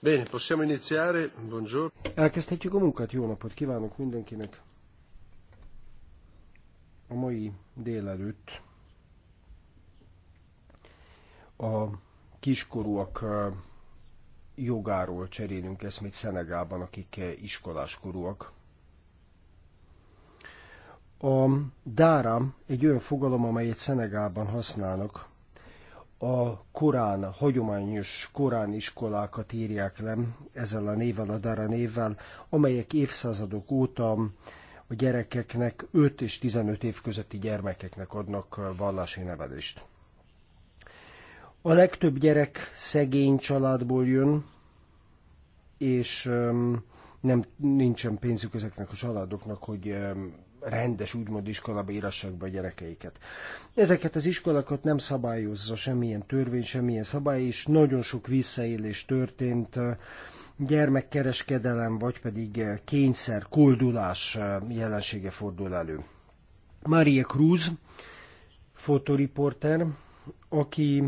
Bene, possiamo iniziare. Buongiorno. Elkezdhetjük a munkát. Jó napot kívánok mindenkinek. A mai délelőtt a kiskorúak eh, jogáról cserélünk eszmét Szenegában, akik eh, iskoláskorúak. A dára egy olyan fogalom, amelyet Szenegában használnak, a Korán, a hagyományos Korán iskolákat írják le ezzel a névvel, a Dara névvel, amelyek évszázadok óta a gyerekeknek 5 és 15 év közötti gyermekeknek adnak vallási nevelést. A legtöbb gyerek szegény családból jön, és nem nincsen pénzük ezeknek a családoknak, hogy rendes, úgymond iskolába írassák be a gyerekeiket. Ezeket az iskolákat nem szabályozza semmilyen törvény, semmilyen szabály, és nagyon sok visszaélés történt, gyermekkereskedelem, vagy pedig kényszer, koldulás jelensége fordul elő. Maria Cruz, fotoriporter, aki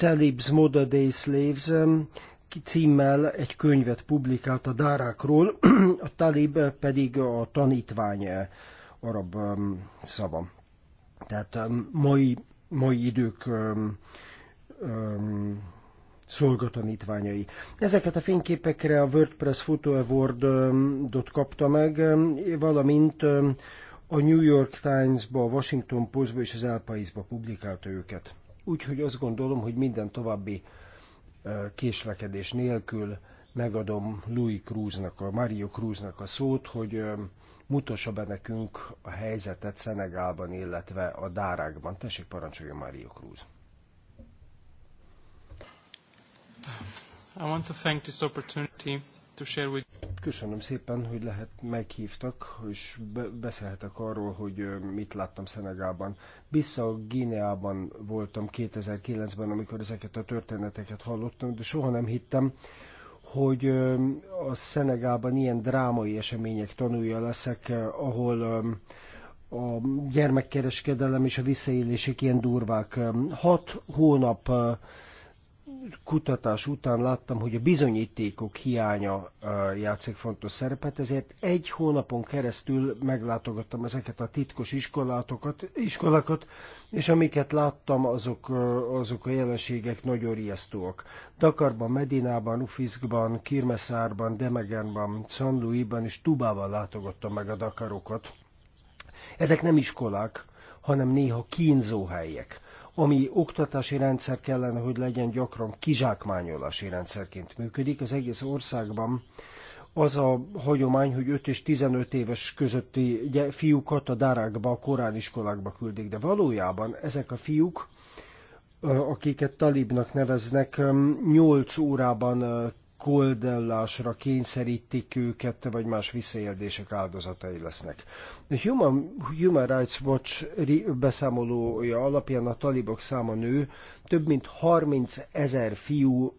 Talib's Moda Day Slaves címmel egy könyvet publikált a dárákról, a talib pedig a tanítvány eh, arab szava. Tehát mai, mai idők szolgatanítványai. Ezeket a fényképekre a WordPress Photo Award-ot kapta meg, valamint a New York Times-ba, a Washington Post-ba és az El País-ba publikálta őket. Úgyhogy azt gondolom, hogy minden további késlekedés nélkül megadom Louis Cruznak, a Mario Cruznak a szót, hogy mutassa be nekünk a helyzetet Szenegálban, illetve a Dárákban. Tessék, parancsolja Mario Cruz. I want to thank this opportunity to share with Köszönöm szépen, hogy lehet meghívtak, és beszélhetek arról, hogy mit láttam Szenegában. Vissza Gíneában voltam 2009-ben, amikor ezeket a történeteket hallottam, de soha nem hittem, hogy a Szenegában ilyen drámai események tanulja leszek, ahol a gyermekkereskedelem és a visszaélések ilyen durvák. Hat hónap kutatás után láttam, hogy a bizonyítékok hiánya játszik fontos szerepet, ezért egy hónapon keresztül meglátogattam ezeket a titkos iskolátokat, iskolákat, és amiket láttam, azok, azok a jelenségek nagyon riasztóak. Dakarban, Medinában, Ufiszkban, Kirmeszárban, Demegenban, Szandúiban és Tubában látogattam meg a Dakarokat. Ezek nem iskolák, hanem néha kínzóhelyek ami oktatási rendszer kellene, hogy legyen gyakran kizsákmányolási rendszerként működik. Az egész országban az a hagyomány, hogy 5 és 15 éves közötti fiúkat a darákba, a iskolákba küldik, de valójában ezek a fiúk akiket talibnak neveznek, 8 órában koldellásra kényszerítik őket, vagy más visszaéldések áldozatai lesznek. A Human, Human Rights Watch beszámolója alapján a talibok száma nő, több mint 30 ezer fiú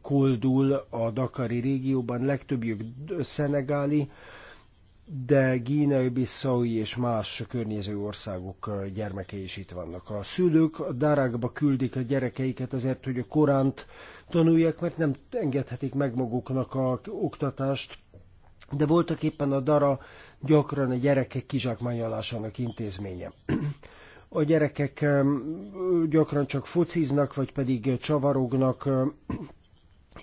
koldul a Dakari régióban, legtöbbjük szenegáli, de Gínai, Bissaui és más környező országok gyermekei is itt vannak. A szülők darágba küldik a gyerekeiket azért, hogy a Koránt tanulják, mert nem engedhetik meg maguknak a oktatást, de voltak éppen a dara gyakran a gyerekek kizsákmányolásának intézménye. A gyerekek gyakran csak fociznak, vagy pedig csavarognak,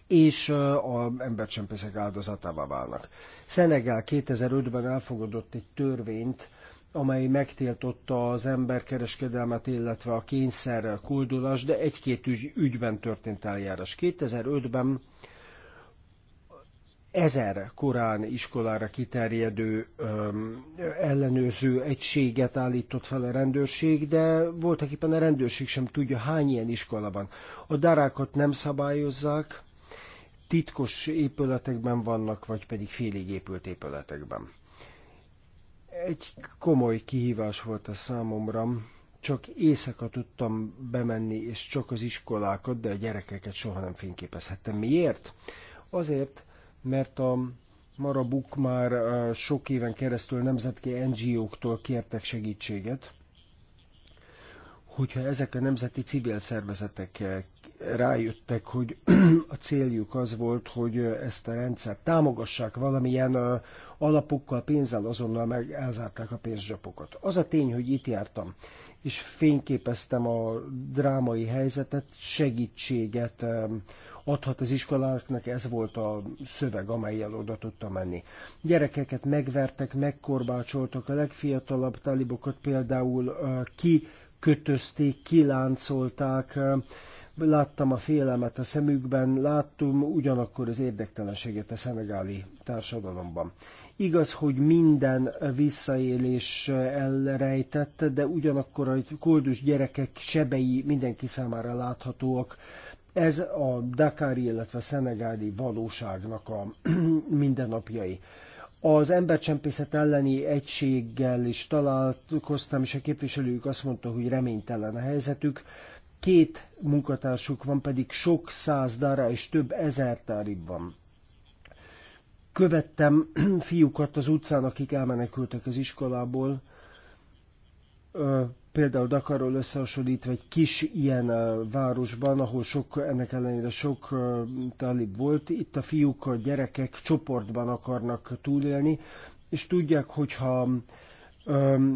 és a embercsempészek áldozatává válnak. Szenegál 2005-ben elfogadott egy törvényt, amely megtiltotta az emberkereskedelmet, illetve a kényszer kuldulás, de egy-két ügy, ügyben történt eljárás. 2005-ben ezer korán iskolára kiterjedő öm, ellenőrző egységet állított fel a rendőrség, de voltak éppen a rendőrség sem tudja, hány ilyen iskola van. A darákat nem szabályozzák, titkos épületekben vannak, vagy pedig félig épült épületekben. Egy komoly kihívás volt a számomra. Csak éjszaka tudtam bemenni, és csak az iskolákat, de a gyerekeket soha nem fényképezhettem. Miért? Azért, mert a Marabuk már sok éven keresztül nemzetki NGO-któl kértek segítséget, hogyha ezek a nemzeti civil szervezetek rájöttek, hogy a céljuk az volt, hogy ezt a rendszert támogassák valamilyen alapokkal, pénzzel, azonnal meg elzárták a pénzcsapokat. Az a tény, hogy itt jártam, és fényképeztem a drámai helyzetet, segítséget adhat az iskoláknak, ez volt a szöveg, amelyel oda tudtam menni. Gyerekeket megvertek, megkorbácsoltak, a legfiatalabb talibokat például ki kötözték, kiláncolták, láttam a félelmet a szemükben, láttam ugyanakkor az érdektelenséget a szenegáli társadalomban. Igaz, hogy minden visszaélés elrejtett, de ugyanakkor a koldus gyerekek sebei mindenki számára láthatóak. Ez a Dakári, illetve szenegádi valóságnak a mindennapjai. Az embercsempészet elleni egységgel is találkoztam, és a képviselőjük azt mondta, hogy reménytelen a helyzetük két munkatársuk van, pedig sok száz dára és több ezer tárib van. Követtem fiúkat az utcán, akik elmenekültek az iskolából, például Dakarról összehasonlítva egy kis ilyen városban, ahol sok, ennek ellenére sok talib volt, itt a fiúk, a gyerekek csoportban akarnak túlélni, és tudják, hogyha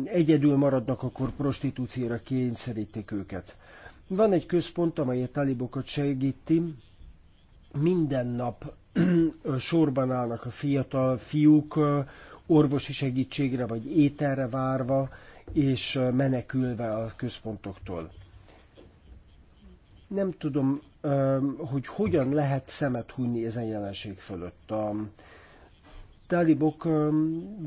egyedül maradnak, akkor prostitúcióra kényszerítik őket. Van egy központ, amely a talibokat segíti. Minden nap sorban állnak a fiatal fiúk, orvosi segítségre vagy ételre várva, és menekülve a központoktól. Nem tudom, hogy hogyan lehet szemet hunni ezen jelenség fölött. A talibok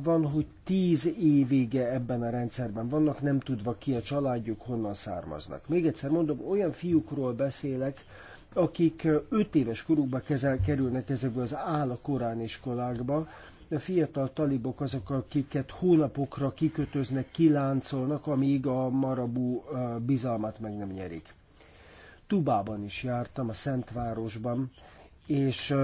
van, hogy tíz évig ebben a rendszerben vannak, nem tudva ki a családjuk, honnan származnak. Még egyszer mondom, olyan fiúkról beszélek, akik öt éves korukba kezel, kerülnek ezekből az áll a korán iskolákba, a fiatal talibok azok, akiket hónapokra kikötöznek, kiláncolnak, amíg a marabú bizalmat meg nem nyerik. Tubában is jártam, a Szentvárosban, és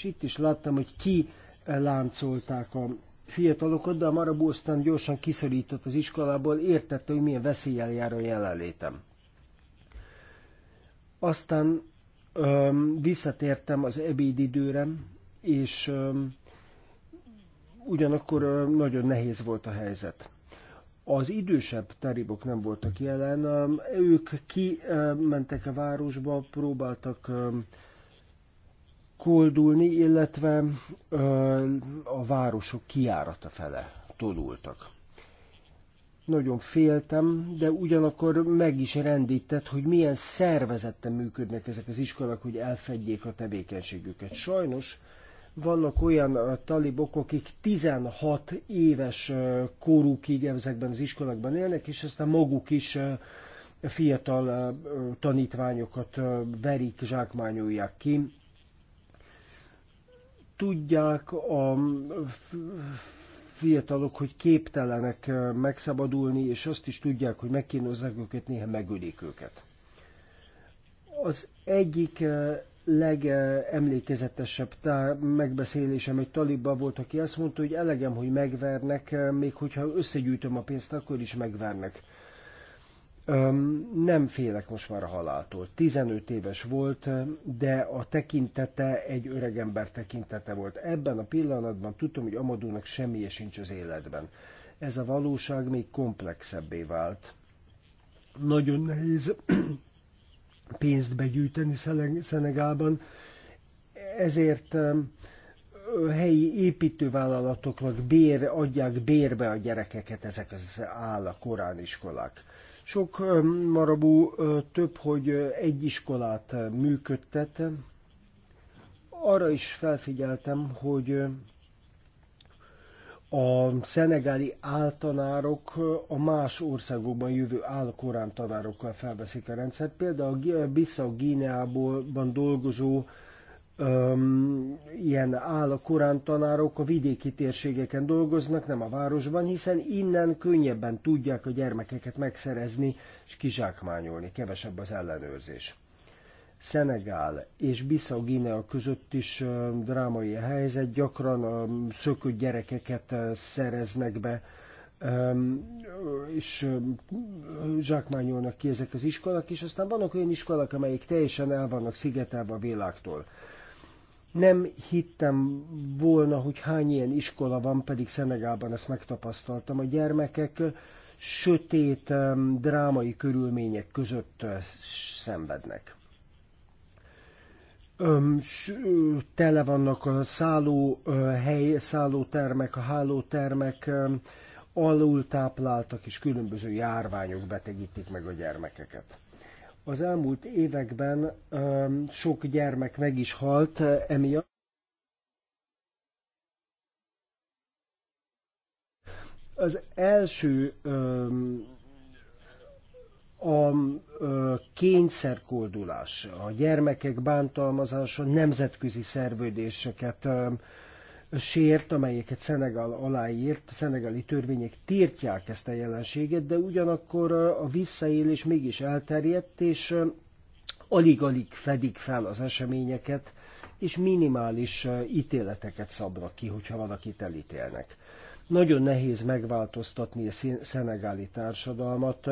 és itt is láttam, hogy ki láncolták a fiatalokat, de a Marabó aztán gyorsan kiszorított az iskolából, értette, hogy milyen veszélyel jár a jelenlétem. Aztán öm, visszatértem az ebédidőre, és öm, ugyanakkor öm, nagyon nehéz volt a helyzet. Az idősebb taribok nem voltak jelen, ők kimentek a városba, próbáltak öm, koldulni, illetve a városok kiárata fele tolultak. Nagyon féltem, de ugyanakkor meg is rendített, hogy milyen szervezetten működnek ezek az iskolák, hogy elfedjék a tevékenységüket. Sajnos vannak olyan talibok, akik 16 éves korukig ezekben az iskolákban élnek, és aztán maguk is fiatal tanítványokat verik, zsákmányolják ki tudják a fiatalok, hogy képtelenek megszabadulni, és azt is tudják, hogy megkínozzák őket, néha megölik őket. Az egyik eh, legemlékezetesebb megbeszélésem egy talibba volt, aki azt mondta, hogy elegem, hogy megvernek, eh, még hogyha összegyűjtöm a pénzt, akkor is megvernek nem félek most már a haláltól. 15 éves volt, de a tekintete egy öregember tekintete volt. Ebben a pillanatban tudom, hogy Amadónak semmi sincs az életben. Ez a valóság még komplexebbé vált. Nagyon nehéz pénzt begyűjteni Szenegában, ezért helyi építővállalatoknak bér, adják bérbe a gyerekeket ezek az áll a korán iskolák sok marabú több, hogy egy iskolát működtet. Arra is felfigyeltem, hogy a szenegáli áltanárok a más országokban jövő állkorán tanárokkal felveszik a rendszert. Például a Bissau Gíneából dolgozó um, ilyen áll a korán tanárok a vidéki térségeken dolgoznak, nem a városban, hiszen innen könnyebben tudják a gyermekeket megszerezni és kizsákmányolni, kevesebb az ellenőrzés. Szenegál és Bissau Guinea között is drámai a helyzet, gyakran szökött gyerekeket szereznek be, és zsákmányolnak ki ezek az iskolák, és aztán vannak olyan iskolák, amelyek teljesen el vannak szigetelve a világtól. Nem hittem volna, hogy hány ilyen iskola van, pedig szenegában ezt megtapasztaltam. A gyermekek sötét, drámai körülmények között eh, szenvednek. Tele vannak a szállóhely, szállótermek, a hálótermek, alul tápláltak, és különböző járványok betegítik meg a gyermekeket. Az elmúlt években sok gyermek meg is halt emiatt. Az első a kényszerkoldulás, a gyermekek bántalmazása nemzetközi szervődéseket sért, amelyeket Szenegal aláírt, a szenegali törvények tiltják ezt a jelenséget, de ugyanakkor a visszaélés mégis elterjedt, és alig-alig fedik fel az eseményeket, és minimális ítéleteket szabnak ki, hogyha valakit elítélnek. Nagyon nehéz megváltoztatni a szenegáli társadalmat,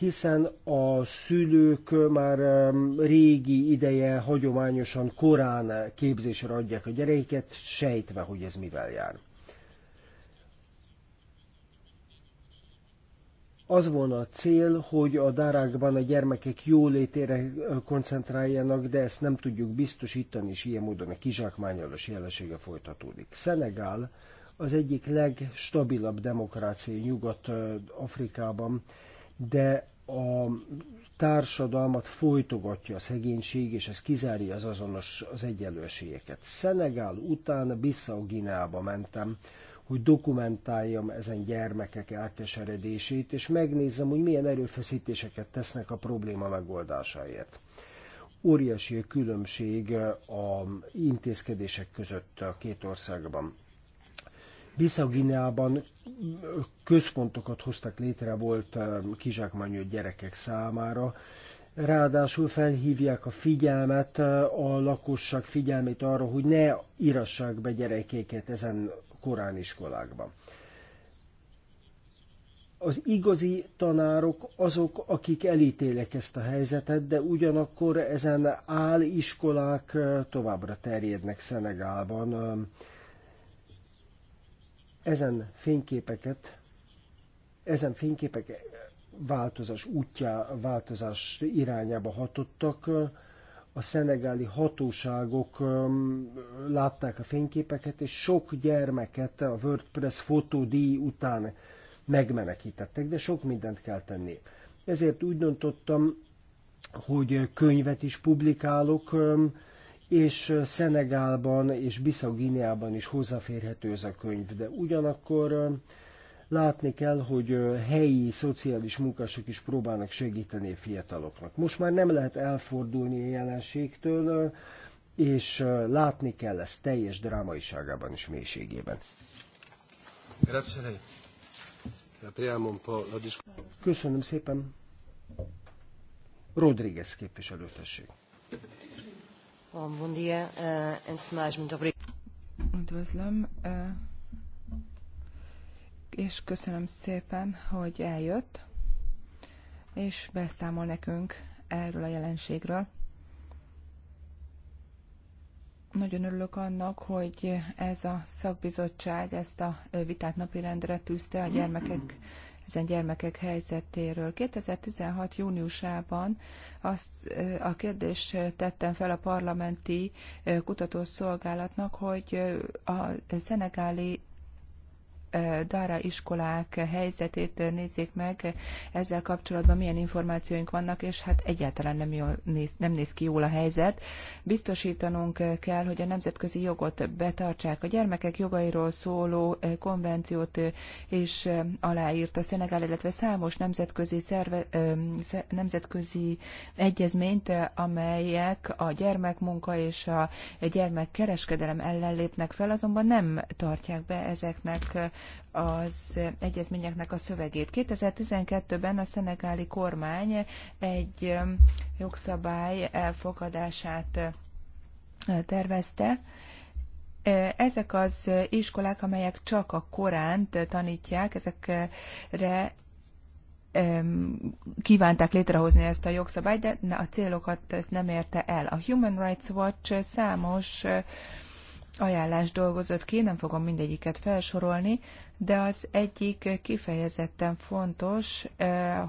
hiszen a szülők már régi ideje hagyományosan korán képzésre adják a gyereiket, sejtve, hogy ez mivel jár. az volna a cél, hogy a dárákban a gyermekek jólétére koncentráljanak, de ezt nem tudjuk biztosítani, és ilyen módon a kizsákmányolás jelensége folytatódik. Szenegál az egyik legstabilabb demokrácia Nyugat-Afrikában, de a társadalmat folytogatja a szegénység, és ez kizárja az azonos az egyenlő esélyeket. Szenegál után Bissau Gineába mentem, hogy dokumentáljam ezen gyermekek elkeseredését, és megnézzem, hogy milyen erőfeszítéseket tesznek a probléma megoldásáért. Óriási a különbség a intézkedések között a két országban bissau központokat hoztak létre volt eh, kizsákmányolt gyerekek számára. Ráadásul felhívják a figyelmet, eh, a lakosság figyelmét arra, hogy ne írassák be gyerekéket ezen korán iskolákban. Az igazi tanárok azok, akik elítélek ezt a helyzetet, de ugyanakkor ezen áliskolák eh, továbbra terjednek Szenegálban ezen fényképeket, ezen fényképek változás útjá, változás irányába hatottak. A szenegáli hatóságok um, látták a fényképeket, és sok gyermeket a WordPress fotódíj után megmenekítettek, de sok mindent kell tenni. Ezért úgy döntöttem, hogy könyvet is publikálok, um, és Szenegálban és Bissau is hozzáférhető ez a könyv, de ugyanakkor látni kell, hogy helyi szociális munkások is próbálnak segíteni a fiataloknak. Most már nem lehet elfordulni a jelenségtől, és látni kell ezt teljes drámaiságában és mélységében. Köszönöm szépen. Rodriguez képviselőtesség. Eh, Üdvözlöm, eh, és köszönöm szépen, hogy eljött, és beszámol nekünk erről a jelenségről. Nagyon örülök annak, hogy ez a szakbizottság ezt a eh, vitát napirendre tűzte a gyermekek ezen gyermekek helyzetéről. 2016. júniusában azt a kérdést tettem fel a parlamenti kutatószolgálatnak, hogy a szenegáli Dara iskolák helyzetét nézzék meg, ezzel kapcsolatban milyen információink vannak, és hát egyáltalán nem, jól néz, nem néz ki jól a helyzet. Biztosítanunk kell, hogy a nemzetközi jogot betartsák. A gyermekek jogairól szóló konvenciót is aláírt a Szenegál, illetve számos nemzetközi, szerve, nemzetközi egyezményt, amelyek a gyermekmunka és a gyermekkereskedelem ellen lépnek fel, azonban nem tartják be ezeknek az egyezményeknek a szövegét. 2012-ben a szenegáli kormány egy um, jogszabály elfogadását uh, tervezte, uh, ezek az iskolák, amelyek csak a Koránt tanítják, ezekre um, kívánták létrehozni ezt a jogszabályt, de a célokat ez nem érte el. A Human Rights Watch számos uh, ajánlást dolgozott ki, nem fogom mindegyiket felsorolni, de az egyik kifejezetten fontos, eh,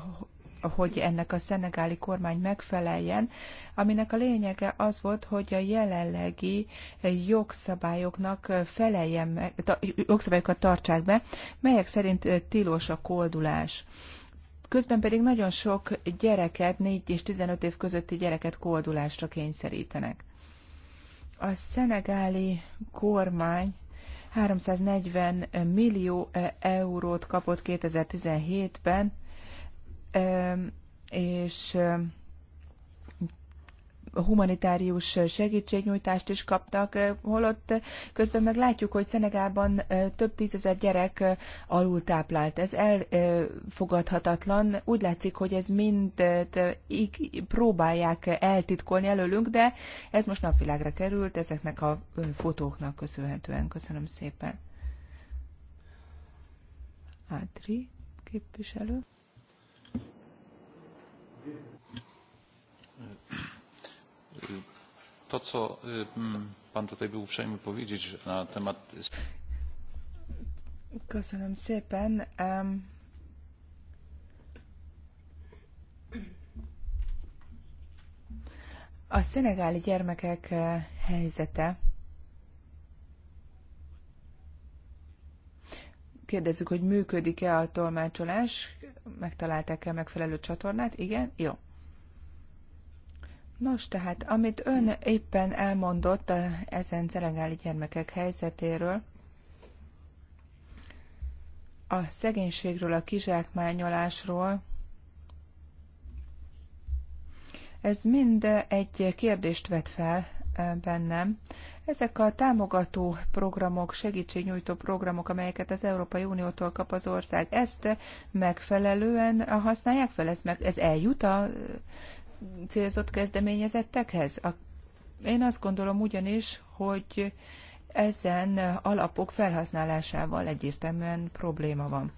hogy ennek a szenegáli kormány megfeleljen, aminek a lényege az volt, hogy a jelenlegi jogszabályoknak feleljen meg, jogszabályokat tartsák be, melyek szerint eh, tilos a koldulás. Közben pedig nagyon sok gyereket, 4 és 15 év közötti gyereket koldulásra kényszerítenek. A szenegáli kormány 340 millió eh, eurót kapott 2017-ben, eh, és eh, humanitárius segítségnyújtást is kaptak, holott közben meg látjuk, hogy Szenegában több tízezer gyerek alultáplált. Ez elfogadhatatlan. Úgy látszik, hogy ez mind próbálják eltitkolni előlünk, de ez most napvilágra került ezeknek a fotóknak köszönhetően. Köszönöm szépen. Ádri képviselő. To, co mm, pan tutaj był uprzejmy powiedzieć na temat... Köszönöm szépen. Um, a szenegáli gyermekek e, helyzete. Kérdezzük, hogy működik-e a tolmácsolás, megtalálták-e megfelelő csatornát? Igen? Jó. Nos, tehát amit ön éppen elmondott eh, ezen szenegáli gyermekek helyzetéről, a szegénységről, a kizsákmányolásról, ez mind egy kérdést vet fel eh, bennem. Ezek a támogató programok, segítségnyújtó programok, amelyeket az Európai Uniótól kap az ország, ezt megfelelően használják fel? Ez, meg, ez eljut a célzott kezdeményezettekhez? A, én azt gondolom ugyanis, hogy ezen alapok felhasználásával egyértelműen probléma van.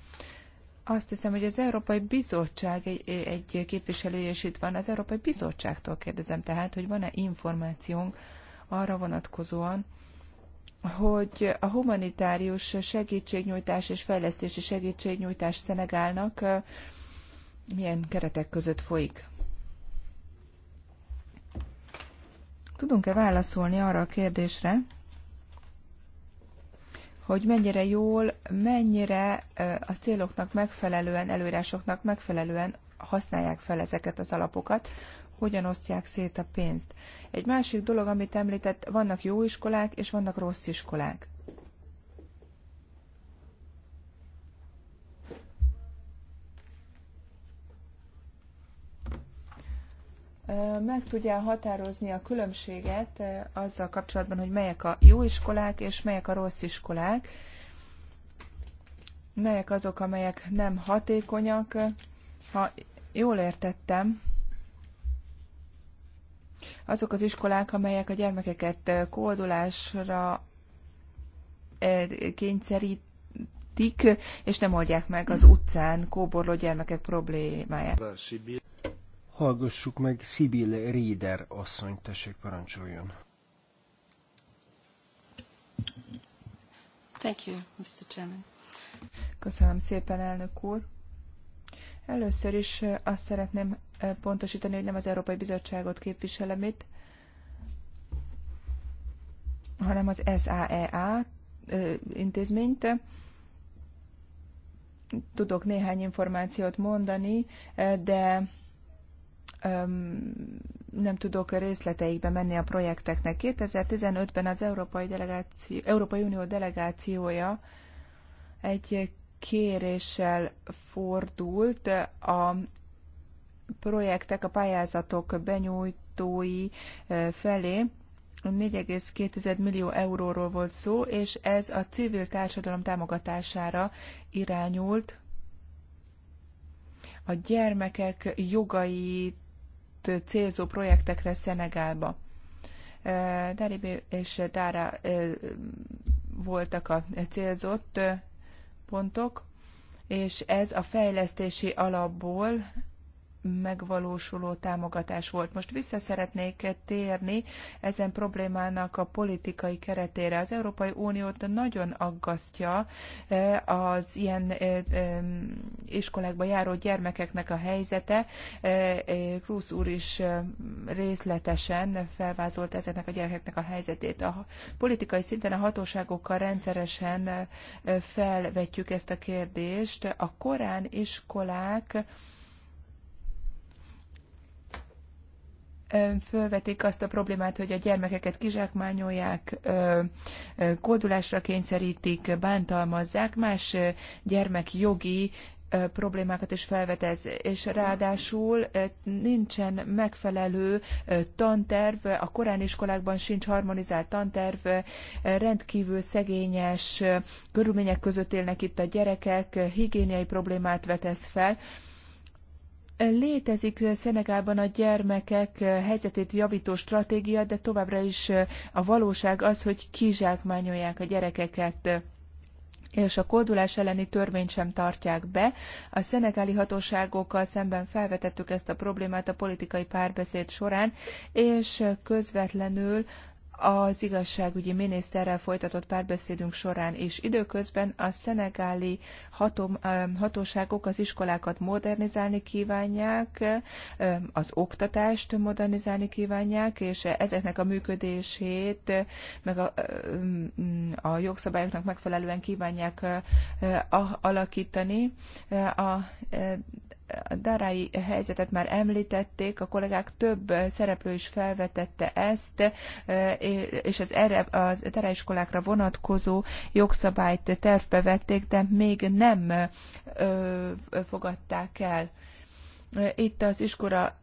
Azt hiszem, hogy az Európai Bizottság egy, egy képviselője is itt van. Az Európai Bizottságtól kérdezem tehát, hogy van-e információnk arra vonatkozóan, hogy a humanitárius segítségnyújtás és fejlesztési segítségnyújtás Szenegálnak eh, milyen keretek között folyik. Tudunk-e válaszolni arra a kérdésre, hogy mennyire jól, mennyire a céloknak megfelelően, előírásoknak megfelelően használják fel ezeket az alapokat, hogyan osztják szét a pénzt. Egy másik dolog, amit említett, vannak jó iskolák és vannak rossz iskolák. meg tudja határozni a különbséget azzal kapcsolatban, hogy melyek a jó iskolák és melyek a rossz iskolák, melyek azok, amelyek nem hatékonyak. Ha jól értettem, azok az iskolák, amelyek a gyermekeket kódolásra kényszerítik, és nem oldják meg az utcán kóborló gyermekek problémáját. Hallgassuk meg Sibyl Rieder asszony, tessék parancsoljon. Thank you, Mr. Chairman. Köszönöm szépen, elnök úr. Először is azt szeretném pontosítani, hogy nem az Európai Bizottságot képviselem itt, hanem az SAEA e intézményt. Tudok néhány információt mondani, de nem tudok részleteikbe menni a projekteknek. 2015-ben az Európai, Delegáció, Európai Unió delegációja egy kéréssel fordult a projektek, a pályázatok benyújtói felé, 4,2 millió euróról volt szó, és ez a civil társadalom támogatására irányult. A gyermekek jogait célzó projektekre Szenegálba. Daribé és Dára voltak a célzott pontok, és ez a fejlesztési alapból megvalósuló támogatás volt. Most vissza szeretnék térni ezen problémának a politikai keretére. Az Európai Uniót nagyon aggasztja eh, az ilyen eh, iskolákba járó gyermekeknek a helyzete. Eh, Krusz úr is részletesen felvázolt ezeknek a gyerekeknek a helyzetét. A politikai szinten a hatóságokkal rendszeresen felvetjük ezt a kérdést. A korán iskolák fölvetik azt a problémát, hogy a gyermekeket kizsákmányolják, kódulásra kényszerítik, bántalmazzák, más gyermekjogi problémákat is felvetez, és ráadásul nincsen megfelelő tanterv, a korán iskolákban sincs harmonizált tanterv, rendkívül szegényes körülmények között élnek itt a gyerekek, higiéniai problémát vetesz fel, Létezik Szenegában a gyermekek helyzetét javító stratégia, de továbbra is a valóság az, hogy kizsákmányolják a gyerekeket és a kódulás elleni törvényt sem tartják be. A szenegáli hatóságokkal szemben felvetettük ezt a problémát a politikai párbeszéd során, és közvetlenül az igazságügyi miniszterrel folytatott párbeszédünk során, és időközben a szenegáli hatom, hatóságok az iskolákat modernizálni kívánják, az oktatást modernizálni kívánják, és ezeknek a működését, meg a, mm, a jogszabályoknak megfelelően kívánják alakítani. A a helyzetet már említették, a kollégák több szereplő is felvetette ezt, és az erre a darai iskolákra vonatkozó jogszabályt tervbe vették, de még nem fogadták el. Itt az iskola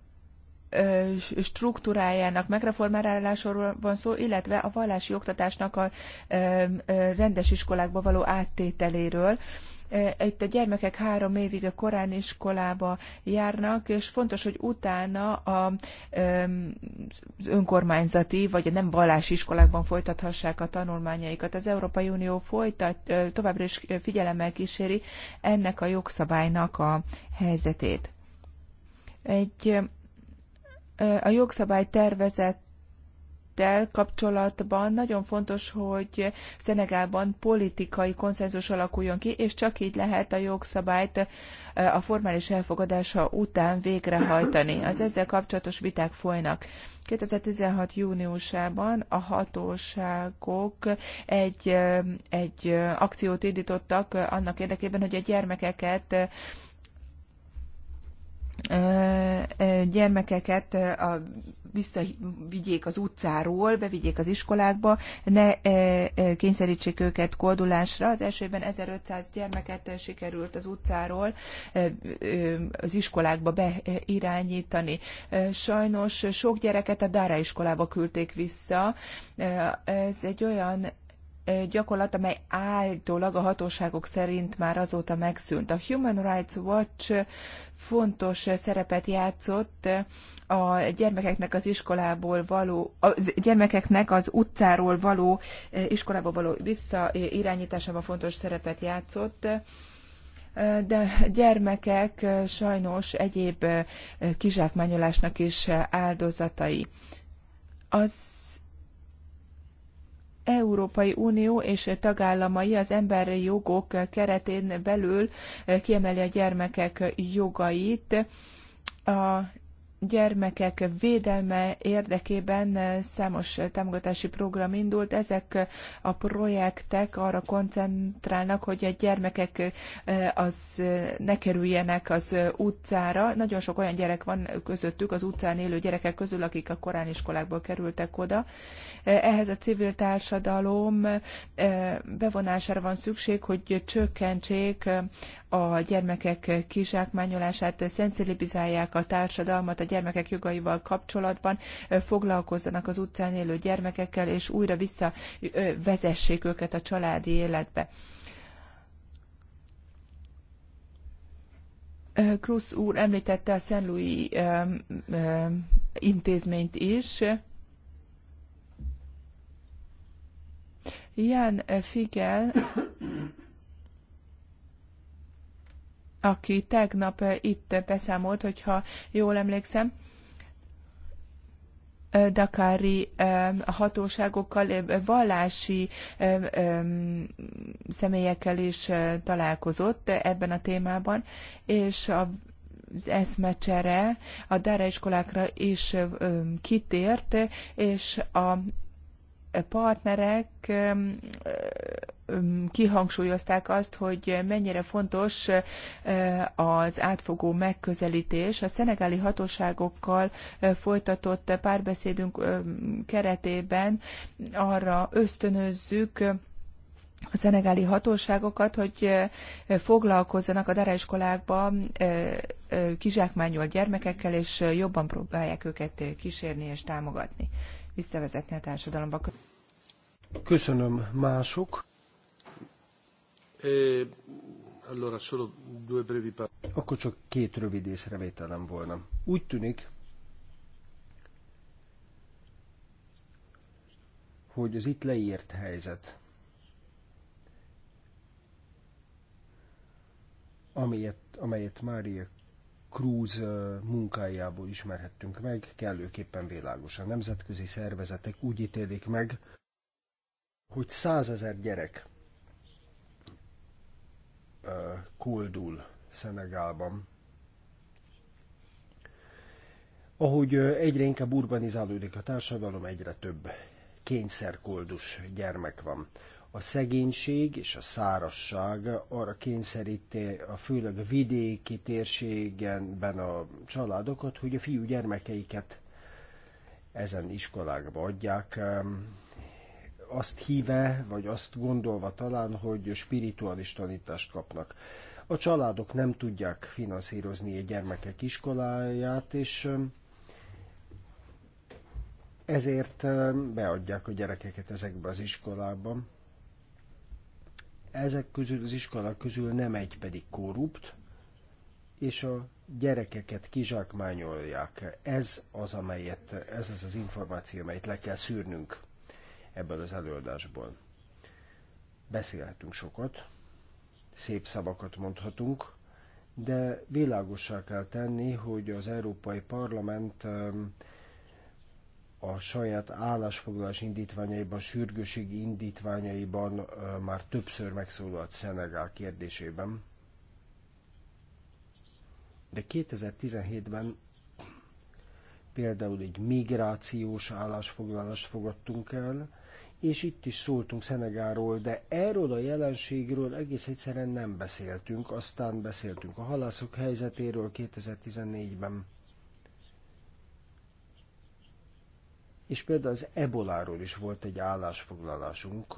struktúrájának megreformálásról van szó, illetve a vallási oktatásnak a rendes iskolákba való áttételéről. Itt a gyermekek három évig a korán iskolába járnak, és fontos, hogy utána a, az önkormányzati, vagy a nem vallási iskolákban folytathassák a tanulmányaikat. Az Európai Unió folytat, továbbra is figyelemmel kíséri ennek a jogszabálynak a helyzetét. Egy a jogszabály tervezett Egyiptel kapcsolatban nagyon fontos, hogy Szenegálban politikai konszenzus alakuljon ki, és csak így lehet a jogszabályt eh, a formális elfogadása után végrehajtani. Az ezzel kapcsolatos viták folynak. 2016. júniusában a hatóságok egy, eh, egy eh, akciót indítottak annak érdekében, hogy a gyermekeket gyermekeket a visszavigyék az utcáról, bevigyék az iskolákba, ne e, e, kényszerítsék őket koldulásra. Az első évben 1500 gyermeket sikerült az utcáról e, az iskolákba beirányítani. Sajnos sok gyereket a Dára iskolába küldték vissza. Ez egy olyan gyakorlat, amely állítólag a hatóságok szerint már azóta megszűnt. A Human Rights Watch fontos szerepet játszott a gyermekeknek az iskolából való, a gyermekeknek az utcáról való, iskolába való visszairányításában fontos szerepet játszott de gyermekek sajnos egyéb kizsákmányolásnak is áldozatai. Az Európai Unió és tagállamai az emberi jogok keretén belül eh, kiemeli a gyermekek jogait a gyermekek védelme érdekében számos támogatási program indult. Ezek a projektek arra koncentrálnak, hogy a gyermekek az ne kerüljenek az utcára. Nagyon sok olyan gyerek van közöttük, az utcán élő gyerekek közül, akik a korán iskolákból kerültek oda. Ehhez a civil társadalom bevonására van szükség, hogy csökkentsék a gyermekek kizsákmányolását, szenszilibizálják a társadalmat a gyermekek jogaival kapcsolatban, foglalkozzanak az utcán élő gyermekekkel, és újra visszavezessék őket a családi életbe. Krusz úr említette a Szent Louis intézményt is. Jan Figel aki tegnap eh, itt beszámolt, hogyha jól emlékszem, eh, dakári eh, hatóságokkal, vallási személyekkel is találkozott ebben a témában, és a az eszmecsere a dára iskolákra is kitért, és a partnerek kihangsúlyozták azt, hogy mennyire fontos az átfogó megközelítés. A szenegáli hatóságokkal folytatott párbeszédünk keretében arra ösztönözzük, a szenegáli hatóságokat, hogy foglalkozzanak a daráiskolákba kizsákmányolt gyermekekkel, és jobban próbálják őket kísérni és támogatni visszavezetni a társadalomba. Köszönöm. Mások? E, Akkor csak két rövid észrevételem volna. Úgy tűnik, hogy az itt leírt helyzet, amelyet, amelyet Mária Cruz munkájából ismerhettünk meg, kellőképpen világos. A nemzetközi szervezetek úgy ítélik meg, hogy százezer gyerek koldul Szenegálban. Ahogy egyre inkább urbanizálódik a társadalom, egyre több kényszerkoldus gyermek van a szegénység és a szárasság arra kényszeríti a főleg a vidéki térségenben a családokat, hogy a fiú gyermekeiket ezen iskolákba adják, azt híve, vagy azt gondolva talán, hogy spirituális tanítást kapnak. A családok nem tudják finanszírozni a gyermekek iskoláját, és um, ezért um, beadják a gyerekeket ezekbe az iskolába ezek közül, az iskolák közül nem egy pedig korrupt, és a gyerekeket kizsákmányolják. Ez az, amelyet, ez az az információ, amelyet le kell szűrnünk ebből az előadásból. Beszélhetünk sokat, szép szavakat mondhatunk, de világossá kell tenni, hogy az Európai Parlament a saját állásfoglalás indítványaiban, sürgőségi indítványaiban már többször megszólalt Szenegál kérdésében. De 2017-ben például egy migrációs állásfoglalást fogadtunk el, és itt is szóltunk Szenegáról, de erről a jelenségről egész egyszerűen nem beszéltünk, aztán beszéltünk a halászok helyzetéről 2014-ben, és például az eboláról is volt egy állásfoglalásunk,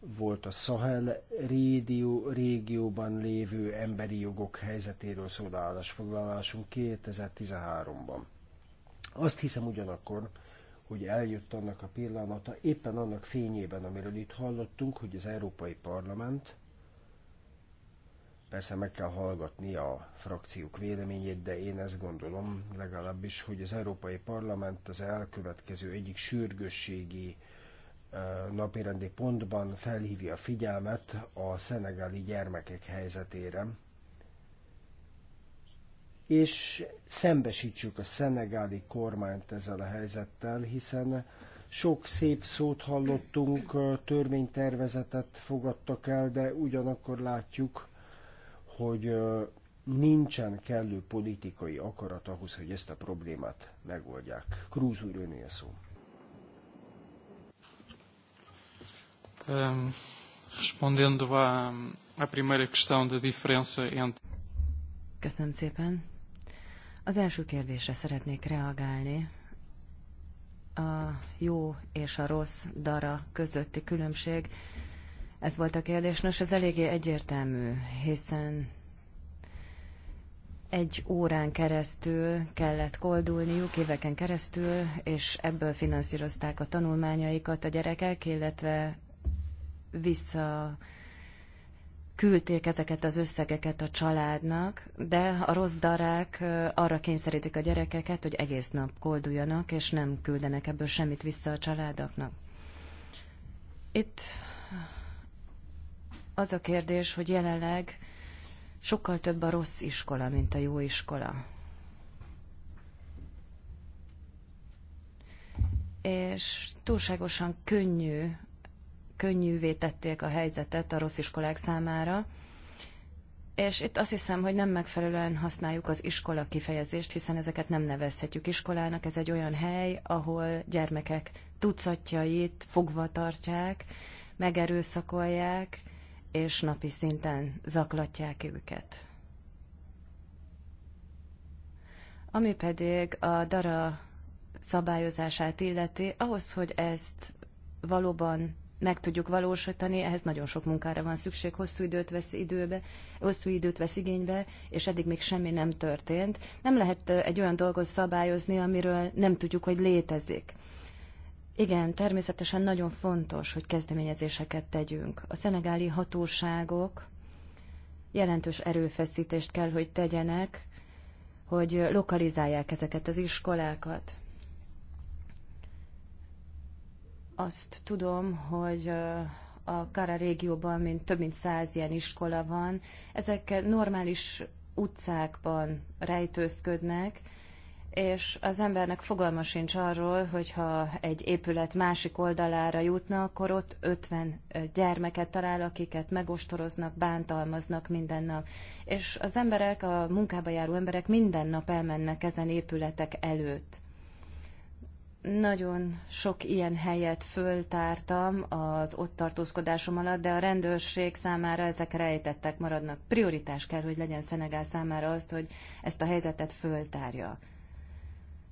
volt a Sahel régió, régióban lévő emberi jogok helyzetéről szóló állásfoglalásunk 2013-ban. Azt hiszem ugyanakkor, hogy eljött annak a pillanata, éppen annak fényében, amiről itt hallottunk, hogy az Európai Parlament Persze meg kell hallgatni a frakciók véleményét, de én ezt gondolom legalábbis, hogy az Európai Parlament az elkövetkező egyik sürgősségi napirendi pontban felhívja a figyelmet a szenegáli gyermekek helyzetére, és szembesítsük a szenegáli kormányt ezzel a helyzettel, hiszen sok szép szót hallottunk, törvénytervezetet fogadtak el, de ugyanakkor látjuk, hogy nincsen kellő politikai akarat ahhoz, hogy ezt a problémát megoldják. Krúz úr, önél szó. Ehm, Köszönöm szépen. Az első kérdésre szeretnék reagálni. A jó és a rossz dara közötti különbség ez volt a kérdés. Nos, ez eléggé egyértelmű, hiszen egy órán keresztül kellett koldulniuk, éveken keresztül, és ebből finanszírozták a tanulmányaikat a gyerekek, illetve vissza küldték ezeket az összegeket a családnak, de a rossz darák arra kényszerítik a gyerekeket, hogy egész nap kolduljanak, és nem küldenek ebből semmit vissza a családoknak. Itt az a kérdés, hogy jelenleg sokkal több a rossz iskola, mint a jó iskola. És túlságosan könnyű, könnyűvé tették a helyzetet a rossz iskolák számára, és itt azt hiszem, hogy nem megfelelően használjuk az iskola kifejezést, hiszen ezeket nem nevezhetjük iskolának. Ez egy olyan hely, ahol gyermekek tucatjait fogva tartják, megerőszakolják, és napi szinten zaklatják őket. Ami pedig a dara szabályozását illeti, ahhoz, hogy ezt valóban meg tudjuk valósítani, ehhez nagyon sok munkára van szükség, hosszú időt vesz időbe, hosszú időt vesz igénybe, és eddig még semmi nem történt. Nem lehet egy olyan dolgot szabályozni, amiről nem tudjuk, hogy létezik. Igen, természetesen nagyon fontos, hogy kezdeményezéseket tegyünk. A szenegáli hatóságok jelentős erőfeszítést kell, hogy tegyenek, hogy lokalizálják ezeket az iskolákat. Azt tudom, hogy a Kara régióban mint több mint száz ilyen iskola van. Ezek normális utcákban rejtőzködnek, és az embernek fogalma sincs arról, hogyha egy épület másik oldalára jutna, akkor ott 50 gyermeket talál, akiket megostoroznak, bántalmaznak minden nap. És az emberek, a munkába járó emberek minden nap elmennek ezen épületek előtt. Nagyon sok ilyen helyet föltártam az ott tartózkodásom alatt, de a rendőrség számára ezek rejtettek maradnak. Prioritás kell, hogy legyen Szenegál számára azt, hogy ezt a helyzetet föltárja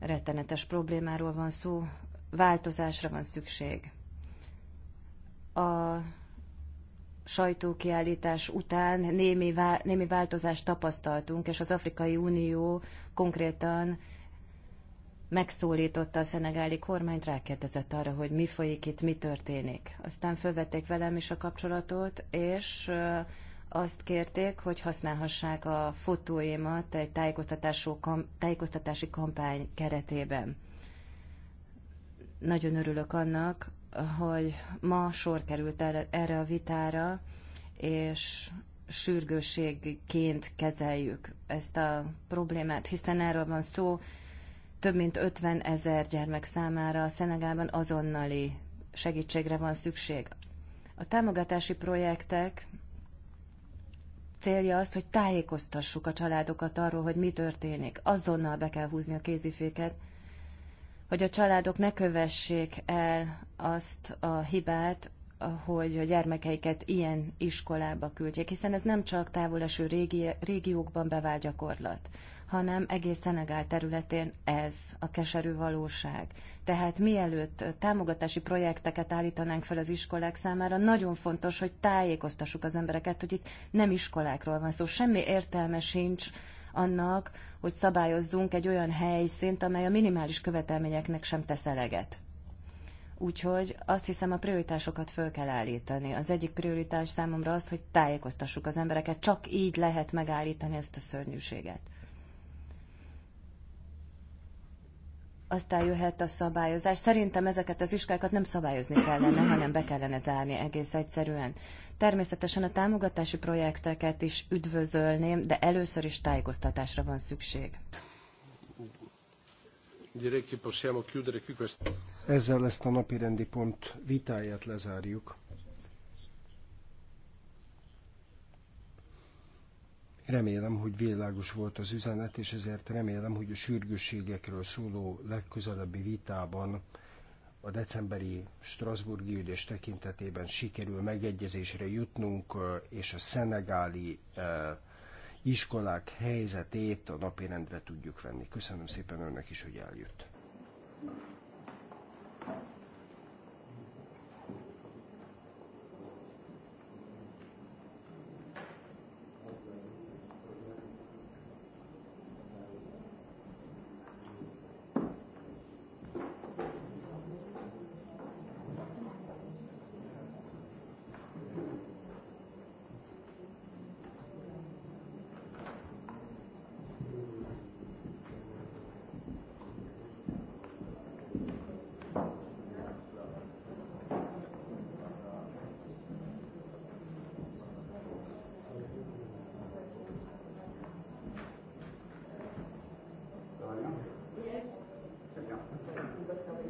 rettenetes problémáról van szó, változásra van szükség. A sajtókiállítás után némi, vá- némi változást tapasztaltunk, és az Afrikai Unió konkrétan megszólította a szenegáli kormányt, rákérdezett arra, hogy mi folyik itt, mi történik. Aztán felvették velem is a kapcsolatot, és azt kérték, hogy használhassák a fotóimat egy tájékoztatási kampány keretében. Nagyon örülök annak, hogy ma sor került erre a vitára, és sürgőségként kezeljük ezt a problémát, hiszen erről van szó, több mint 50 ezer gyermek számára a Szenegában azonnali segítségre van szükség. A támogatási projektek célja az, hogy tájékoztassuk a családokat arról, hogy mi történik. Azonnal be kell húzni a kéziféket, hogy a családok ne kövessék el azt a hibát, hogy a gyermekeiket ilyen iskolába küldjék, hiszen ez nem csak távoleső régi, régiókban bevált gyakorlat hanem egész Szenegál területén ez a keserű valóság. Tehát mielőtt támogatási projekteket állítanánk fel az iskolák számára, nagyon fontos, hogy tájékoztassuk az embereket, hogy itt nem iskolákról van szó. Semmi értelme sincs annak, hogy szabályozzunk egy olyan helyszínt, amely a minimális követelményeknek sem tesz eleget. Úgyhogy azt hiszem a prioritásokat föl kell állítani. Az egyik prioritás számomra az, hogy tájékoztassuk az embereket, csak így lehet megállítani ezt a szörnyűséget. aztán jöhet a szabályozás. Szerintem ezeket az iskákat nem szabályozni kellene, hanem be kellene zárni egész egyszerűen. Természetesen a támogatási projekteket is üdvözölném, de először is tájékoztatásra van szükség. Ezzel ezt a napi rendi pont vitáját lezárjuk. Remélem, hogy világos volt az üzenet, és ezért remélem, hogy a sürgősségekről szóló legközelebbi vitában a decemberi Strasburgi ülés tekintetében sikerül megegyezésre jutnunk, és a szenegáli iskolák helyzetét a napirendre tudjuk venni. Köszönöm szépen önnek is, hogy eljött. Köszönöm.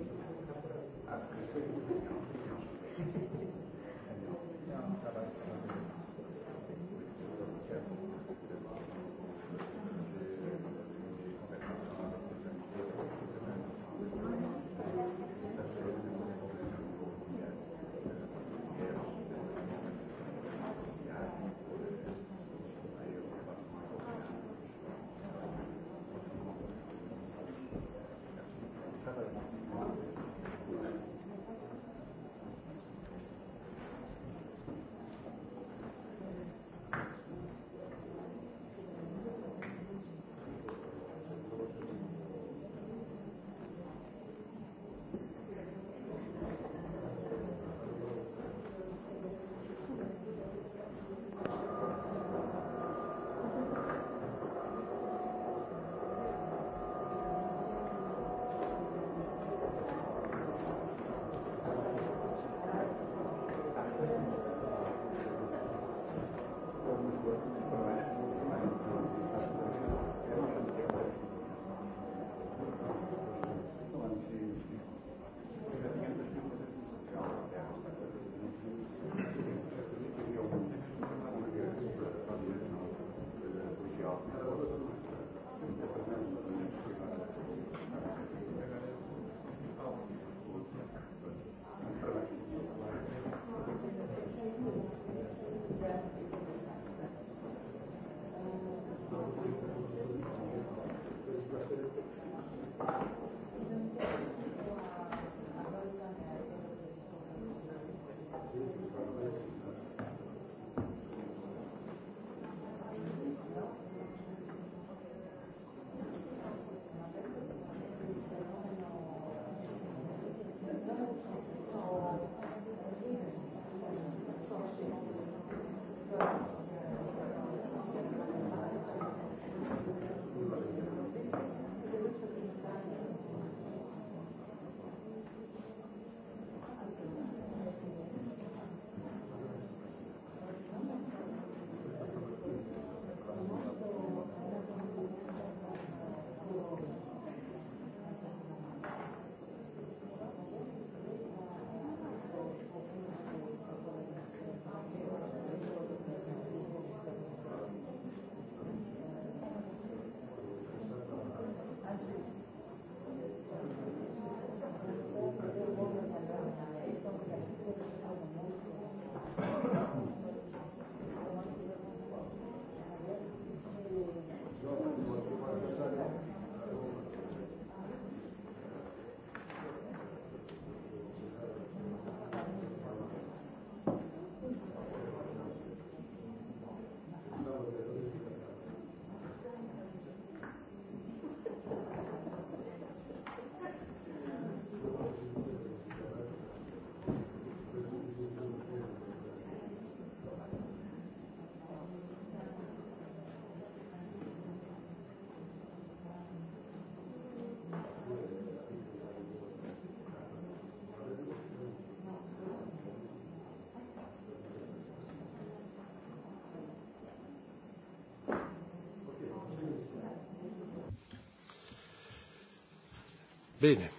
Bene,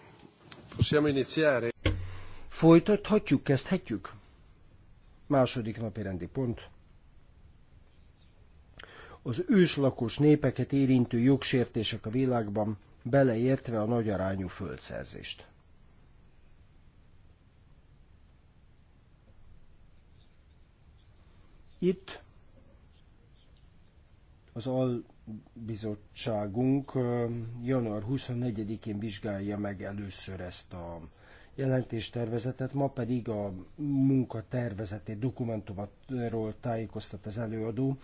possiamo iniziare. Folytathatjuk, kezdhetjük? Második napi rendi pont. Az őslakos népeket érintő jogsértések a világban, beleértve a nagyarányú földszerzést. Itt az al Bizottságunk január 24-én vizsgálja meg először ezt a jelentéstervezetet, ma pedig a munka tervezetét, dokumentumról tájékoztat az előadó.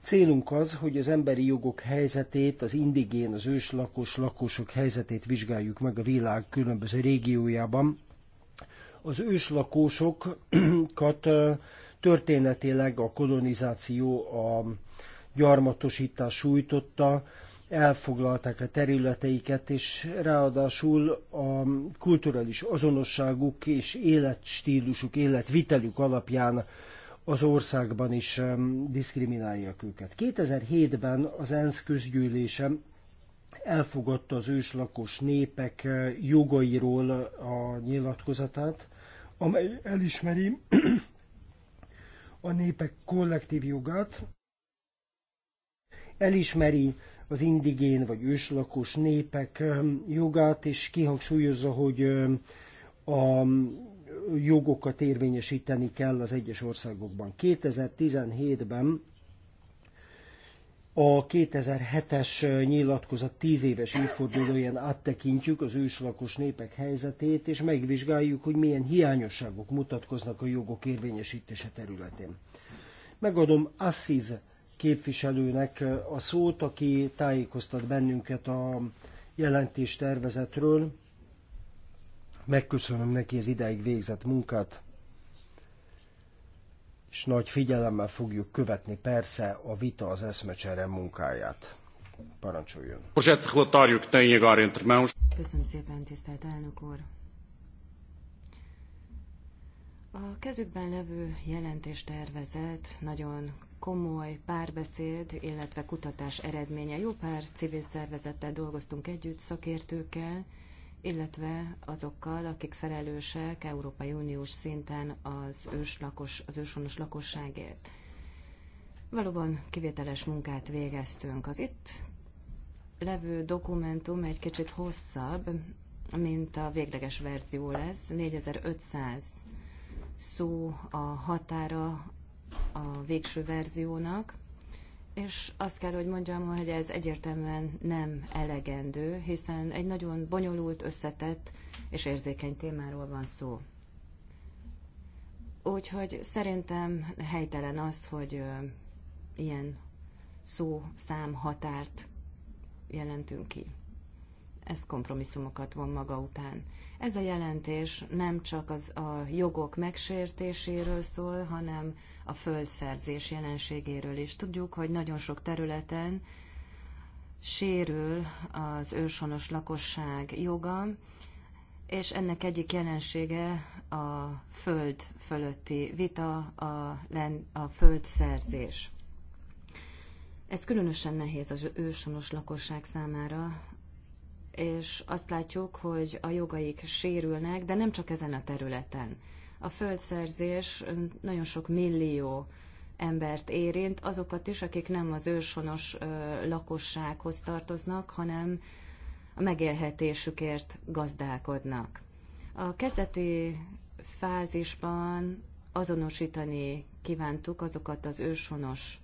Célunk az, hogy az emberi jogok helyzetét, az indigén, az őslakos lakosok helyzetét vizsgáljuk meg a világ különböző régiójában. Az őslakosokat történetileg a kolonizáció, a gyarmatosítás sújtotta, elfoglalták a területeiket, és ráadásul a kulturális azonosságuk és életstílusuk, életvitelük alapján az országban is diszkriminálják őket. 2007-ben az ENSZ közgyűlése elfogadta az őslakos népek eh, jogairól a nyilatkozatát, amely elismeri a népek kollektív jogát, elismeri az indigén vagy őslakos népek ehm, jogát, és kihangsúlyozza, hogy ehm, a jogokat érvényesíteni kell az egyes országokban. 2017-ben a 2007-es eh, nyilatkozat 10 éves évfordulóján áttekintjük az őslakos népek helyzetét, és megvizsgáljuk, hogy milyen hiányosságok mutatkoznak a jogok érvényesítése területén. Megadom Assis képviselőnek a szót, aki tájékoztat bennünket a jelentés tervezetről. Megköszönöm neki az ideig végzett munkát, és nagy figyelemmel fogjuk követni persze a vita az eszmecsere munkáját. Parancsoljon. Köszönöm szépen, tisztelt elnök úr! A kezükben levő jelentéstervezet nagyon komoly párbeszéd, illetve kutatás eredménye. Jó pár civil szervezettel dolgoztunk együtt, szakértőkkel, illetve azokkal, akik felelősek Európai Uniós szinten az, őslakos, az őshonos lakosságért. Valóban kivételes munkát végeztünk. Az itt levő dokumentum egy kicsit hosszabb, mint a végleges verzió lesz, 4500 szó a határa a végső verziónak, és azt kell, hogy mondjam, hogy ez egyértelműen nem elegendő, hiszen egy nagyon bonyolult, összetett és érzékeny témáról van szó. Úgyhogy szerintem helytelen az, hogy ilyen szó, szám határt jelentünk ki ez kompromisszumokat von maga után. Ez a jelentés nem csak az a jogok megsértéséről szól, hanem a földszerzés jelenségéről is. Tudjuk, hogy nagyon sok területen sérül az őshonos lakosság joga, és ennek egyik jelensége a föld fölötti vita, a, len, a földszerzés. Ez különösen nehéz az őshonos lakosság számára, és azt látjuk, hogy a jogaik sérülnek, de nem csak ezen a területen. A földszerzés nagyon sok millió embert érint, azokat is, akik nem az őshonos lakossághoz tartoznak, hanem a megélhetésükért gazdálkodnak. A kezdeti fázisban azonosítani kívántuk azokat az őshonos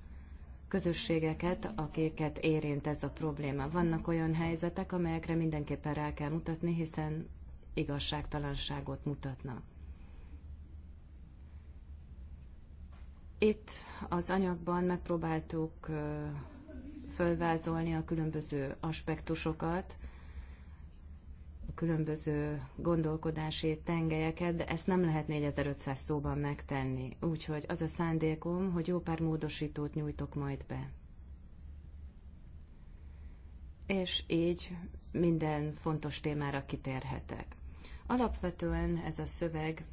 közösségeket, akiket érint ez a probléma. Vannak olyan helyzetek, amelyekre mindenképpen rá kell mutatni, hiszen igazságtalanságot mutatnak. Itt az anyagban megpróbáltuk fölvázolni a különböző aspektusokat, különböző gondolkodási tengelyeket, de ezt nem lehet 4500 szóban megtenni. Úgyhogy az a szándékom, hogy jó pár módosítót nyújtok majd be. És így minden fontos témára kitérhetek. Alapvetően ez a szöveg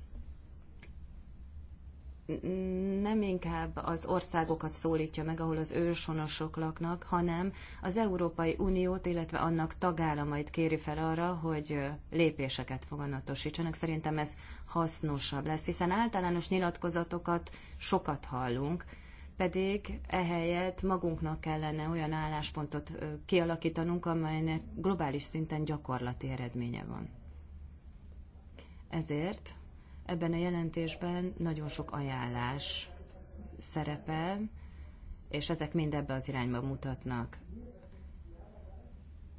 nem inkább az országokat szólítja meg, ahol az őshonosok laknak, hanem az Európai Uniót, illetve annak tagállamait kéri fel arra, hogy lépéseket foganatosítsanak. Szerintem ez hasznosabb lesz, hiszen általános nyilatkozatokat sokat hallunk, pedig ehelyett magunknak kellene olyan álláspontot kialakítanunk, amelynek globális szinten gyakorlati eredménye van. Ezért Ebben a jelentésben nagyon sok ajánlás szerepel, és ezek mind ebbe az irányba mutatnak.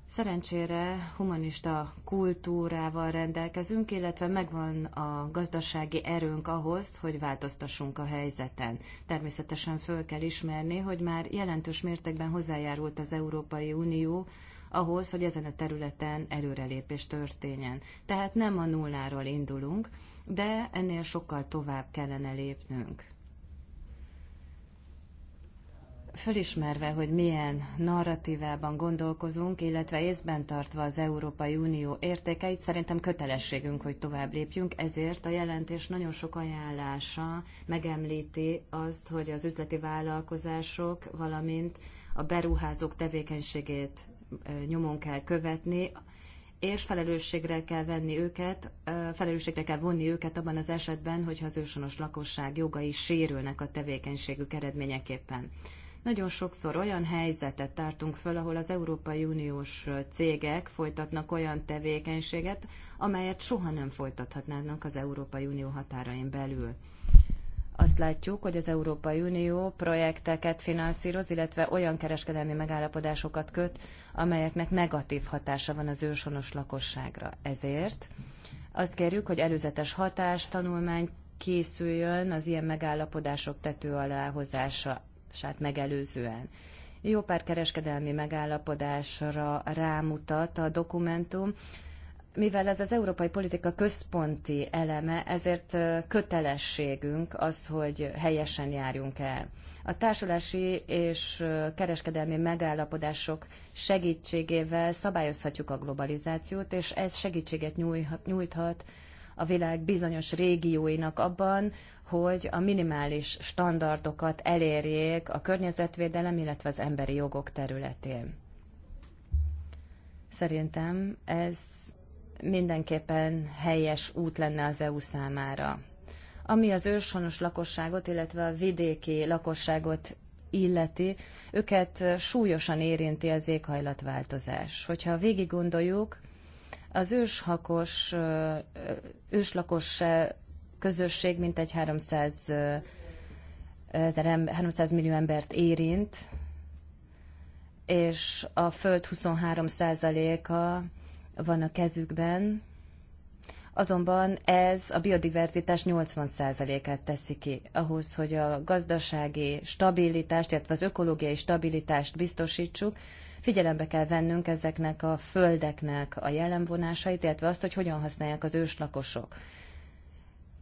Szerencsére humanista kultúrával rendelkezünk, illetve megvan a gazdasági erőnk ahhoz, hogy változtassunk a helyzeten. Természetesen föl kell ismerni, hogy már jelentős mértékben hozzájárult az Európai Unió ahhoz, hogy ezen a területen előrelépés történjen. Tehát nem a nulláról indulunk, de ennél sokkal tovább kellene lépnünk. Fölismerve, hogy milyen narratívában gondolkozunk, illetve észben tartva az Európai Unió értékeit, szerintem kötelességünk, hogy tovább lépjünk, ezért a jelentés nagyon sok ajánlása megemlíti azt, hogy az üzleti vállalkozások, valamint a beruházók tevékenységét nyomon kell követni, és felelősségre kell venni őket, felelősségre kell vonni őket abban az esetben, hogyha az ősonos lakosság jogai sérülnek a tevékenységük eredményeképpen. Nagyon sokszor olyan helyzetet tartunk föl, ahol az Európai Uniós cégek folytatnak olyan tevékenységet, amelyet soha nem folytathatnának az Európai Unió határain belül azt látjuk, hogy az Európai Unió projekteket finanszíroz, illetve olyan kereskedelmi megállapodásokat köt, amelyeknek negatív hatása van az őshonos lakosságra. Ezért azt kérjük, hogy előzetes hatástanulmány készüljön az ilyen megállapodások tető alá hozását megelőzően. Jó pár kereskedelmi megállapodásra rámutat a dokumentum, mivel ez az európai politika központi eleme, ezért kötelességünk az, hogy helyesen járjunk el. A társulási és kereskedelmi megállapodások segítségével szabályozhatjuk a globalizációt, és ez segítséget nyújthat a világ bizonyos régióinak abban, hogy a minimális standardokat elérjék a környezetvédelem, illetve az emberi jogok területén. Szerintem ez mindenképpen helyes út lenne az EU számára. Ami az őshonos lakosságot, illetve a vidéki lakosságot illeti, őket súlyosan érinti az éghajlatváltozás. Hogyha végig gondoljuk, az őshakos, őslakos közösség mintegy 300, 300 millió embert érint, és a föld 23 százaléka van a kezükben, azonban ez a biodiverzitás 80%-át teszi ki ahhoz, hogy a gazdasági stabilitást, illetve az ökológiai stabilitást biztosítsuk, figyelembe kell vennünk ezeknek a földeknek a jellemvonásait, illetve azt, hogy hogyan használják az őslakosok.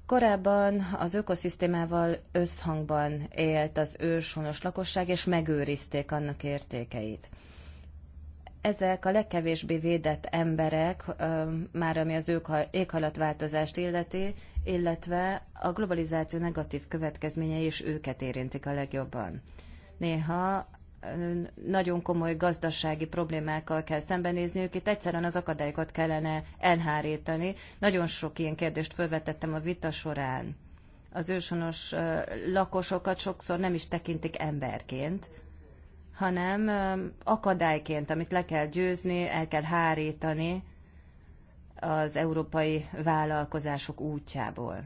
Korábban az ökoszisztémával összhangban élt az őshonos lakosság, és megőrizték annak értékeit ezek a legkevésbé védett emberek, már ami az éghajlatváltozást illeti, illetve a globalizáció negatív következményei is őket érintik a legjobban. Néha nagyon komoly gazdasági problémákkal kell szembenézniük, itt egyszerűen az akadályokat kellene elhárítani. Nagyon sok ilyen kérdést felvetettem a vita során. Az őshonos lakosokat sokszor nem is tekintik emberként, hanem akadályként, amit le kell győzni, el kell hárítani az európai vállalkozások útjából.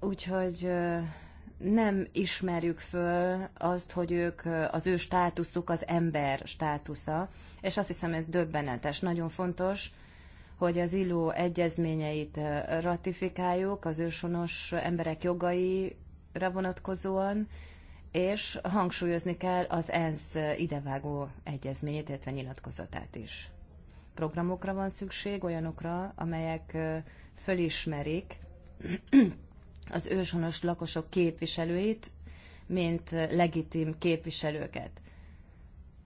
Úgyhogy nem ismerjük föl azt, hogy ők, az ő státuszuk az ember státusza, és azt hiszem ez döbbenetes. Nagyon fontos, hogy az ILO egyezményeit ratifikáljuk az ősonos emberek jogaira vonatkozóan, és hangsúlyozni kell az ENSZ idevágó egyezményét, illetve nyilatkozatát is. Programokra van szükség, olyanokra, amelyek fölismerik az őshonos lakosok képviselőit, mint legitim képviselőket.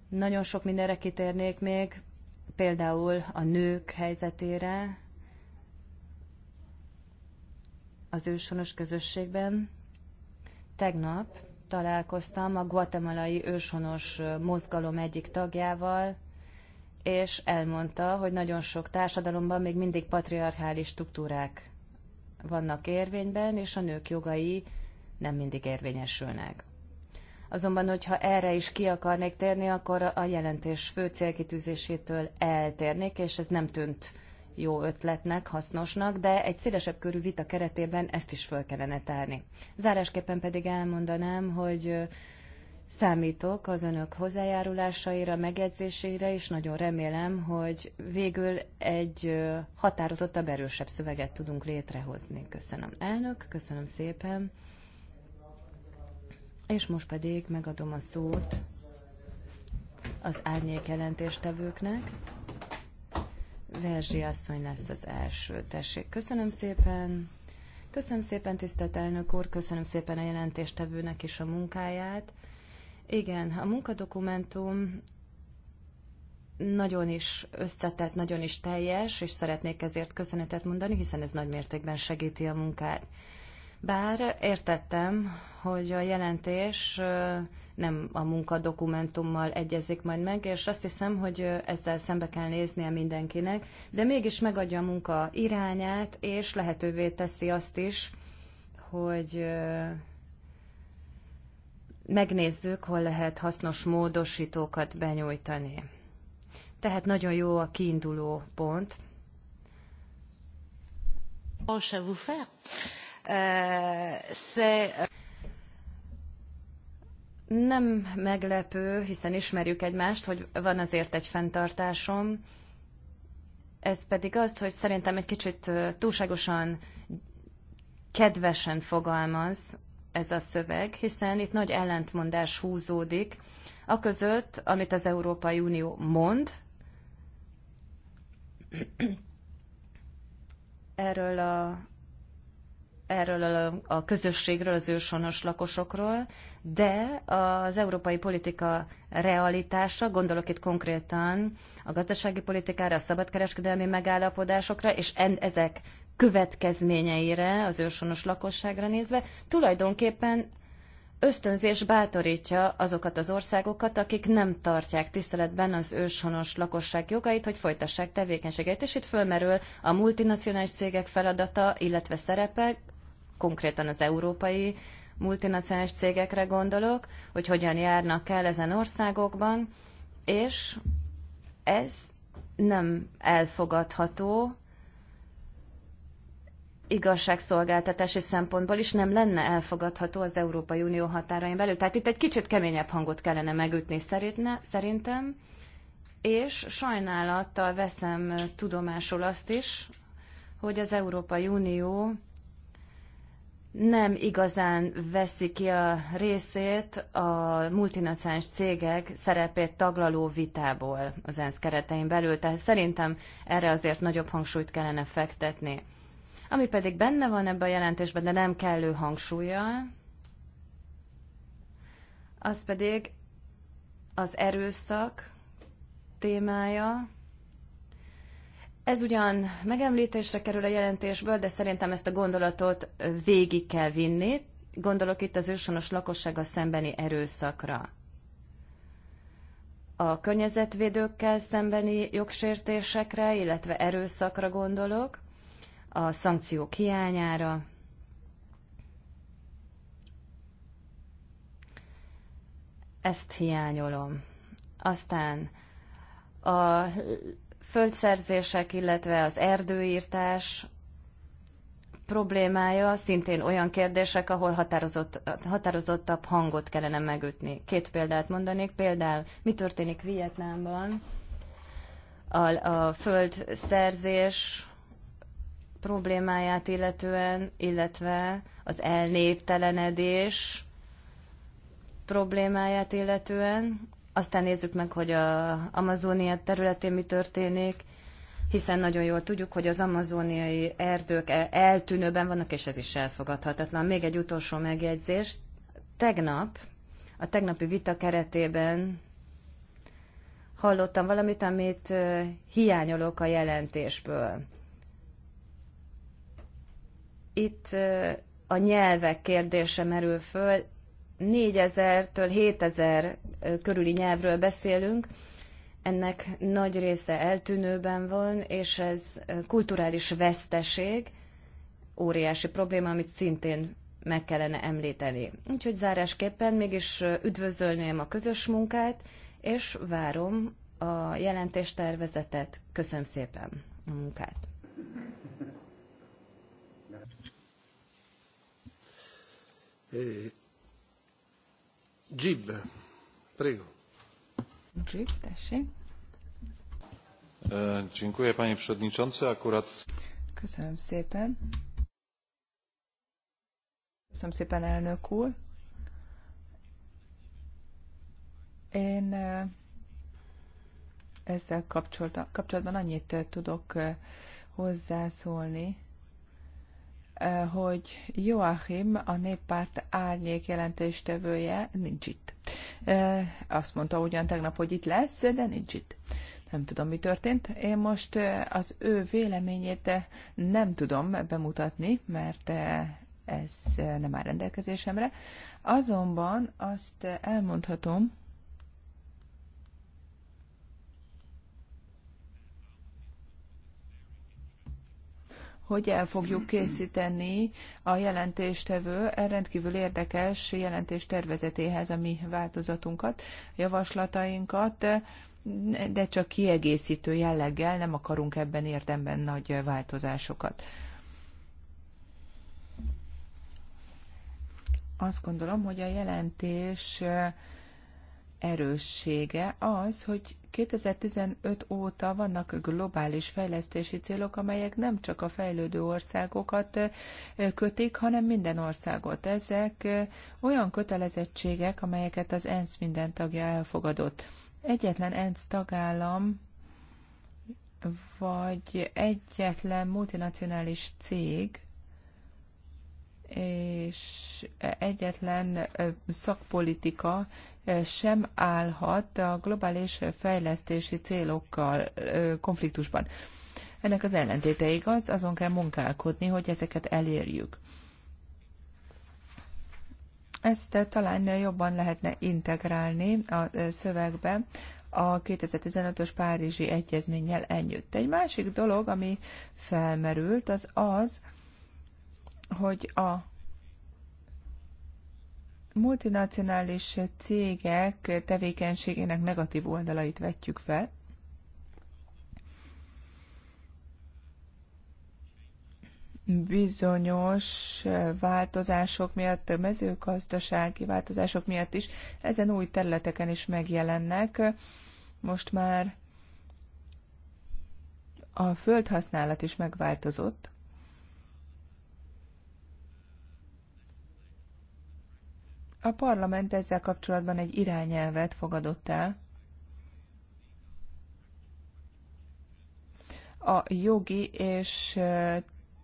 Nagyon sok mindenre kitérnék még, például a nők helyzetére az őshonos közösségben. Tegnap találkoztam a guatemalai őshonos mozgalom egyik tagjával, és elmondta, hogy nagyon sok társadalomban még mindig patriarchális struktúrák vannak érvényben, és a nők jogai nem mindig érvényesülnek. Azonban, hogyha erre is ki akarnék térni, akkor a jelentés fő célkitűzésétől eltérnék, és ez nem tűnt jó ötletnek, hasznosnak, de egy szélesebb körű vita keretében ezt is föl kellene tárni. Zárásképpen pedig elmondanám, hogy Számítok az önök hozzájárulásaira, megjegyzésére, és nagyon remélem, hogy végül egy határozottabb, erősebb szöveget tudunk létrehozni. Köszönöm, elnök, köszönöm szépen. És most pedig megadom a szót az árnyék jelentéstevőknek. Verzsi asszony lesz az első. Tessék, köszönöm szépen. Köszönöm szépen, tisztelt elnök úr, köszönöm szépen a jelentéstevőnek is a munkáját. Igen, a munkadokumentum nagyon is összetett, nagyon is teljes, és szeretnék ezért köszönetet mondani, hiszen ez nagy mértékben segíti a munkát. Bár értettem, hogy a jelentés nem a munkadokumentummal egyezik majd meg, és azt hiszem, hogy ezzel szembe kell néznie mindenkinek, de mégis megadja a munka irányát, és lehetővé teszi azt is, hogy megnézzük, hol lehet hasznos módosítókat benyújtani. Tehát nagyon jó a kiinduló pont. Bon, nem meglepő, hiszen ismerjük egymást, hogy van azért egy fenntartásom, ez pedig az, hogy szerintem egy kicsit túlságosan kedvesen fogalmaz ez a szöveg, hiszen itt nagy ellentmondás húzódik a között, amit az Európai Unió mond, erről a, erről a, a közösségről, az őshonos lakosokról, de az európai politika realitása, gondolok itt konkrétan a gazdasági politikára, a szabadkereskedelmi megállapodásokra, és en, ezek következményeire az őshonos lakosságra nézve, tulajdonképpen ösztönzés bátorítja azokat az országokat, akik nem tartják tiszteletben az őshonos lakosság jogait, hogy folytassák tevékenységeit. És itt fölmerül a multinacionális cégek feladata, illetve szerepe, konkrétan az európai multinacionális cégekre gondolok, hogy hogyan járnak el ezen országokban, és ez nem elfogadható igazságszolgáltatási szempontból is nem lenne elfogadható az Európai Unió határain belül. Tehát itt egy kicsit keményebb hangot kellene megütni szerintem, és sajnálattal veszem tudomásul azt is, hogy az Európai Unió nem igazán veszi ki a részét a multinacionális cégek szerepét taglaló vitából az ENSZ keretein belül, tehát szerintem erre azért nagyobb hangsúlyt kellene fektetni. Ami pedig benne van ebben a jelentésben, de nem kellő hangsúlyjal, az pedig az erőszak témája, ez ugyan megemlítésre kerül a jelentésből, de szerintem ezt a gondolatot végig kell vinni. Gondolok itt az őshonos lakossága szembeni erőszakra. A környezetvédőkkel szembeni jogsértésekre, illetve erőszakra gondolok, a szankciók hiányára, ezt hiányolom. Aztán a földszerzések, illetve az erdőírtás problémája szintén olyan kérdések, ahol határozott, határozottabb hangot kellene megütni. Két példát mondanék. Például mi történik Vietnámban? A, a földszerzés problémáját illetően, illetve az elnéptelenedés problémáját illetően, aztán nézzük meg, hogy a Amazónia területén mi történik, hiszen nagyon jól tudjuk, hogy az amazóniai erdők eltűnőben vannak, és ez is elfogadhatatlan. Még egy utolsó megjegyzés. Tegnap, a tegnapi vita keretében hallottam valamit, amit hiányolok a jelentésből. Itt a nyelvek kérdése merül föl, 4000-től 7000 körüli nyelvről beszélünk, ennek nagy része eltűnőben van, és ez kulturális veszteség, óriási probléma, amit szintén meg kellene említeni. Úgyhogy zárásképpen mégis üdvözölném a közös munkát, és várom a jelentéstervezetet. Köszönöm szépen a munkát. Eh, Gib, prego. Gib, tessék. E, dziękuję, panie przewodniczący. Akurat... Köszönöm szépen. Köszönöm szépen, elnök úr. Én e, ezzel kapcsolatban annyit e, tudok hozzászólni, hogy Joachim, a néppárt árnyék jelentéstevője nincs itt. Azt mondta ugyan tegnap, hogy itt lesz, de nincs itt. Nem tudom, mi történt. Én most az ő véleményét nem tudom bemutatni, mert ez nem áll rendelkezésemre. Azonban azt elmondhatom, hogy el fogjuk készíteni a jelentéstevő e rendkívül érdekes jelentés tervezetéhez a mi változatunkat, javaslatainkat, de csak kiegészítő jelleggel nem akarunk ebben érdemben nagy változásokat. Azt gondolom, hogy a jelentés erőssége az, hogy 2015 óta vannak globális fejlesztési célok, amelyek nem csak a fejlődő országokat kötik, hanem minden országot. Ezek olyan kötelezettségek, amelyeket az ENSZ minden tagja elfogadott. Egyetlen ENSZ tagállam vagy egyetlen multinacionális cég és egyetlen szakpolitika sem állhat a globális fejlesztési célokkal konfliktusban. Ennek az ellentéte igaz, azon kell munkálkodni, hogy ezeket elérjük. Ezt talán jobban lehetne integrálni a szövegbe a 2015-ös Párizsi Egyezménnyel együtt. Egy másik dolog, ami felmerült, az az, hogy a multinacionális cégek tevékenységének negatív oldalait vetjük fel. Bizonyos változások miatt, mezőgazdasági változások miatt is ezen új területeken is megjelennek. Most már a földhasználat is megváltozott. A parlament ezzel kapcsolatban egy irányelvet fogadott el. A jogi és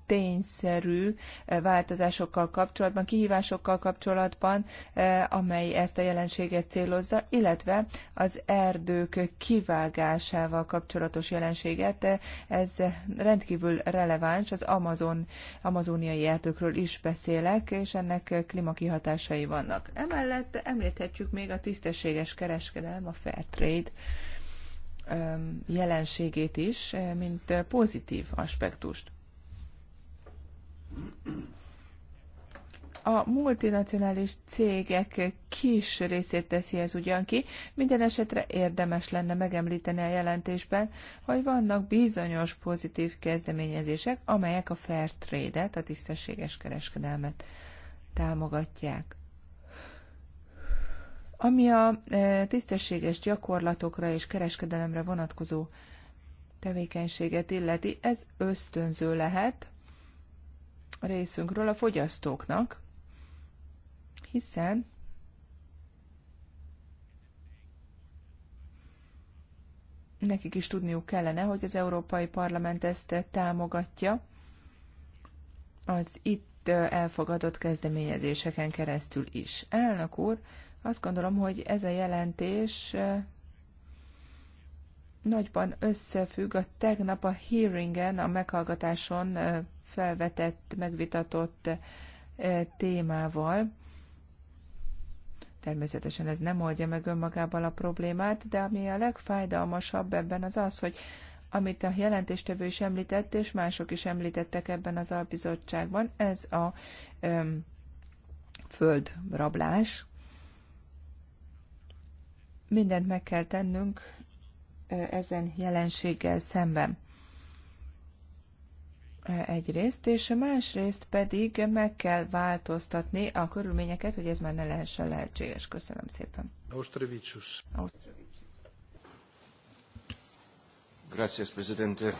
tényszerű eh, változásokkal kapcsolatban, kihívásokkal kapcsolatban, eh, amely ezt a jelenséget célozza, illetve az erdők kivágásával kapcsolatos jelenséget. Eh, ez rendkívül releváns, az Amazon, amazoniai erdőkről is beszélek, és ennek klimakihatásai vannak. Emellett említhetjük még a tisztességes kereskedelem, a fair trade jelenségét is, mint pozitív aspektust a multinacionális cégek kis részét teszi ez ugyan ki, minden esetre érdemes lenne megemlíteni a jelentésben, hogy vannak bizonyos pozitív kezdeményezések, amelyek a fair trade-et, a tisztességes kereskedelmet támogatják. Ami a e, tisztességes gyakorlatokra és kereskedelemre vonatkozó tevékenységet illeti, ez ösztönző lehet, a részünkről a fogyasztóknak, hiszen nekik is tudniuk kellene, hogy az Európai Parlament ezt támogatja az itt elfogadott kezdeményezéseken keresztül is. Elnök úr, azt gondolom, hogy ez a jelentés nagyban összefügg a tegnap a hearingen, a meghallgatáson felvetett, megvitatott eh, témával. Természetesen ez nem oldja meg önmagában a problémát, de ami a legfájdalmasabb ebben az az, hogy amit a jelentéstevő is említett, és mások is említettek ebben az albizottságban, ez a öm, földrablás. Mindent meg kell tennünk eh, ezen jelenséggel szemben egyrészt, és másrészt pedig meg kell változtatni a körülményeket, hogy ez már ne lehessen lehetséges. Köszönöm szépen. Ausztrevicius. Gracias, Presidente.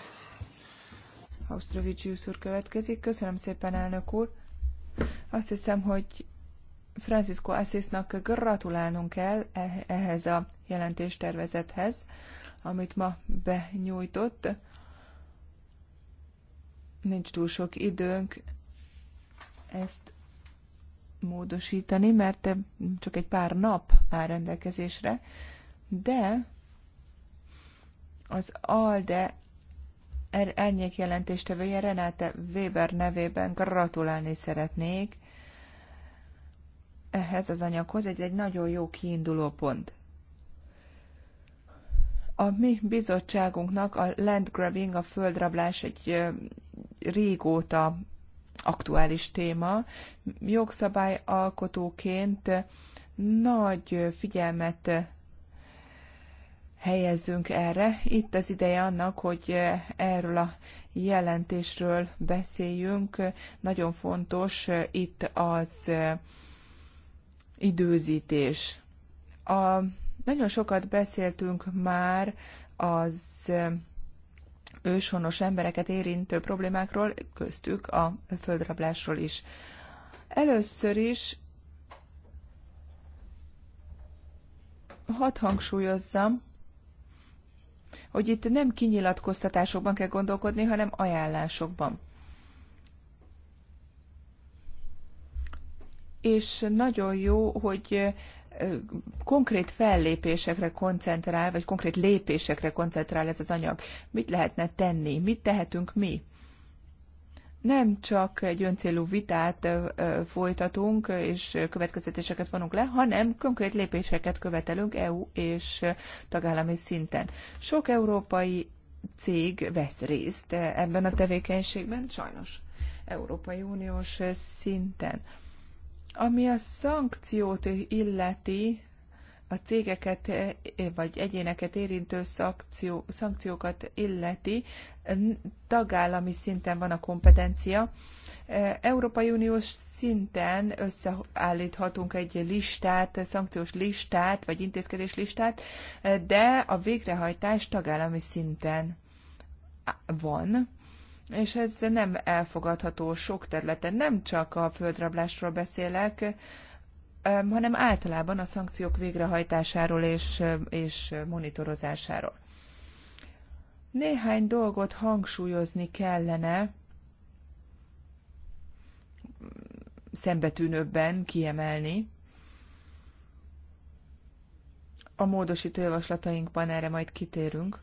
Ausztrovicius úr következik. Köszönöm szépen, elnök úr. Azt hiszem, hogy Francisco Assisnak gratulálnunk kell eh, ehhez a jelentéstervezethez, amit ma benyújtott nincs túl sok időnk ezt módosítani, mert csak egy pár nap áll rendelkezésre, de az ALDE elnyék er- jelentéstevője Renáte Weber nevében gratulálni szeretnék ehhez az anyaghoz. Egy, egy nagyon jó kiinduló pont. A mi bizottságunknak a land grabbing, a földrablás egy régóta aktuális téma. Jogszabályalkotóként nagy figyelmet helyezzünk erre. Itt az ideje annak, hogy erről a jelentésről beszéljünk. Nagyon fontos itt az időzítés. A, nagyon sokat beszéltünk már az őshonos embereket érintő problémákról, köztük a földrablásról is. Először is hadd hangsúlyozzam, hogy itt nem kinyilatkoztatásokban kell gondolkodni, hanem ajánlásokban. És nagyon jó, hogy konkrét fellépésekre koncentrál, vagy konkrét lépésekre koncentrál ez az anyag. Mit lehetne tenni? Mit tehetünk mi? nem csak egy öncélú vitát folytatunk és következtetéseket vonunk le, hanem konkrét lépéseket követelünk EU és tagállami szinten. Sok európai cég vesz részt ebben a tevékenységben, sajnos Európai Uniós szinten. Ami a szankciót illeti, a cégeket eh, vagy egyéneket érintő szankció, szankciókat illeti, tagállami szinten van a kompetencia. Eh, Európai Uniós szinten összeállíthatunk egy listát, szankciós listát, vagy intézkedés listát, eh, de a végrehajtás tagállami szinten van és ez nem elfogadható sok területen. Nem csak a földrablásról beszélek, hanem általában a szankciók végrehajtásáról és, és monitorozásáról. Néhány dolgot hangsúlyozni kellene szembetűnőbben kiemelni. A módosító javaslatainkban erre majd kitérünk.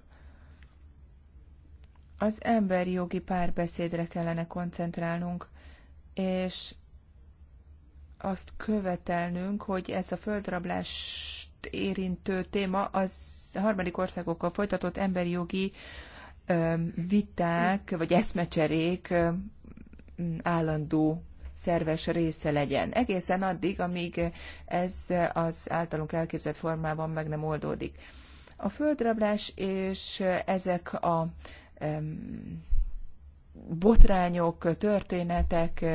Az emberi jogi párbeszédre kellene koncentrálnunk, és azt követelnünk, hogy ez a földrablást érintő téma az harmadik országokkal folytatott emberi jogi viták vagy eszmecserék állandó szerves része legyen. Egészen addig, amíg ez az általunk elképzett formában meg nem oldódik. A földrablás és ezek a botrányok, történetek,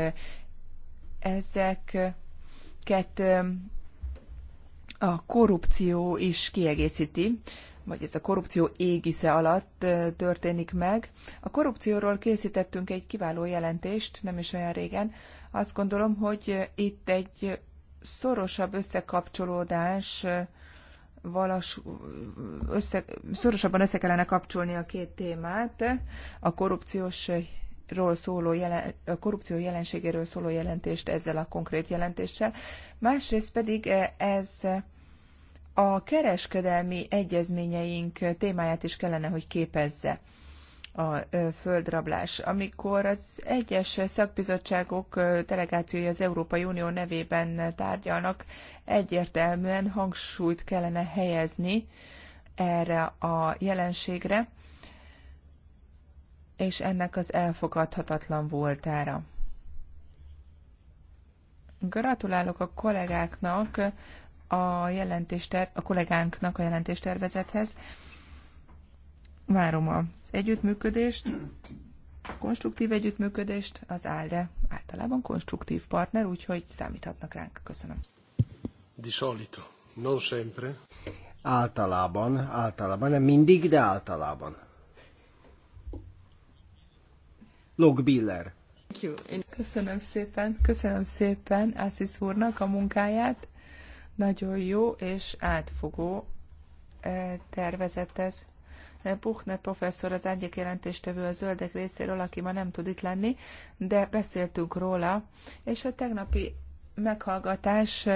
ezeket a korrupció is kiegészíti, vagy ez a korrupció égisze alatt történik meg. A korrupcióról készítettünk egy kiváló jelentést, nem is olyan régen. Azt gondolom, hogy itt egy szorosabb összekapcsolódás valas, össze, szorosabban össze kellene kapcsolni a két témát, a korrupciós ról szóló jelen, a korrupció jelenségéről szóló jelentést ezzel a konkrét jelentéssel. Másrészt pedig eh, ez a kereskedelmi egyezményeink témáját is kellene, hogy képezze a földrablás. Amikor az egyes szakbizottságok delegációi az Európai Unió nevében tárgyalnak, egyértelműen hangsúlyt kellene helyezni erre a jelenségre, és ennek az elfogadhatatlan voltára. Gratulálok a kollégáknak a jelentéster, a kollégánknak a jelentéstervezethez. Várom az együttműködést, a konstruktív együttműködést, az ALDE általában konstruktív partner, úgyhogy számíthatnak ránk. Köszönöm. Di solito, non sempre. Általában, általában, nem mindig, de általában. Logbiller. Köszönöm szépen, köszönöm szépen Assis úrnak a munkáját. Nagyon jó és átfogó eh, tervezet ez. Buchner professzor az egyik jelentéstevő a zöldek részéről, aki ma nem tud itt lenni, de beszéltünk róla, és a tegnapi meghallgatás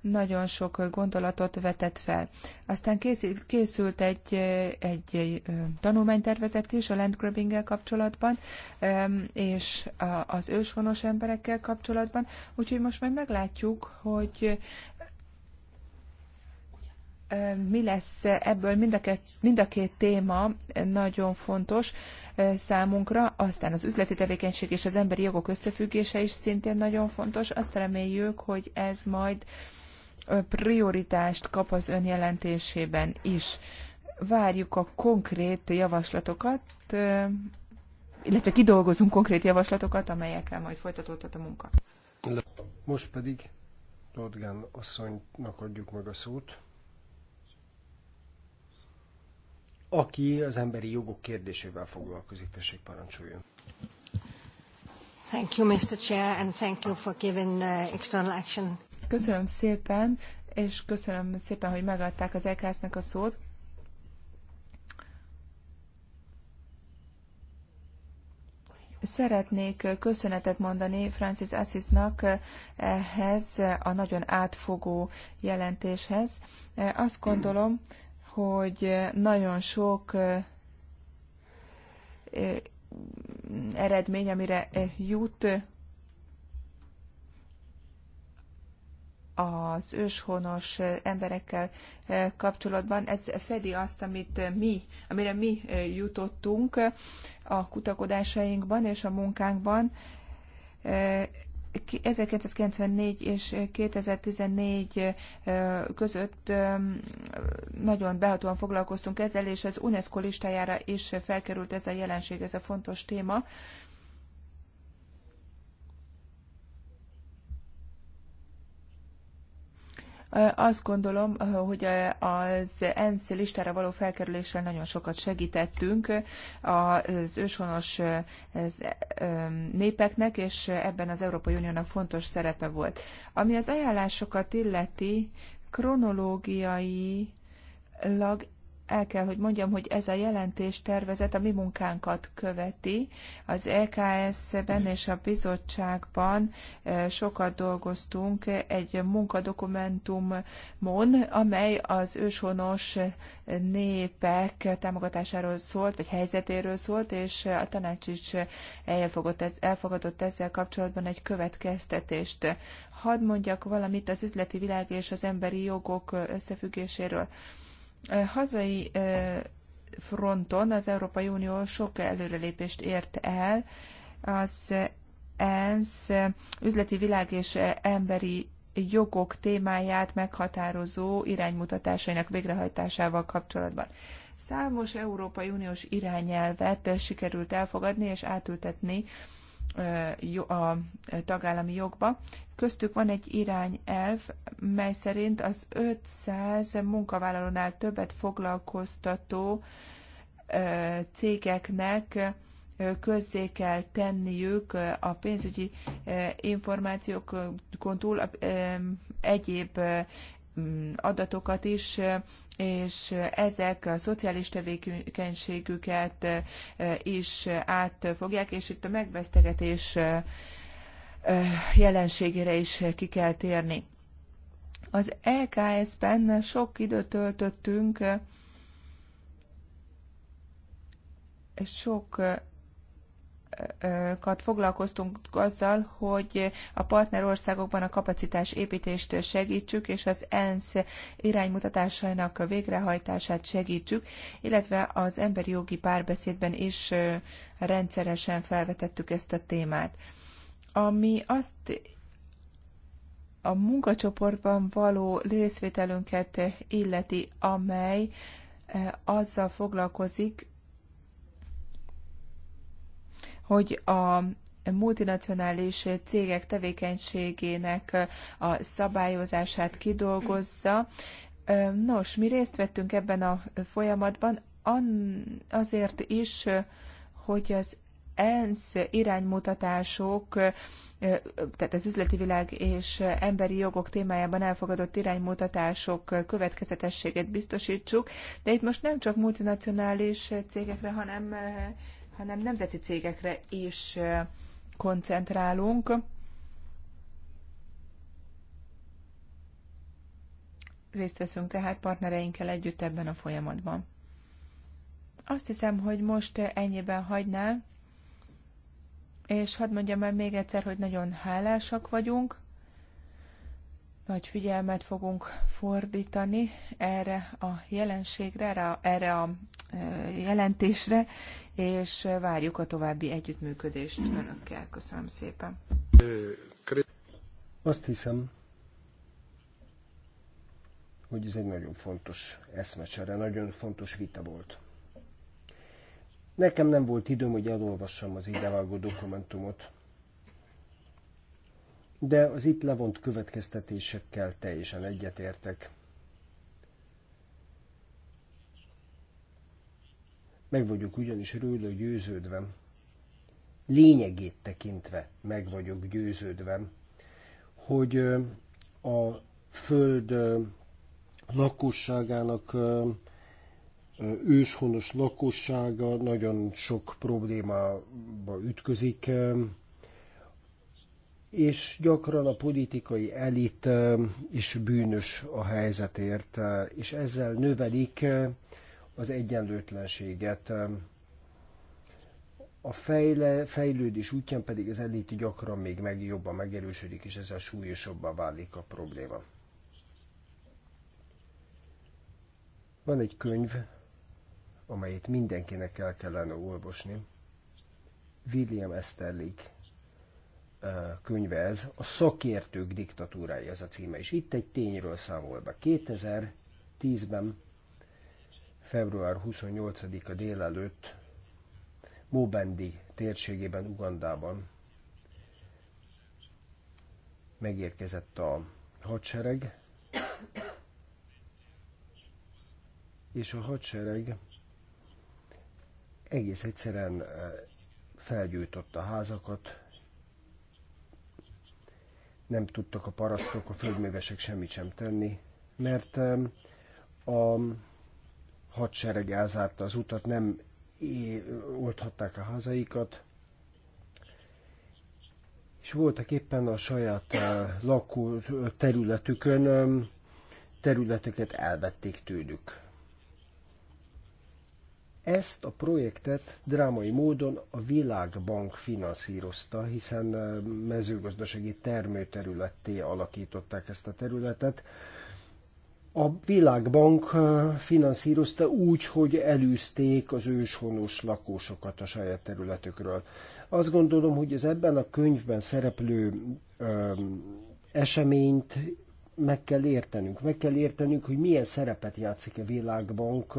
nagyon sok gondolatot vetett fel. Aztán készült, egy, egy tanulmánytervezet is a landgrabbinggel kapcsolatban, és az őshonos emberekkel kapcsolatban, úgyhogy most majd meglátjuk, hogy mi lesz ebből, mind a, két, mind a két téma nagyon fontos számunkra, aztán az üzleti tevékenység és az emberi jogok összefüggése is szintén nagyon fontos. Azt reméljük, hogy ez majd prioritást kap az ön jelentésében is. Várjuk a konkrét javaslatokat, illetve kidolgozunk konkrét javaslatokat, amelyekkel majd folytatódhat a munka. Most pedig Rodgán asszonynak adjuk meg a szót. aki az emberi jogok kérdésével foglalkozik. Tessék, parancsoljon. Thank you, Mr. Chair, and thank you for giving the external action. Köszönöm szépen, és köszönöm szépen, hogy megadták az EKS-nek a szót. Szeretnék köszönetet mondani Francis Assisnak ehhez a nagyon átfogó jelentéshez. Azt gondolom, hogy nagyon sok eredmény, amire jut az őshonos emberekkel kapcsolatban. Ez fedi azt, amit mi, amire mi jutottunk a kutakodásainkban és a munkánkban. 1994 és 2014 között nagyon behatóan foglalkoztunk ezzel, és az UNESCO listájára is felkerült ez a jelenség, ez a fontos téma. Azt gondolom, hogy az ENSZ listára való felkerüléssel nagyon sokat segítettünk az őshonos népeknek, és ebben az Európai Uniónak fontos szerepe volt. Ami az ajánlásokat illeti, kronológiai lag el kell, hogy mondjam, hogy ez a jelentés tervezet a mi munkánkat követi. Az EKS-ben és a bizottságban e, sokat dolgoztunk egy munkadokumentumon, amely az őshonos népek támogatásáról szólt, vagy helyzetéről szólt, és a tanács is elfogadott, elfogadott ezzel kapcsolatban egy következtetést. Hadd mondjak valamit az üzleti világ és az emberi jogok összefüggéséről hazai fronton az Európai Unió sok előrelépést ért el. Az ENSZ üzleti világ és emberi jogok témáját meghatározó iránymutatásainak végrehajtásával kapcsolatban. Számos Európai Uniós irányelvet sikerült elfogadni és átültetni a tagállami jogba. Köztük van egy irányelv, mely szerint az 500 munkavállalónál többet foglalkoztató cégeknek közzé kell tenniük a pénzügyi információkon túl egyéb adatokat is és ezek a szociális tevékenységüket is átfogják, és itt a megvesztegetés jelenségére is ki kell térni. Az LKS-ben e sok időt töltöttünk, sok sokat foglalkoztunk azzal, hogy a partnerországokban a kapacitás építést segítsük, és az ENSZ iránymutatásainak a végrehajtását segítsük, illetve az emberi jogi párbeszédben is rendszeresen felvetettük ezt a témát. Ami azt a munkacsoportban való részvételünket illeti, amely azzal foglalkozik, hogy a multinacionális cégek tevékenységének a szabályozását kidolgozza. Nos, mi részt vettünk ebben a folyamatban azért is, hogy az ENSZ iránymutatások, tehát az üzleti világ és emberi jogok témájában elfogadott iránymutatások következetességet biztosítsuk, de itt most nem csak multinacionális cégekre, hanem hanem nemzeti cégekre is koncentrálunk. Részt veszünk tehát partnereinkkel együtt ebben a folyamatban. Azt hiszem, hogy most ennyiben hagynánk, és hadd mondjam el még egyszer, hogy nagyon hálásak vagyunk, nagy figyelmet fogunk fordítani erre a jelenségre, erre a jelentésre, és várjuk a további együttműködést önökkel. Köszönöm szépen. Azt hiszem, hogy ez egy nagyon fontos eszmecsere, nagyon fontos vita volt. Nekem nem volt időm, hogy elolvassam az idevágó dokumentumot, de az itt levont következtetésekkel teljesen egyetértek. Meg vagyok ugyanis róla győződve, lényegét tekintve meg vagyok győződve, hogy a föld lakosságának, őshonos lakossága nagyon sok problémába ütközik, és gyakran a politikai elit is bűnös a helyzetért, és ezzel növelik az egyenlőtlenséget. A fejle, fejlődés útján pedig az elit gyakran még meg jobban megerősödik, és ezzel súlyosabbá válik a probléma. Van egy könyv, amelyet mindenkinek el kellene olvasni. William Esterlik eh, könyve ez, a szakértők diktatúrája ez a címe, és itt egy tényről számol be. 2010-ben február 28-a délelőtt Mobendi térségében, Ugandában megérkezett a hadsereg, és a hadsereg egész egyszerűen eh, felgyújtotta a házakat, nem tudtak a parasztok, a földművesek semmit sem tenni, mert eh, a hadsereg elzárta az utat, nem oldhatták a hazaikat, és voltak éppen a saját eh, lakó eh, területükön területeket elvették tőlük. Ezt a projektet drámai módon a Világbank finanszírozta, hiszen mezőgazdasági termőterületté alakították ezt a területet a Világbank finanszírozta úgy, hogy elűzték az őshonos lakósokat a saját területükről. Azt gondolom, hogy az ebben a könyvben szereplő ö, eseményt meg kell értenünk. Meg kell értenünk, hogy milyen szerepet játszik a Világbank.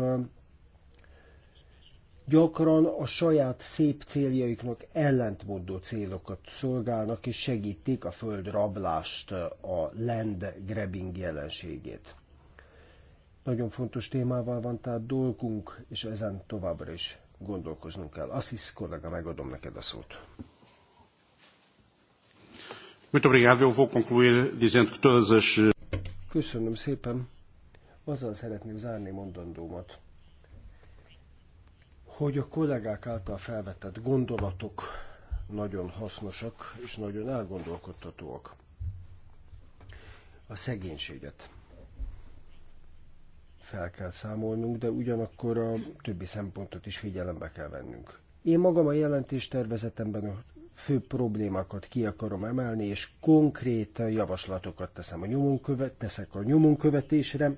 Gyakran a saját szép céljaiknak ellentmondó célokat szolgálnak és segítik a föld rablást, a land grabbing jelenségét. Nagyon fontos témával van tehát dolgunk, és ezen továbbra is gondolkoznunk kell. Assis kollega, megadom neked a szót. Muito obrigado. Eu vou concluir dizendo que todas as... Eh, Köszönöm szépen. Azzal szeretném zárni mondandómat, hogy a kollégák által felvetett gondolatok nagyon hasznosak és nagyon elgondolkodtatóak. A szegénységet fel kell számolnunk, de ugyanakkor a többi szempontot is figyelembe kell vennünk. Én magam a jelentéstervezetemben a fő problémákat ki akarom emelni, és konkrét javaslatokat teszem a nyomonkövet, teszek a nyomonkövetésre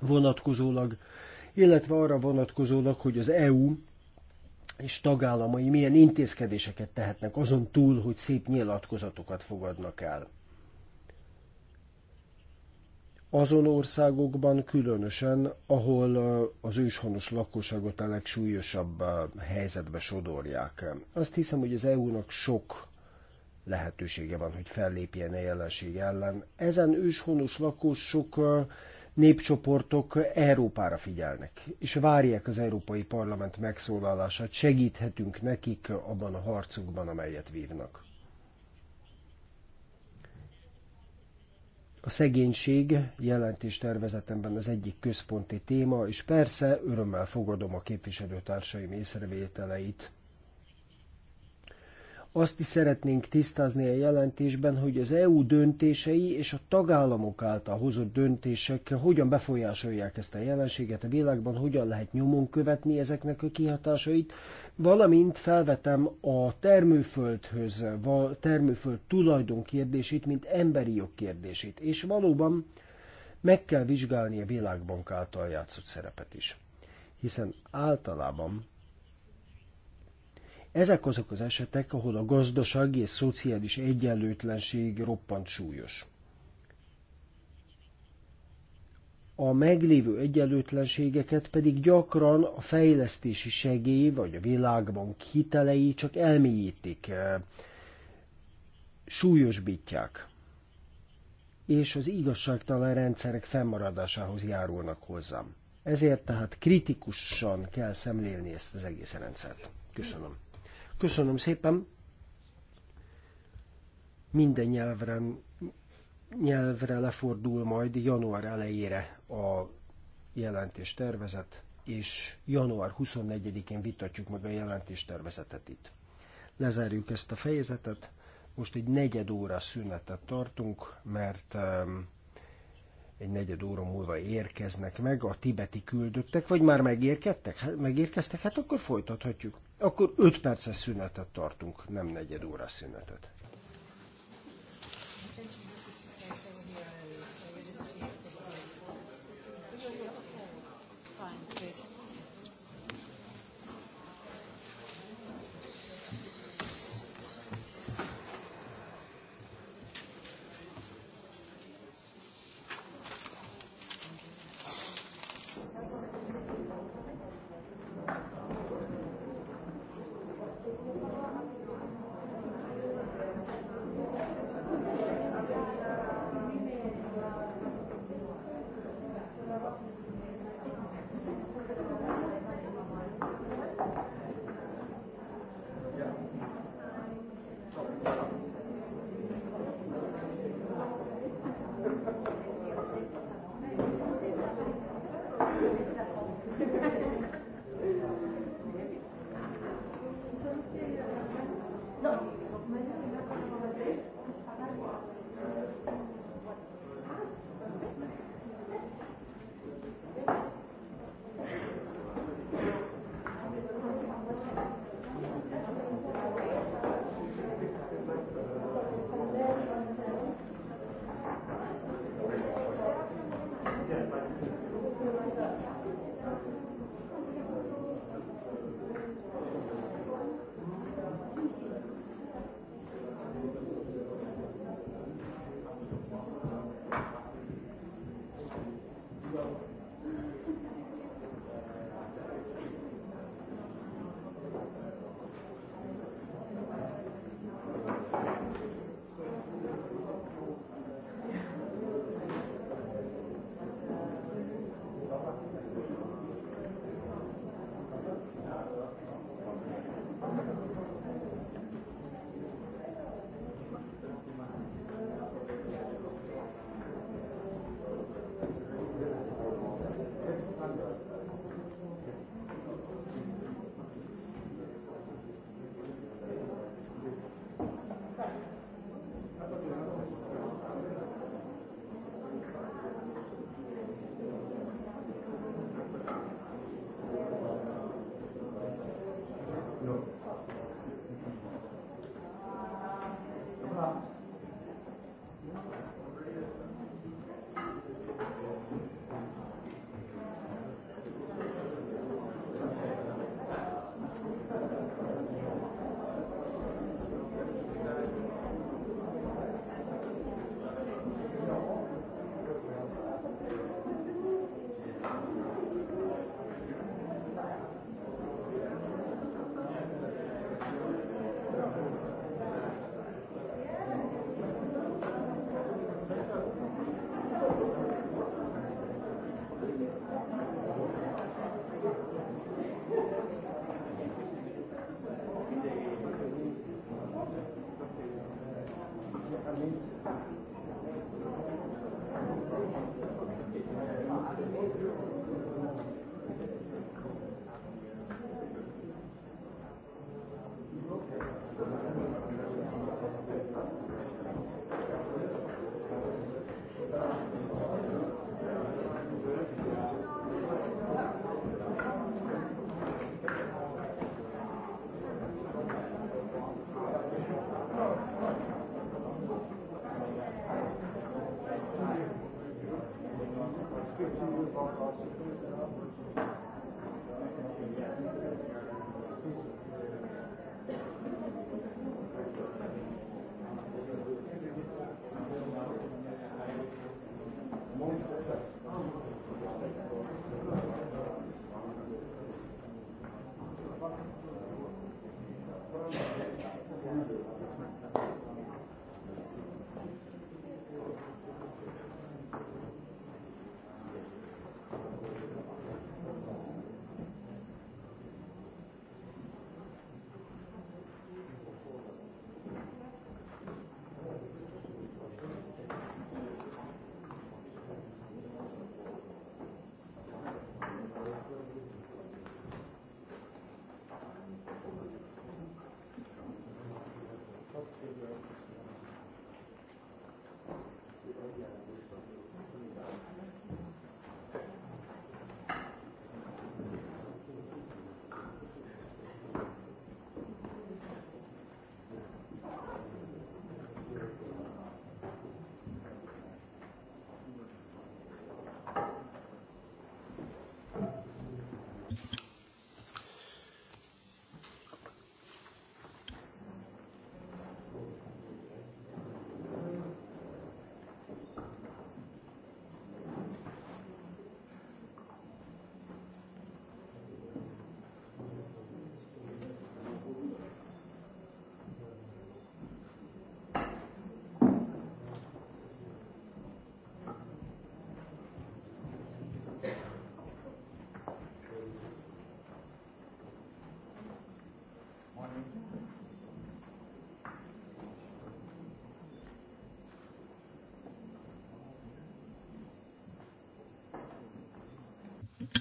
vonatkozólag, illetve arra vonatkozólag, hogy az EU és tagállamai milyen intézkedéseket tehetnek azon túl, hogy szép nyilatkozatokat fogadnak el azon országokban különösen, ahol az őshonos lakosságot a legsúlyosabb helyzetbe sodorják. Azt hiszem, hogy az EU-nak sok lehetősége van, hogy fellépjen a jelenség ellen. Ezen őshonos lakosok népcsoportok Európára figyelnek, és várják az Európai Parlament megszólalását, segíthetünk nekik abban a harcukban, amelyet vívnak. A szegénység jelentéstervezetemben az egyik központi téma, és persze örömmel fogadom a képviselőtársaim észrevételeit. Azt is szeretnénk tisztázni a jelentésben, hogy az EU döntései és a tagállamok által hozott döntések hogyan befolyásolják ezt a jelenséget a világban, hogyan lehet nyomon követni ezeknek a kihatásait, valamint felvetem a termőföldhöz, a termőföld tulajdon kérdését, mint emberi jog kérdését, és valóban meg kell vizsgálni a Világbank által játszott szerepet is. Hiszen általában ezek azok az esetek, ahol a gazdasági és szociális egyenlőtlenség roppant súlyos. a meglévő egyenlőtlenségeket pedig gyakran a fejlesztési segély vagy a világban hitelei csak elmélyítik, eh, súlyosbítják, és az igazságtalan rendszerek fennmaradásához járulnak hozzám. Ezért tehát kritikusan kell szemlélni ezt az egész rendszert. Köszönöm. Köszönöm szépen. Minden nyelven nyelvre lefordul majd január elejére a jelentés tervezet, és január 24-én vitatjuk meg a jelentés tervezetet itt. Lezárjuk ezt a fejezetet, most egy negyed óra szünetet tartunk, mert um, egy negyed óra múlva érkeznek meg a tibeti küldöttek, vagy már megérkedtek? Hát, megérkeztek? Hát akkor folytathatjuk. Akkor öt perces szünetet tartunk, nem negyed óra szünetet.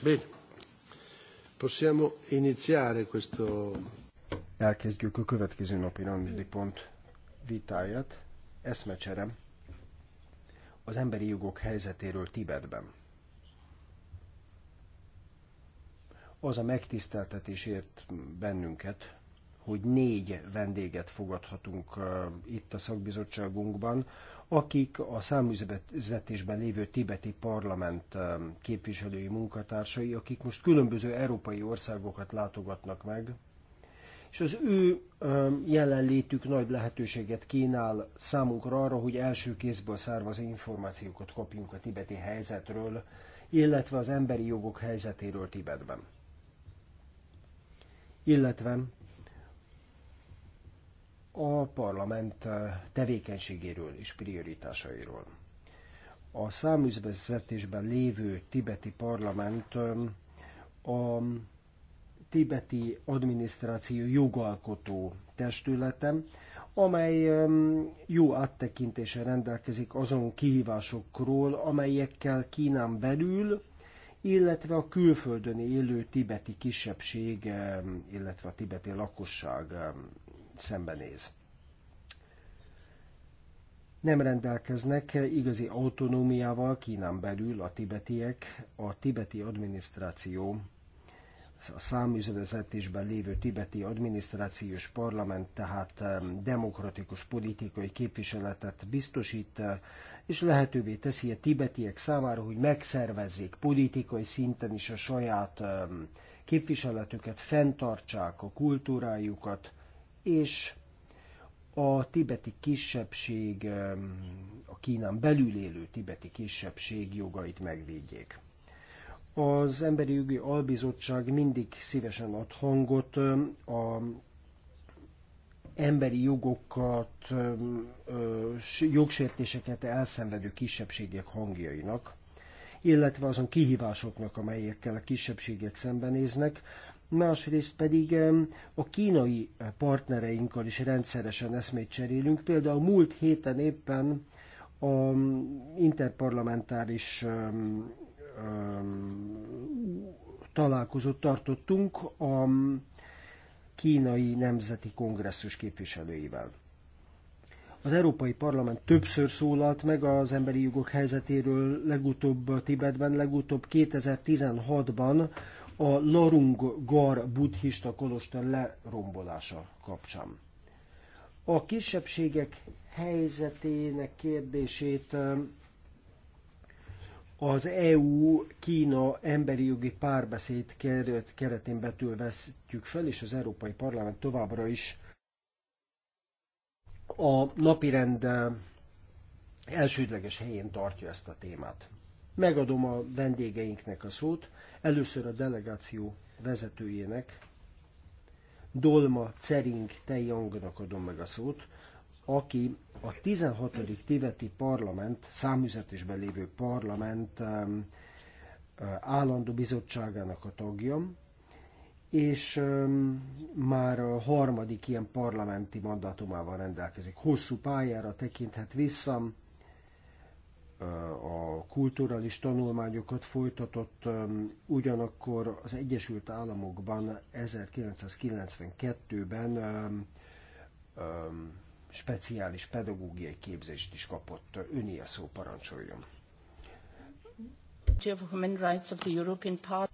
Bene. Possiamo iniziare questo... Elkezdjük a következő napi rendi pont vitáját. Eszmecsere az emberi jogok helyzetéről Tibetben. Az a megtiszteltetésért bennünket, hogy négy vendéget fogadhatunk itt a szakbizottságunkban, akik a számüzetésben lévő tibeti parlament képviselői munkatársai, akik most különböző európai országokat látogatnak meg, és az ő jelenlétük nagy lehetőséget kínál számunkra arra, hogy első kézből származó információkat kapjunk a tibeti helyzetről, illetve az emberi jogok helyzetéről Tibetben. Illetve a parlament eh, tevékenységéről és prioritásairól. A száműzvezetésben lévő tibeti parlament eh, a tibeti adminisztráció jogalkotó testületem, amely eh, jó áttekintése rendelkezik azon kihívásokról, amelyekkel Kínán belül, illetve a külföldön élő tibeti kisebbség, illetve a tibeti lakosság szembenéz. Nem rendelkeznek igazi autonómiával Kínán belül a tibetiek, a tibeti adminisztráció a számüzevezetésben lévő tibeti adminisztrációs parlament tehát demokratikus politikai képviseletet biztosít, és lehetővé teszi a tibetiek számára, hogy megszervezzék politikai szinten is a saját képviseletüket, fenntartsák a kultúrájukat, és a tibeti kisebbség, a Kínán belül élő tibeti kisebbség jogait megvédjék. Az Emberi Jogi Albizottság mindig szívesen ad hangot a emberi jogokat, jogsértéseket elszenvedő kisebbségek hangjainak, illetve azon kihívásoknak, amelyekkel a kisebbségek szembenéznek, másrészt pedig a kínai partnereinkkel is rendszeresen eszmét cserélünk. Például múlt héten éppen a interparlamentáris találkozót tartottunk a kínai nemzeti kongresszus képviselőivel. Az Európai Parlament többször szólalt meg az emberi jogok helyzetéről, legutóbb Tibetben, legutóbb 2016-ban a Narung-gar buddhista kolostor lerombolása kapcsán. A kisebbségek helyzetének kérdését az EU-Kína emberi jogi párbeszéd keretén betül vesztjük fel, és az Európai Parlament továbbra is a napirend elsődleges helyén tartja ezt a témát. Megadom a vendégeinknek a szót. Először a delegáció vezetőjének, Dolma Cering Tejangnak adom meg a szót, aki a 16. tibeti parlament, számüzetésben lévő parlament eh, állandó bizottságának a tagja, és már a harmadik ilyen parlamenti mandátumával rendelkezik. Hosszú pályára tekinthet vissza, a kulturális tanulmányokat folytatott, um, ugyanakkor az Egyesült Államokban 1992-ben um, um, speciális pedagógiai képzést is kapott. Ön ilyen szó parancsoljon.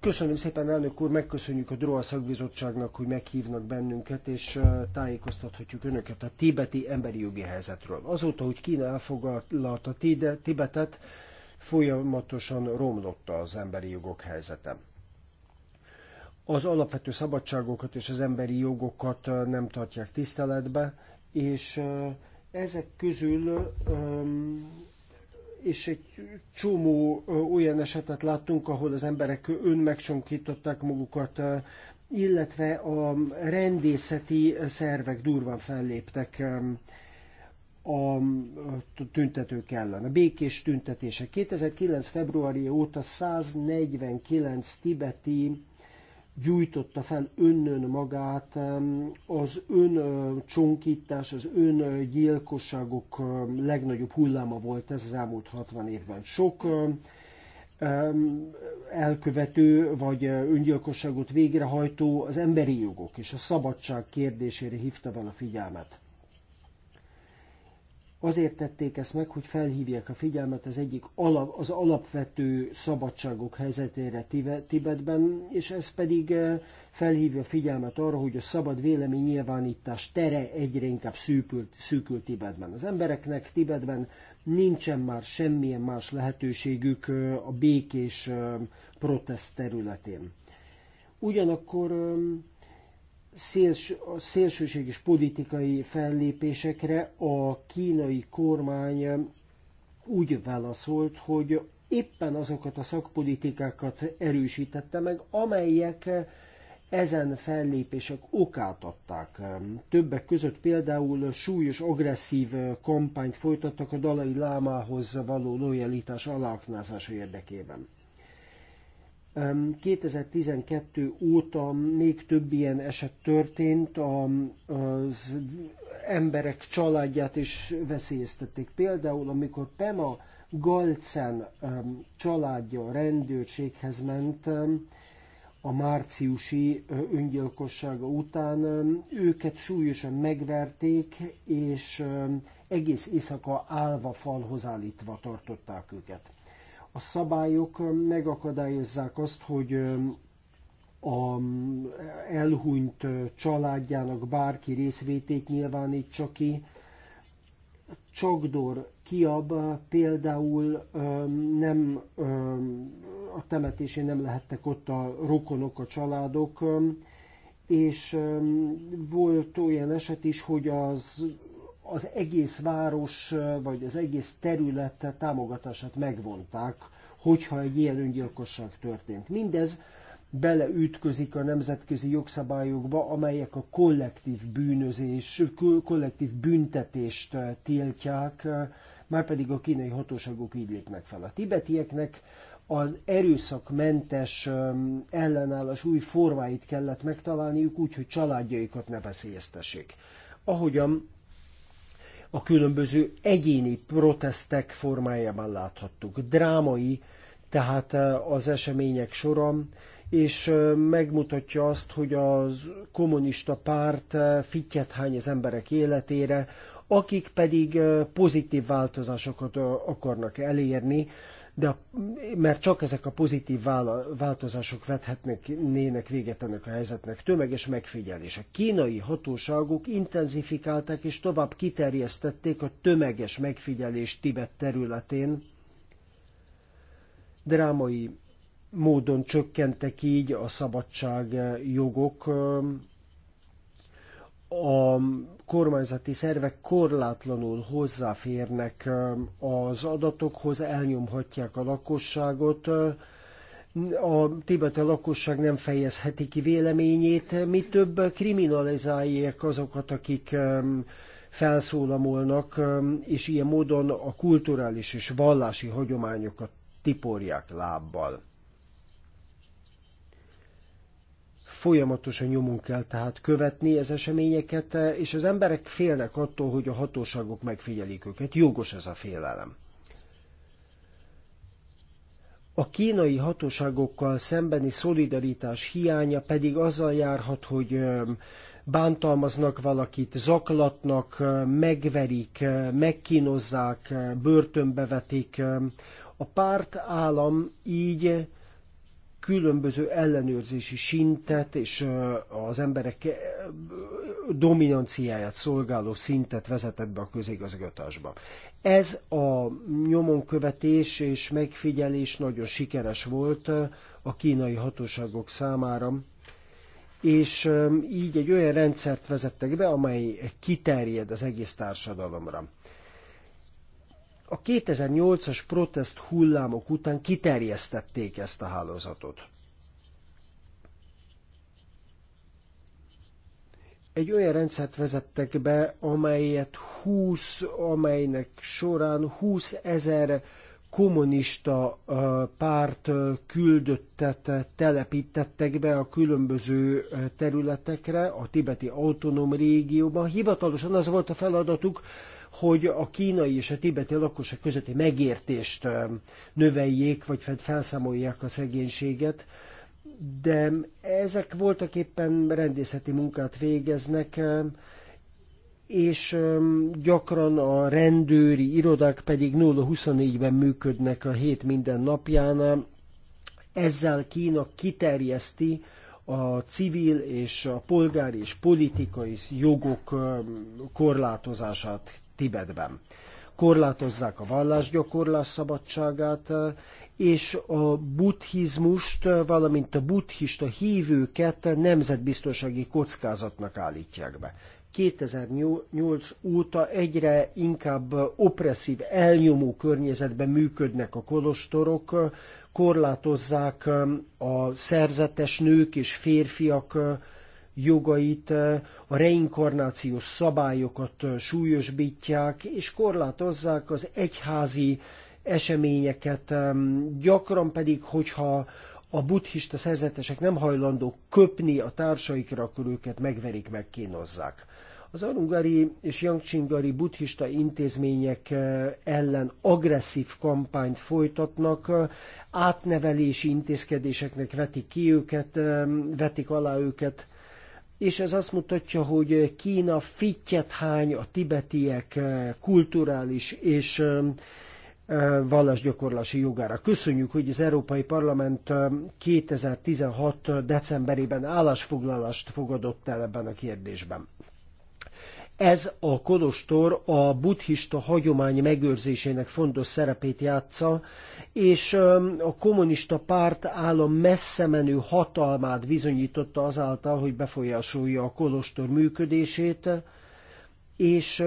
Köszönöm szépen, elnök úr, megköszönjük a DROA szakbizottságnak, hogy meghívnak bennünket, és tájékoztathatjuk önöket a tibeti emberi jogi helyzetről. Azóta, hogy Kína elfoglalta Tibetet, folyamatosan romlott az emberi jogok helyzete az alapvető szabadságokat és az emberi jogokat nem tartják tiszteletbe, és ezek közül és egy csomó olyan esetet láttunk, ahol az emberek önmegcsonkították magukat, illetve a rendészeti szervek durván felléptek a tüntetők ellen. A békés tüntetése. 2009. februárja óta 149 tibeti gyújtotta fel önnön magát, az ön csonkítás, az ön gyilkosságok legnagyobb hulláma volt ez az elmúlt 60 évben. Sok elkövető vagy öngyilkosságot végrehajtó az emberi jogok és a szabadság kérdésére hívta fel a figyelmet. Azért tették ezt meg, hogy felhívják a figyelmet az egyik alap, az alapvető szabadságok helyzetére Tibetben, és ez pedig eh, felhívja a figyelmet arra, hogy a szabad vélemény nyilvánítás tere egyre inkább szűkült, szűkül Tibetben. Az embereknek Tibetben nincsen már semmilyen más lehetőségük eh, a békés eh, protest területén. Ugyanakkor szélső, szélsőséges politikai fellépésekre a kínai kormány úgy válaszolt, hogy éppen azokat a szakpolitikákat erősítette meg, amelyek ezen fellépések okát adták. Többek között például súlyos agresszív kampányt folytattak a Dalai Lámához való lojalitás aláknázása érdekében. 2012 óta még több ilyen eset történt, az emberek családját is veszélyeztették. Például, amikor Pema Galcen családja rendőrséghez ment a márciusi öngyilkossága után, őket súlyosan megverték, és egész éjszaka állva falhoz állítva tartották őket. A szabályok megakadályozzák azt, hogy a elhunyt családjának bárki részvétét nyilvánítsa ki. Csagdor Kiab például nem, a temetésén nem lehettek ott a rokonok, a családok, és volt olyan eset is, hogy az az egész város vagy az egész terület támogatását megvonták, hogyha egy ilyen öngyilkosság történt. Mindez beleütközik a nemzetközi jogszabályokba, amelyek a kollektív bűnözés, kollektív büntetést tiltják, pedig a kínai hatóságok így lépnek fel. A tibetieknek az erőszakmentes ellenállás új formáit kellett megtalálniuk úgy, hogy családjaikat ne veszélyeztessék. Ahogyan a különböző egyéni protestek formájában láthattuk. Drámai, tehát e, az események sora, és e, megmutatja azt, hogy a kommunista párt e, fittyet hány az emberek életére, akik pedig pozitív változásokat akarnak elérni, de mert csak ezek a pozitív változások vethetnének véget ennek a helyzetnek. Tömeges megfigyelés. A kínai hatóságok intenzifikálták és tovább kiterjesztették a tömeges megfigyelés Tibet területén. Drámai módon csökkentek így a szabadságjogok a kormányzati szervek korlátlanul hozzáférnek az adatokhoz, elnyomhatják a lakosságot, a tibete lakosság nem fejezheti ki véleményét, mi több kriminalizálják azokat, akik felszólamolnak, és ilyen módon a kulturális és vallási hagyományokat tiporják lábbal. Folyamatosan nyomon kell tehát követni az eseményeket, eh, és az emberek félnek attól, hogy a hatóságok megfigyelik őket. Jogos ez a félelem. A kínai hatóságokkal szembeni szolidaritás hiánya pedig azzal járhat, hogy eh, bántalmaznak valakit, zaklatnak, eh, megverik, megkínozzák, börtönbe vetik. A párt állam így különböző ellenőrzési szintet és az emberek dominanciáját szolgáló szintet vezetett be a közigazgatásba. Ez a nyomonkövetés és megfigyelés nagyon sikeres volt a kínai hatóságok számára, és így egy olyan rendszert vezettek be, amely kiterjed az egész társadalomra. A 2008-as protest hullámok után kiterjesztették ezt a hálózatot. egy olyan rendszert vezettek be, amelyet 20, amelynek során 20 ezer kommunista párt küldöttet telepítettek be a különböző területekre, a tibeti autonóm régióban. Hivatalosan az volt a feladatuk, hogy a kínai és a tibeti lakosok közötti megértést növeljék, vagy felszámolják a szegénységet, de ezek voltak éppen rendészeti munkát végeznek, és gyakran a rendőri irodák pedig 0-24-ben működnek a hét minden napján. Ezzel Kína kiterjeszti a civil és a polgári és politikai jogok korlátozását Tibetben. Korlátozzák a vallásgyakorlás szabadságát, eh, és a buddhizmust, eh, valamint a buddhista hívőket nemzetbiztonsági kockázatnak állítják be. 2008 óta egyre inkább opresszív, elnyomó környezetben működnek a kolostorok, korlátozzák eh, a szerzetes nők és férfiak jogait, a reinkarnációs szabályokat súlyosbítják, és korlátozzák az egyházi eseményeket, gyakran pedig, hogyha a buddhista szerzetesek nem hajlandók köpni a társaikra, akkor őket megverik, megkínozzák. Az arungari és yangchingari buddhista intézmények ellen agresszív kampányt folytatnak, átnevelési intézkedéseknek vetik ki őket, vetik alá őket, és ez azt mutatja, hogy Kína fittyet hány a tibetiek eh, kulturális és eh, eh, vallásgyakorlási jogára. Köszönjük, hogy az Európai Parlament 2016. decemberében állásfoglalást fogadott el ebben a kérdésben. Ez a kolostor a buddhista hagyomány megőrzésének fontos szerepét játsza, és a kommunista párt állam messze menő hatalmát bizonyította azáltal, hogy befolyásolja a kolostor működését, és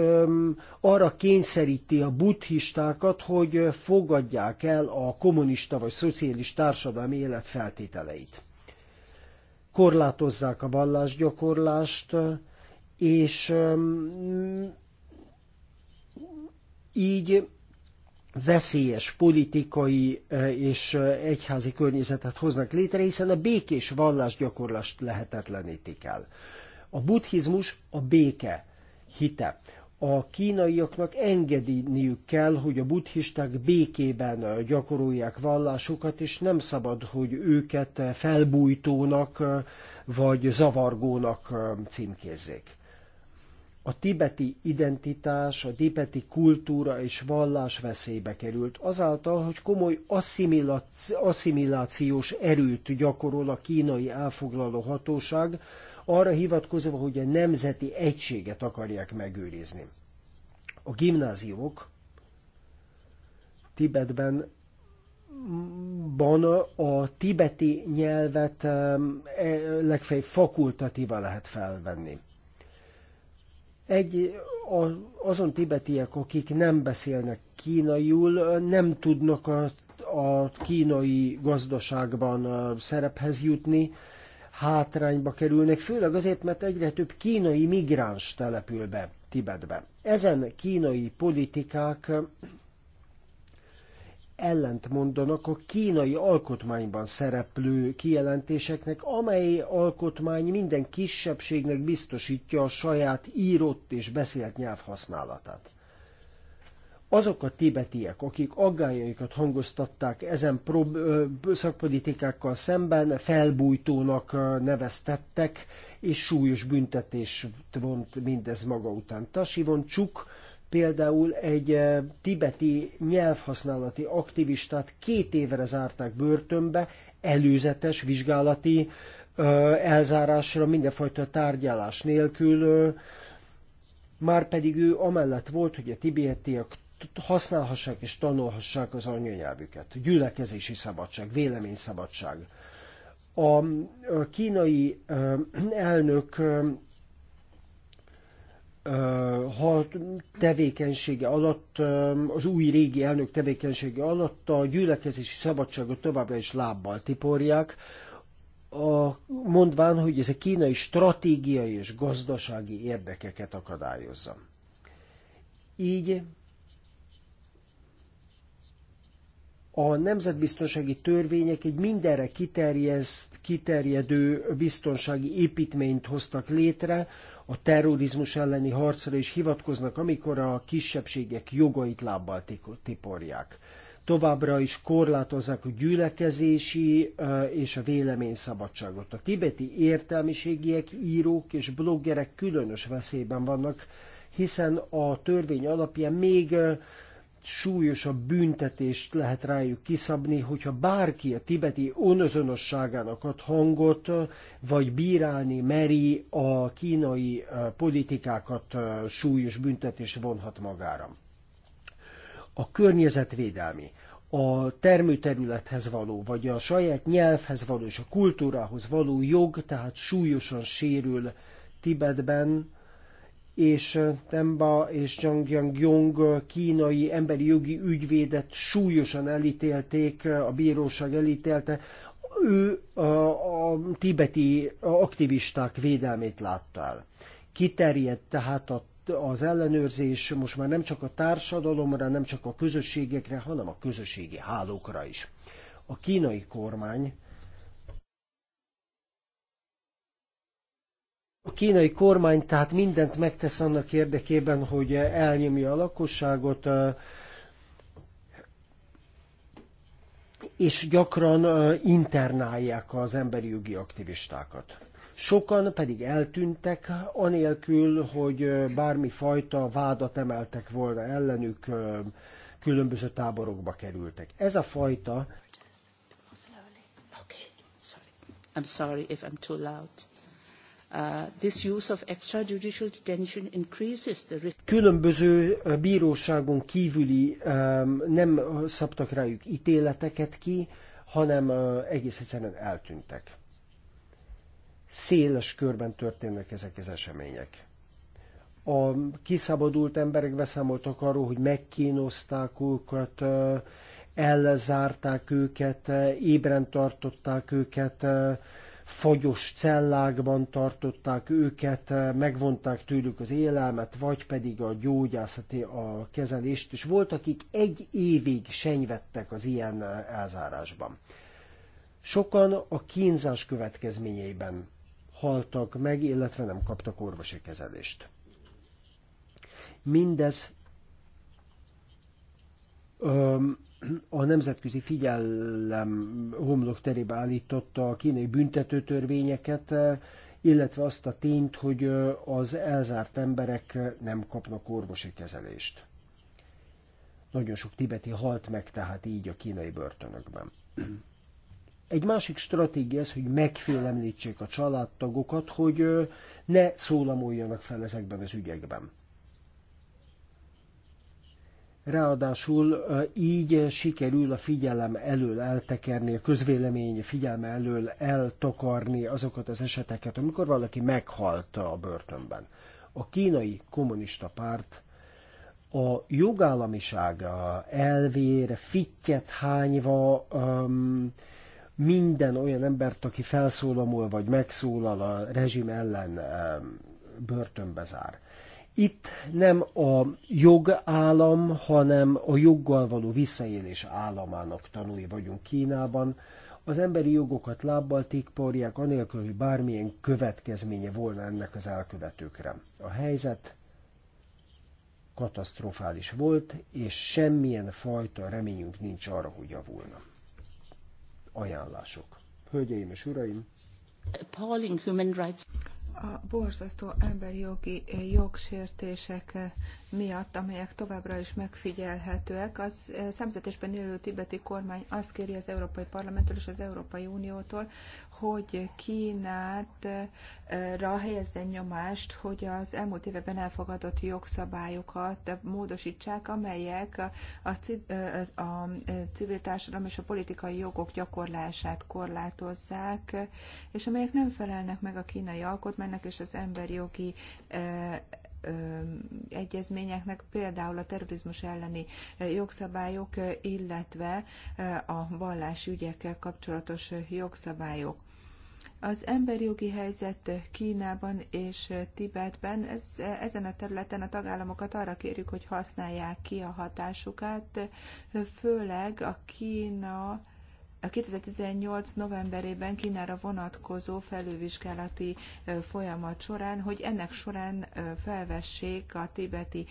arra kényszeríti a buddhistákat, hogy fogadják el a kommunista vagy szociális társadalmi élet feltételeit. Korlátozzák a vallásgyakorlást, és így veszélyes politikai és egyházi környezetet hoznak létre, hiszen a békés vallásgyakorlást lehetetlenítik el. A buddhizmus a béke hite. A kínaiaknak engedniük kell, hogy a buddhisták békében gyakorolják vallásukat, és nem szabad, hogy őket felbújtónak vagy zavargónak címkézzék a tibeti identitás, a tibeti kultúra és vallás veszélybe került, azáltal, hogy komoly asszimilációs erőt gyakorol a kínai elfoglaló hatóság, arra hivatkozva, hogy a nemzeti egységet akarják megőrizni. A gimnáziumok Tibetben ban a tibeti nyelvet e, legfeljebb fakultatíva lehet felvenni. Egy, a, azon tibetiek, akik nem beszélnek kínaiul, nem tudnak a, a kínai gazdaságban szerephez jutni, hátrányba kerülnek, főleg azért, mert egyre több kínai migráns települ be Tibetbe. Ezen kínai politikák mondanak a kínai alkotmányban szereplő kijelentéseknek, amely alkotmány minden kisebbségnek biztosítja a saját írott és beszélt nyelv használatát. Azok a tibetiek, akik aggájaikat hangoztatták ezen szakpolitikákkal szemben, felbújtónak neveztettek, és súlyos büntetést vont mindez maga után. Tasivon Csuk, Például egy eh, tibeti nyelvhasználati aktivistát két évre zárták börtönbe, előzetes vizsgálati eh, elzárásra mindenfajta tárgyalás nélkül, eh, már pedig ő amellett volt, hogy a tibetiek használhassák és tanulhassák az anyanyelvüket. Gyülekezési szabadság, véleményszabadság. A kínai elnök hal tevékenysége alatt, az új régi elnök tevékenysége alatt a gyülekezési szabadságot továbbra is lábbal tiporják, a, mondván, hogy ez a kínai stratégiai és gazdasági érdekeket akadályozza. Így a nemzetbiztonsági törvények egy mindenre kiterjedő biztonsági építményt hoztak létre, a terrorizmus elleni harcra is hivatkoznak, amikor a kisebbségek jogait lábbal tiporják. Továbbra is korlátozzák a gyülekezési és a véleményszabadságot. A tibeti értelmiségiek, írók és bloggerek különös veszélyben vannak, hiszen a törvény alapján még súlyosabb büntetést lehet rájuk kiszabni, hogyha bárki a tibeti önözönosságának ad hangot, vagy bírálni meri a kínai eh, politikákat eh, súlyos büntetés vonhat magára. A környezetvédelmi, a termőterülethez való, vagy a saját nyelvhez való és a kultúrához való jog, tehát súlyosan sérül Tibetben, és Temba és Zhang Yangyong kínai emberi jogi ügyvédet súlyosan elítélték, a bíróság elítélte, ő a, a tibeti aktivisták védelmét látta el. Kiterjedt tehát a, az ellenőrzés most már nem csak a társadalomra, nem csak a közösségekre, hanem a közösségi hálókra is. A kínai kormány A kínai kormány tehát mindent megtesz annak érdekében, hogy elnyomja a lakosságot, és gyakran internálják az emberi jogi aktivistákat. Sokan pedig eltűntek, anélkül, hogy bármi fajta vádat emeltek volna ellenük, különböző táborokba kerültek. Ez a fajta... I'm sorry if I'm too loud. Uh, Különböző uh, bíróságon kívüli um, nem szabtak rájuk ítéleteket ki, hanem uh, egész egyszerűen eltűntek. Széles körben történnek ezek az események. A kiszabadult emberek beszámoltak arról, hogy megkínozták őket, ellezárták őket, ébren tartották őket, fagyos cellákban tartották őket, megvonták tőlük az élelmet, vagy pedig a gyógyászati a kezelést, és volt, akik egy évig senyvettek az ilyen elzárásban. Sokan a kínzás következményeiben haltak meg, illetve nem kaptak orvosi kezelést. Mindez öm, a nemzetközi figyelem homlok terébe állította a kínai büntetőtörvényeket, eh, illetve azt a tényt, hogy eh, az elzárt emberek nem kapnak orvosi kezelést. Nagyon sok tibeti halt meg tehát így a kínai börtönökben. Egy másik stratégia ez, hogy megfélemlítsék a családtagokat, hogy eh, ne szólamoljanak fel ezekben az ügyekben. Ráadásul így sikerül a figyelem elől eltekerni, a közvélemény figyelme elől eltakarni azokat az eseteket, amikor valaki meghalt a börtönben. A kínai kommunista párt a jogállamiság elvére fittyet hányva um, minden olyan embert, aki felszólamul vagy megszólal a rezsim ellen um, börtönbe zár. Itt nem a jogállam, hanem a joggal való visszaélés államának tanúi vagyunk Kínában. Az emberi jogokat lábbal tikporják, anélkül, hogy bármilyen következménye volna ennek az elkövetőkre. A helyzet katasztrofális volt, és semmilyen fajta reményünk nincs arra, hogy javulna. Ajánlások. Hölgyeim és uraim! Appalling human rights a borzasztó emberi jogi jogsértések miatt, amelyek továbbra is megfigyelhetőek, az eh, szemzetésben élő tibeti kormány azt kéri az Európai Parlamenttől és az Európai Uniótól, hogy Kínára eh, helyezzen nyomást, hogy az elmúlt években elfogadott jogszabályokat módosítsák, amelyek a, a, eh, eh, a civil társadalom és a politikai jogok gyakorlását korlátozzák, és amelyek nem felelnek meg a kínai alkotmánynak és az emberi jogi egyezményeknek, például a terrorizmus elleni jogszabályok, illetve a vallásügyekkel kapcsolatos jogszabályok. Az emberi jogi helyzet Kínában és Tibetben, ez, ezen a területen a tagállamokat arra kérjük, hogy használják ki a hatásukat, főleg a Kína a 2018 novemberében Kínára vonatkozó felülvizsgálati folyamat során, hogy ennek során felvessék a tibeti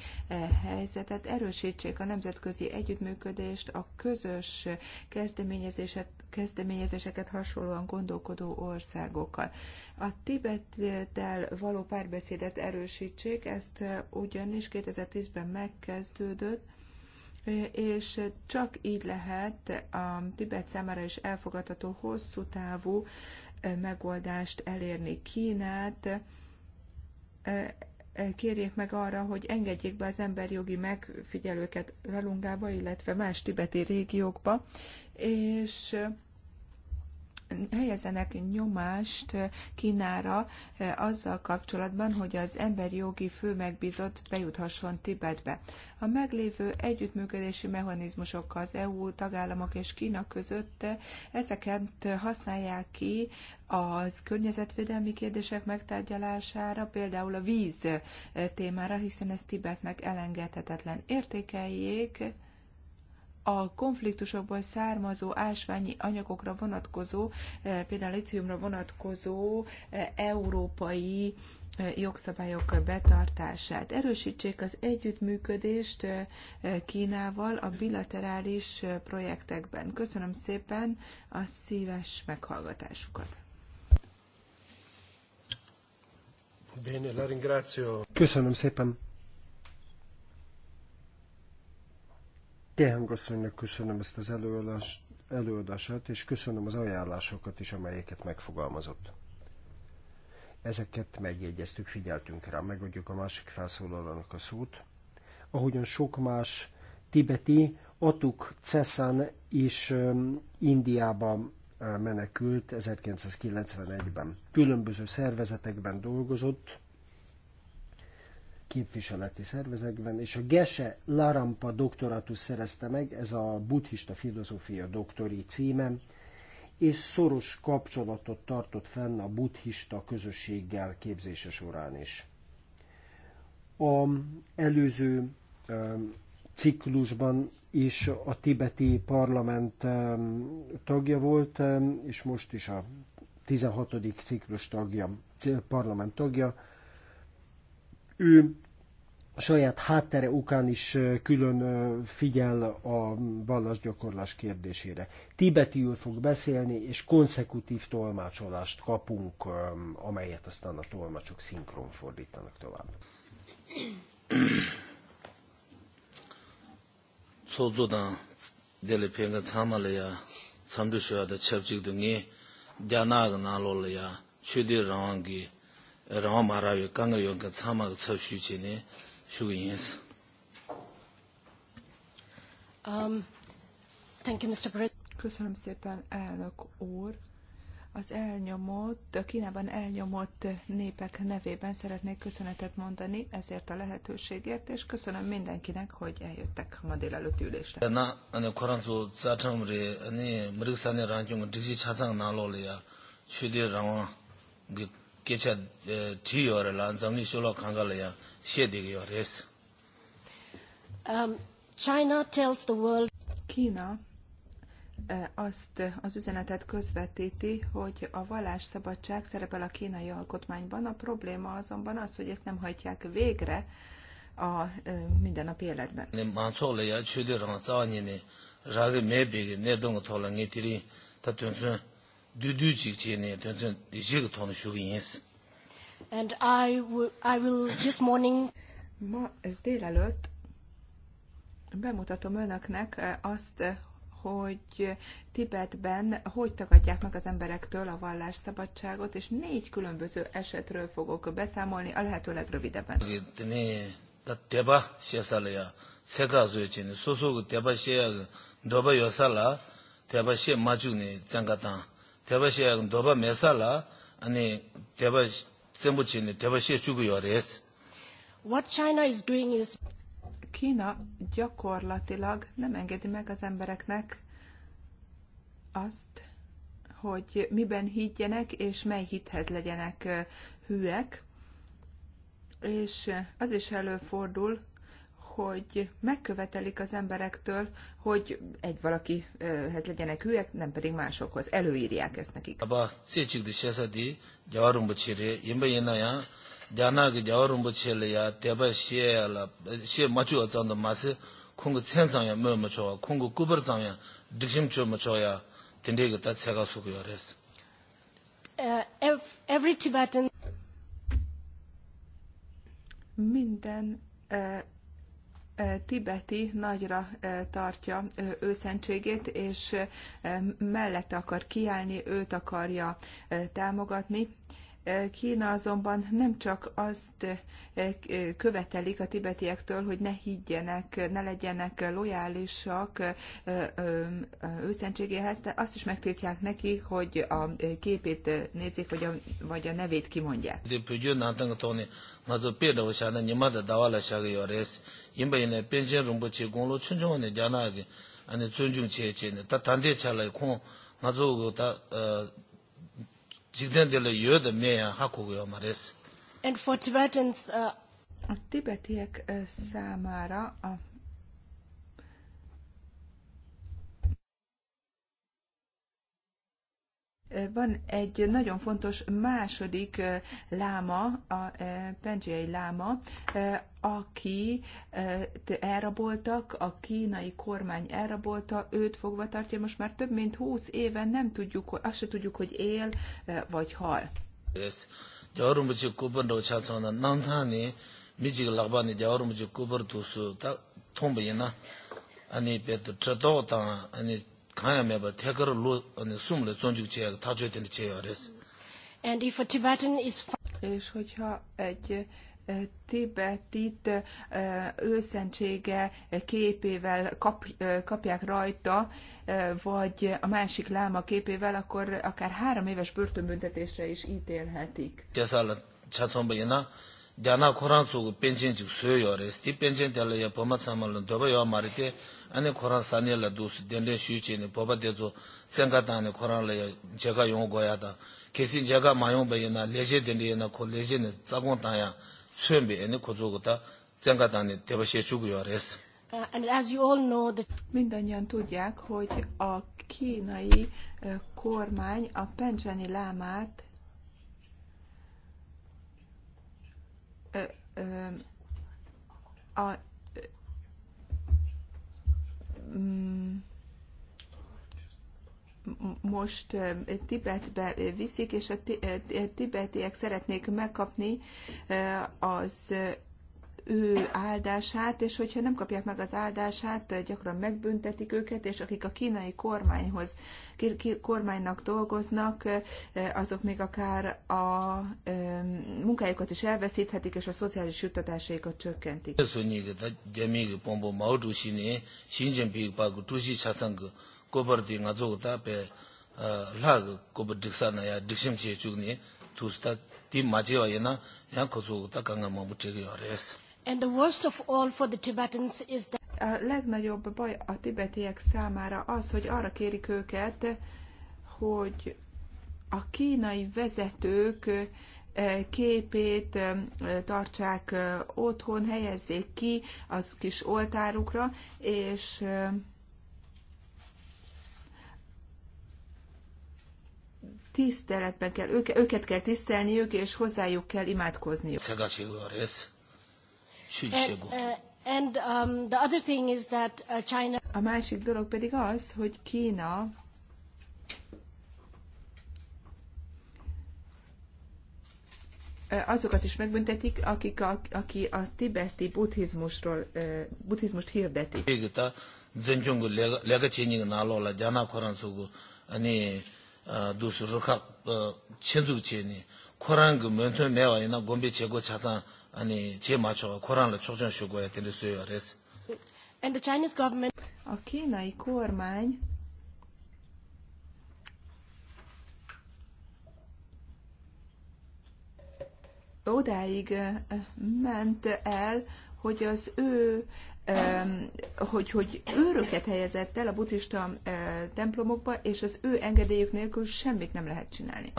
helyzetet, erősítsék a nemzetközi együttműködést, a közös kezdeményezéset kezdeményezéseket hasonlóan gondolkodó országokkal. A Tibettel való párbeszédet erősítsék, ezt ugyanis 2010-ben megkezdődött, és csak így lehet a Tibet számára is elfogadható hosszú távú megoldást elérni. Kínát kérjék meg arra, hogy engedjék be az emberjogi megfigyelőket Lalungába, illetve más tibeti régiókba, és helyezenek nyomást Kínára eh, azzal kapcsolatban, hogy az emberi jogi megbízott bejuthasson Tibetbe. A meglévő együttműködési mechanizmusok az EU tagállamok és Kína között eh, ezeket használják ki az környezetvédelmi kérdések megtárgyalására, például a víz eh, témára, hiszen ez Tibetnek elengedhetetlen. Értékeljék a konfliktusokból származó ásványi anyagokra vonatkozó, e, például liciumra vonatkozó e, európai e, jogszabályok betartását. Erősítsék az együttműködést Kínával a bilaterális projektekben. Köszönöm szépen a szíves meghallgatásukat. Köszönöm szépen. Tehang asszonynak köszönöm ezt az előadást, előadását, és köszönöm az ajánlásokat is, amelyeket megfogalmazott. Ezeket megjegyeztük, figyeltünk rá, megadjuk a másik felszólalónak a szót. Ahogyan sok más tibeti, Atuk Cessan is um, Indiában menekült 1991-ben. Különböző szervezetekben dolgozott, képviseleti szervezetben, és a Gese Larampa doktoratus szerezte meg, ez a buddhista filozófia doktori címem, és szoros kapcsolatot tartott fenn a buddhista közösséggel képzése során is. A előző ciklusban is a tibeti parlament tagja volt, és most is a 16. ciklus tagja, parlament tagja, ő a saját háttere okán is külön figyel a vallásgyakorlás kérdésére. Tibetiül fog beszélni, és konszekutív tolmácsolást kapunk, amelyet aztán a tolmácsok szinkron fordítanak tovább. Szózodan dele a cámaleja, cámdusajada gyanága nálolja, csüdi rangi, shū nē shū um, thank you, Mr. Köszönöm szépen, elnök úr. Az elnyomott, a Kínában elnyomott népek nevében szeretnék köszönetet mondani ezért a lehetőségért, és köszönöm mindenkinek, hogy eljöttek ma délelőtt ülésre. Na, ane korantú zácsamri, ane mrikszani rángyunk, dikzi csácang a südi rángyunk, kecha chi eh, yore lan zamni sholo khanga la ya she um, china tells the world kína eh, azt az üzenetet közvetíti, hogy a vallásszabadság szerepel a kínai alkotmányban. A probléma azonban az, hogy ezt nem hajtják végre a eh, mindennapi életben. Nem düdücük çiğne dönsen işik tanışık inyiz. And I, I will this morning... Ma délelőtt bemutatom önöknek azt, hogy Tibetben hogy tagadják meg az emberektől a szabadságot, és négy különböző esetről fogok beszámolni a lehető legrövidebben. 대바시야 도바 메살라 아니 대바 정부친이 대바시에 주고요 레스 What China is doing is Kína gyakorlatilag nem engedi meg az embereknek azt, hogy miben higgyenek, és mely hithez legyenek hűek. És az is előfordul, hogy megkövetelik az emberektől, hogy egy valakihez legyenek hülyek, nem pedig másokhoz. Előírják ezt nekik. Abba, cécsik is ez a di, gyarum én imbe inája, gyanági gyarum bocsire, a teba sie, sie machu a canda mászé, kongo cenzanya mő macsóa, kongo kubarzanya, diksim cső macsója, tindége a szega szukja resz. Eh, every Tibetan minden eh, tibeti nagyra tartja őszentségét, és mellette akar kiállni, őt akarja támogatni, Kína azonban nem csak azt eh, eh, követelik a tibetiektől, hogy ne higgyenek, ne legyenek lojálisak eh, őszentségéhez, de azt is megtiltják nekik, hogy a képét nézik vagy a, vagy a nevét kimondják. 아니 존중 제제네 다 단대 차라이 콩 맞아 그다 jikdendele And for Tibetans, uh... A tibetiek uh, számára a Van egy nagyon fontos második láma, a Pengyei láma, aki elraboltak, a kínai kormány elrabolta, őt fogva tartja, most már több mint húsz éve nem tudjuk, azt se tudjuk, hogy él vagy hal. 여름부지 구번도 차서는 난타니 미지가 라바니 여름부지 구버도스 딱 통보이나 아니 베트 저도다 아니 kaya meba thekar lo sumle zonjuk cheyag tajo tene cheyag res. And if a Tibetan is és hogyha egy e, tibetit e, őszentsége e, képével kap, kapják rajta, vagy a másik láma képével, akkor akár három éves börtönbüntetésre is ítélhetik. gyana korán szó penchen chik szőjö resz, ti penchen tele ya poma tsamalun doba yo marite 아니 코란 산엘라 두스 덴데 슈치니 보바데조 생가다니 코란레 제가 용고야다 계신 제가 마용베이나 레제 덴데나 코 레제는 자공다야 수행비 아니 고조고다 생각다니 대바시에 주고요 And as you all know, the... Mindannyian tudják, hogy a kínai kormány a pencseni lámát a Mm, most eh, Tibetbe eh, viszik, és a eh, tibetiek szeretnék megkapni az ő áldását, és hogyha nem kapják meg az áldását, gyakran megbüntetik őket, és akik a kínai kormányhoz, kormánynak dolgoznak, eh, azok még akár a munkájukat is elveszíthetik, és a szociális juttatásaikat csökkentik. lāga kubu diksa na ya dikshim che chukni tūs tā tī māchī wā ya na ya khusu tā kāngā māmbu chikī a rēs. And the worst of all for the Tibetans is that a legnagyobb baj a tibetiek számára az, hogy arra kérik őket, hogy a kínai vezetők eh, képét eh, tartsák eh, otthon, helyezzék ki az kis oltárukra, és tiszteletben kell, őket kell tisztelniük, és hozzájuk kell imádkozniuk. Uh, uh, and, um, the other thing is that uh, China... A másik dolog pedig az, hogy Kína e, azokat is megbüntetik, akik a, aki a tibeti buddhizmusról, e, buddhizmust hirdeti. zenchungu e, jana 코랑 그 면토 내와 있나 곰비 제고 차다 아니 제 맞춰 코랑을 초전 쇼고야 되는 수요 그래서 And the Chinese government a kínai kormány odáig eh, ment el, hogy az ő hogy, hogy őröket helyezett el a buddhista templomokba, és az ő engedélyük nélkül semmit nem lehet csinálni.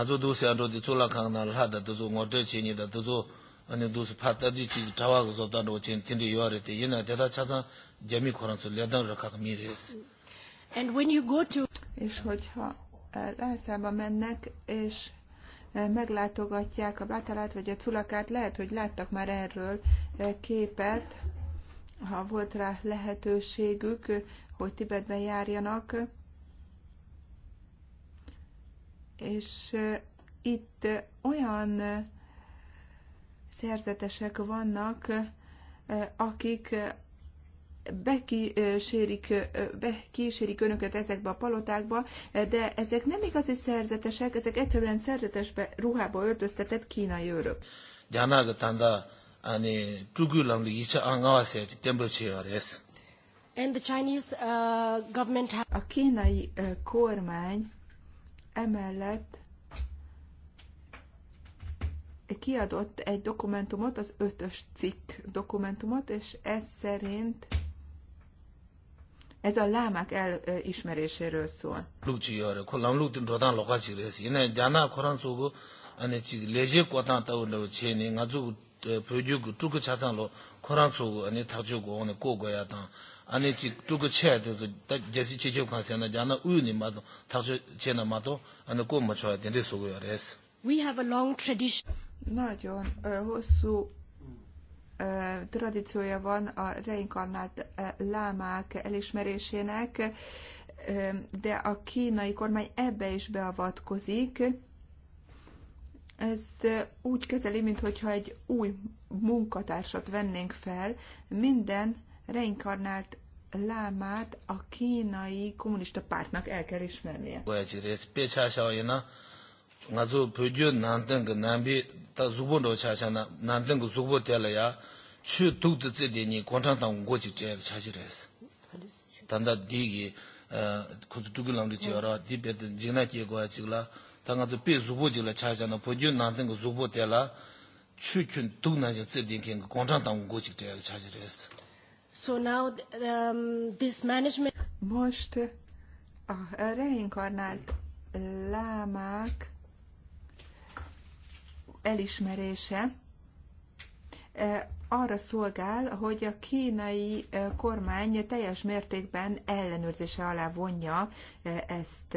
And when you go to... És hogyha Lászába mennek, és meglátogatják a Bátalát vagy a Culakát, lehet, hogy láttak már erről képet, ha volt rá lehetőségük, hogy Tibetben járjanak, és itt olyan szerzetesek vannak, akik bekísérik, bekísérik önöket ezekbe a palotákba, de ezek nem igazi szerzetesek, ezek egyszerűen szerzetes ruhába öltöztetett kínai őrök. 아니 주규랑도 2050에 템버치어레스 And the Chinese uh, government A kínai uh, kormány emellett kiadott egy dokumentumot, az ötös cikk dokumentumot, és ez szerint ez a lámák elismeréséről szól. Lúcsi, pyoju tuku chatang lo korang tsugu ane takchio ane go ya tang ane chi tuku che de da jesi che kyo kansi jana uyu ni che na ane sugu ya res We have a long tradition Nagyon hosszú tradíciója van a reinkarnált lámák elismerésének, de a kínai kormány ebbe is beavatkozik ez úgy kezeli, mintha egy új munkatársat vennénk fel, minden reinkarnált lámát a kínai kommunista pártnak el kell ismernie. tanda di gi ku tu di chi jina 당가 저 차잖아 보준 나한테 그 수보텔라 추춘 두나지 찌딩긴 그 공장당 고직 때 차지를 So now um, this management most a reinkarnált lámák elismerése eh, arra szolgál, hogy a kínai eh, kormány teljes mértékben ellenőrzése alá vonja eh, ezt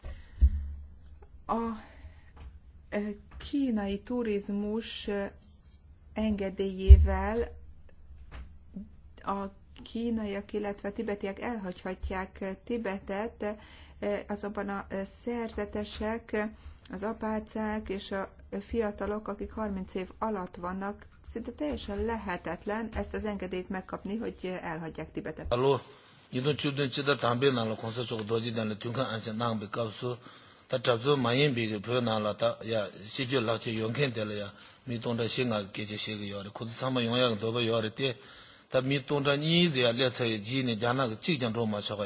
A kínai turizmus engedélyével a kínaiak, illetve a tibetiek elhagyhatják Tibetet, azonban a szerzetesek, az apácák és a fiatalok, akik 30 év alatt vannak, szinte teljesen lehetetlen ezt az engedélyt megkapni, hogy elhagyják Tibetet. Hello tā chabzu māyīn bīgī pio nā la tā yā shī kio lak chī yōng kēn la yā mī tōng tā shī ngā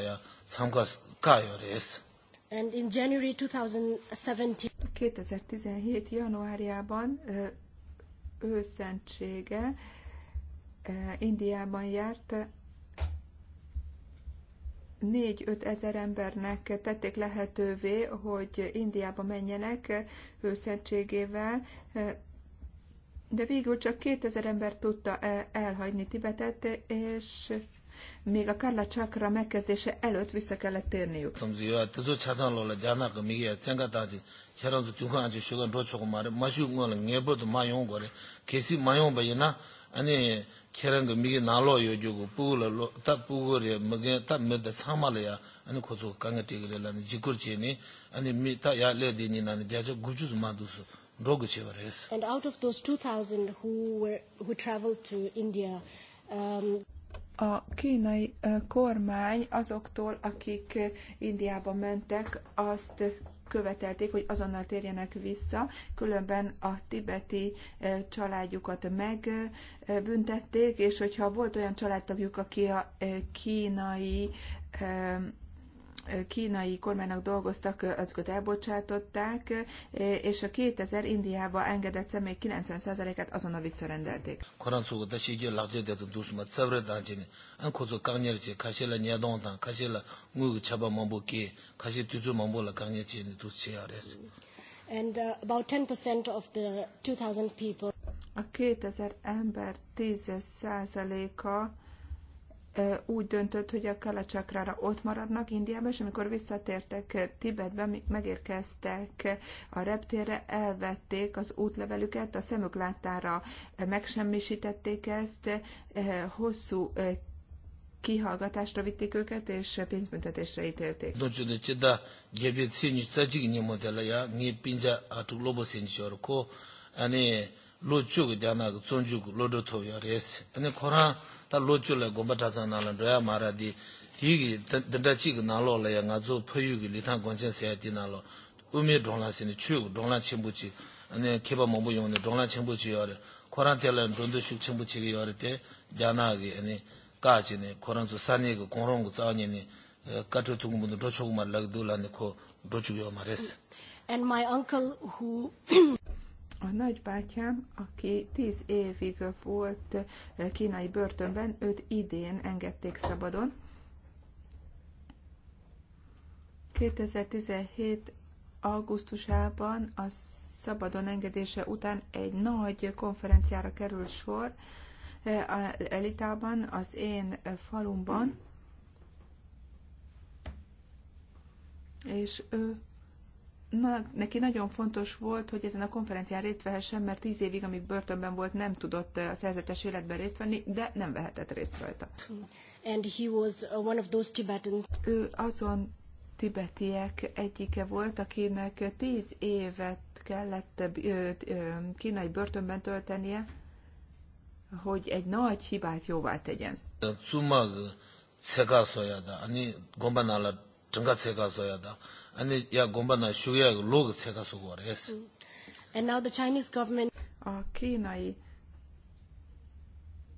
kē chī And in January 2017 2017 januárjában őszentsége Indiában járt 4-5 ezer embernek tették lehetővé, hogy Indiába menjenek őszentségével, de végül csak 2000 ember tudta e- elhagyni Tibetet, és még a Karla Csakra megkezdése előtt vissza kellett térniük kērāṅ kā mīgī nālō yō yō gu pūgū lā lō, tā pūgū rī mīgī, tā mī tā tsāngmā lā yā, anī khu tsū kāngā tīgī rī lā nī jikur chī nī, anī mī tā yā lē dī nī nā nī dā chā gu chūs mā dū sū, rō gu chī wā rē sī. And out of those 2,000 who, were, who traveled to India, um... A kínai eh, kormány azoktól, akik eh, Indiába mentek, azt követelték, hogy azonnal térjenek vissza, különben a tibeti eh, családjukat megbüntették, eh, és hogyha volt olyan családtagjuk, aki a eh, kínai kínai kormánynak dolgoztak, azokat elbocsátották, és a 2000 Indiába engedett személy 90%-át azonnal visszarendelték. And uh, about 10% of the 2000 people. A 2000 ember 10 százaléka úgy döntött, hogy a Kalachakrára ott maradnak Indiában, és amikor visszatértek Tibetbe, megérkeztek a reptérre, elvették az útlevelüket, a szemük láttára megsemmisítették ezt, hosszú kihallgatásra vitték őket, és pénzbüntetésre ítélték. 아니 로축 자나 존죽 로도토야레스 아니 코라 tā lō chū lā gōmbā tā tsāng nā lā rāyā mā rā tī tī kī dāndā chī kī nā lō lā yā ngā tsō pā yu kī lī tāng gōng chēn sā yā tī nā lō u mē dōng lā sī nī chū kū dōng lā chīng bū chī kē pā mō bū yōng nī dōng lā chīng bū chī yō rī kō rāng tē lā nī dōng dō shūk chīng bū chī kī yō rī tē yā nā kī kā chī nī kō rāng tsū sā nī kī gōng rōng kū tsā nī nī kā tū tū kū mū dō chō kū mā lā kī dō lā nī kō dō chū kī yō mā rē sī And my uncle who a nagybátyám, aki tíz évig volt kínai börtönben, őt idén engedték szabadon. 2017 augusztusában a szabadon engedése után egy nagy konferenciára kerül sor eh, Elitában, az én falumban, és ő na, neki nagyon fontos volt, hogy ezen a konferencián részt vehessen, mert tíz évig, amíg börtönben volt, nem tudott a szerzetes életben részt venni, de nem vehetett részt rajta. And he was uh, one of those Tibetans. Ő azon tibetiek egyike volt, akinek tíz évet kellett kínai börtönben töltenie, hogy egy nagy hibát jóvá tegyen. Cumag, cegászolja, Soyada, Ani Gombanala 정가 And now the Chinese government a kínai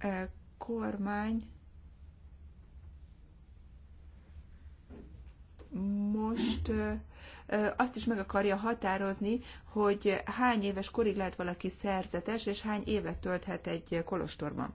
e, kormány most e, e, azt is meg akarja határozni, hogy hány éves korig lehet valaki szerzetes, és hány évet tölthet egy kolostorban.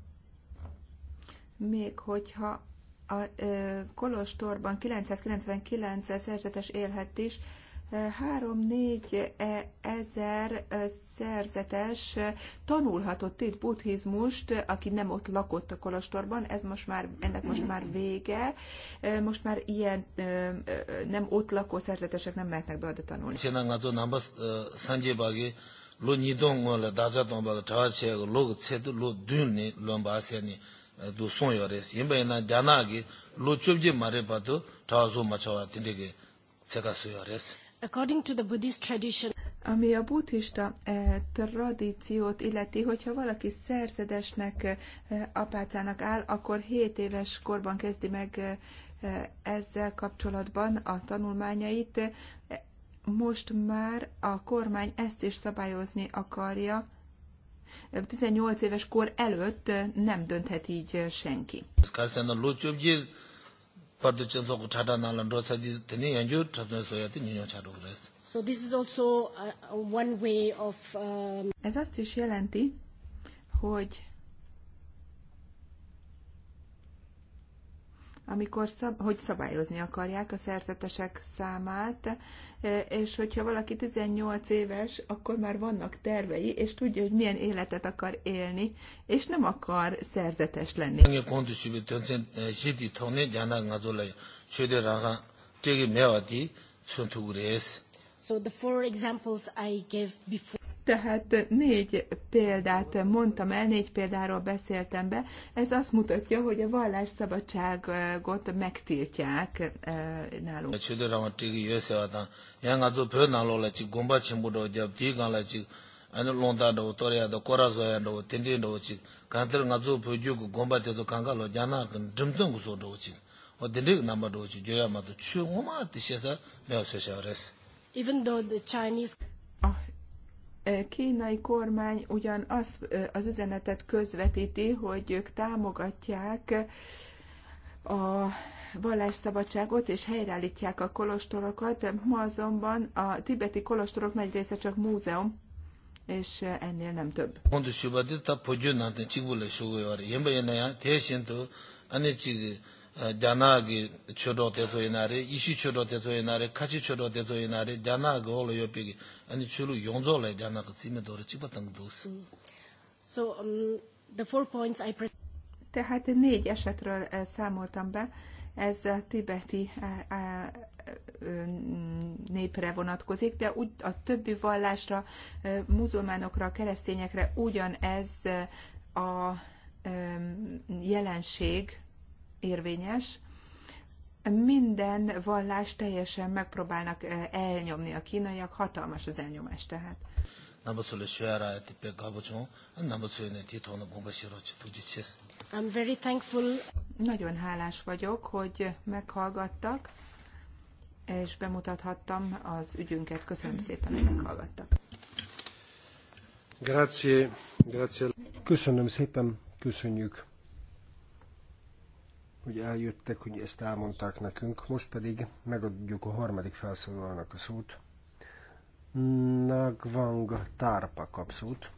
még hogyha a Kolostorban 999 szerzetes élhet is, 3-4 ezer szerzetes tanulhatott itt buddhizmust, aki nem ott lakott a kolostorban, ez most már, ennek most már vége, most már ilyen nem ott lakó szerzetesek nem mehetnek be oda tanulni du song yo res yinba ina dhyana gi lo chobje mare pa do thawazo machawa tinde ge tseka su yo res According to the Buddhist tradition ami a buddhista eh, tradíciót illeti, hogyha valaki szerzedesnek, eh, apácának áll, akkor 7 éves korban kezdi meg eh, eh, ezzel kapcsolatban a tanulmányait. Most már a kormány ezt is szabályozni akarja, 18 éves kor előtt nem dönthet így senki. So this is also uh, one way of, um... Ez azt is jelenti, hogy amikor szab, hogy szabályozni akarják a szerzetesek számát, e, és hogyha valaki 18 éves, akkor már vannak tervei, és tudja, hogy milyen életet akar élni, és nem akar szerzetes lenni. E, so the four examples I gave before tehát négy példát mondtam el, négy példáról beszéltem be. Ez azt mutatja, hogy a vallásszabadságot megtiltják eh, nálunk. ānā lōntā rō, tōriyā rō, kōrā sōyā rō, tīndīn rō chīk, kāntar ngā tsō pō yu kū gōmbā tē sō kāngā rō, jānā rō, dhīmtōng kū sō o tīndī kī nāmbā rō chīk, yōyā mā tō chū ngō mā tī shē sā, mē yā sō Even though the Chinese kínai kormány ugyan az az üzenetet közvetíti, hogy ők támogatják a vallásszabadságot és helyreállítják a kolostorokat, ma azonban a tibeti kolostorok nagy része csak múzeum, és ennél nem több. Mondjuk, hogy a hát dhyanaagi chodo tezo inari, ishi chodo tezo inari, kachi chodo tezo inari, dhyanaagi olo yopegi, ani chulu yongzo le dhyanaagi tsime dore chikpa tangdusi. So, um, the four points I Tehát négy esetről eh, számoltam be, ez a tibeti a, eh, a, eh, népre vonatkozik, de úgy a többi vallásra, muzulmánokra, keresztényekre ugyanez a jelenség érvényes. Minden vallást teljesen megpróbálnak eh, elnyomni a kínaiak, hatalmas az elnyomás tehát. I'm very thankful. Nagyon hálás vagyok, hogy meghallgattak, és bemutathattam az ügyünket. Köszönöm szépen, hogy meghallgattak. Grazie. Grazie. Köszönöm szépen, köszönjük hogy eljöttek, hogy ezt elmondták nekünk. Most pedig megadjuk a harmadik felszólalnak a szót. Nagvang Tárpa kap szót,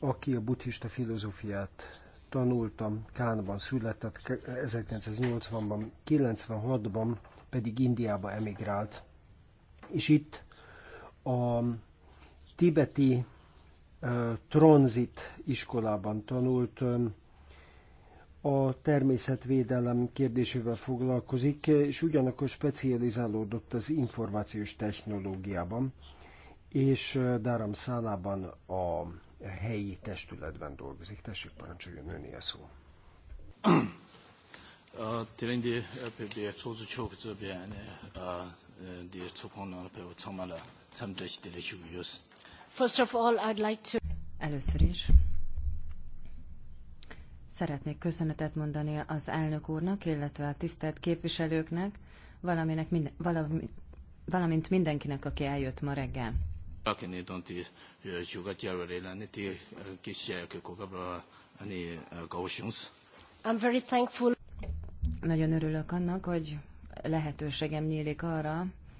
aki a buddhista filozófiát tanultam, Kánban született, 1980-ban, 96-ban pedig Indiába emigrált. És itt a tibeti uh, tranzit iskolában tanult, um, a természetvédelem kérdésével foglalkozik, és ugyanakkor specializálódott az információs technológiában, és Dáram Szálában a helyi testületben dolgozik. Tessék, parancsoljon önni a szó. Eh, eh, First of all, I'd like to... Először is Szeretnék köszönetet mondani az elnök úrnak, illetve a tisztelt képviselőknek, valaminek minden, valami, valamint mindenkinek, aki eljött ma reggel. I'm very thankful. Nagyon örülök annak, hogy lehetőségem nyílik arra,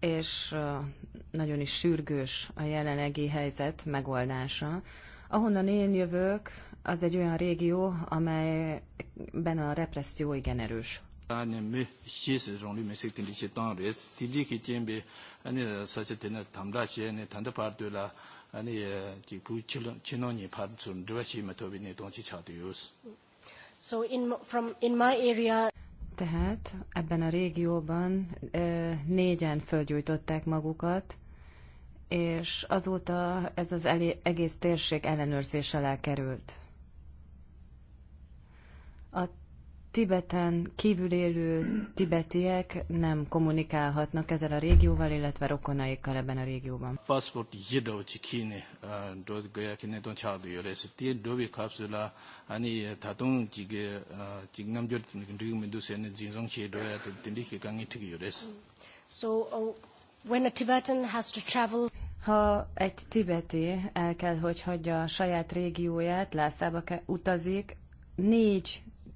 és nagyon is sürgős a jelenlegi helyzet megoldása. Ahonnan én jövök, az egy olyan régió, amelyben a represszió igen erős. So in, from, in my area... Tehát ebben a régióban négyen fölgyújtották magukat, és azóta ez az egész térség ellenőrzés alá került. A Tibeten kívül élő tibetiek nem kommunikálhatnak ezzel a régióval, illetve rokonaikkal ebben a régióban. Eh, don ani eh, tatung eh, nem So, oh, when a Tibetan has to travel... Ha egy tibeti el kell, hogy hagyja a saját régióját, Lászába utazik, négy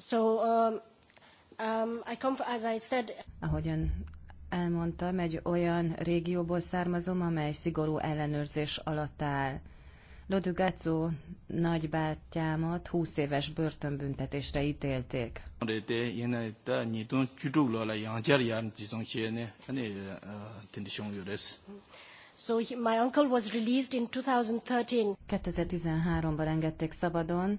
So, um, um, I come, as I said, Ahogyan elmondtam, egy olyan régióból származom, amely szigorú ellenőrzés alatt áll. Lodugacó nagybátyámat 20 éves börtönbüntetésre ítélték. So my uncle was released in 2013. 2013-ban engedték szabadon,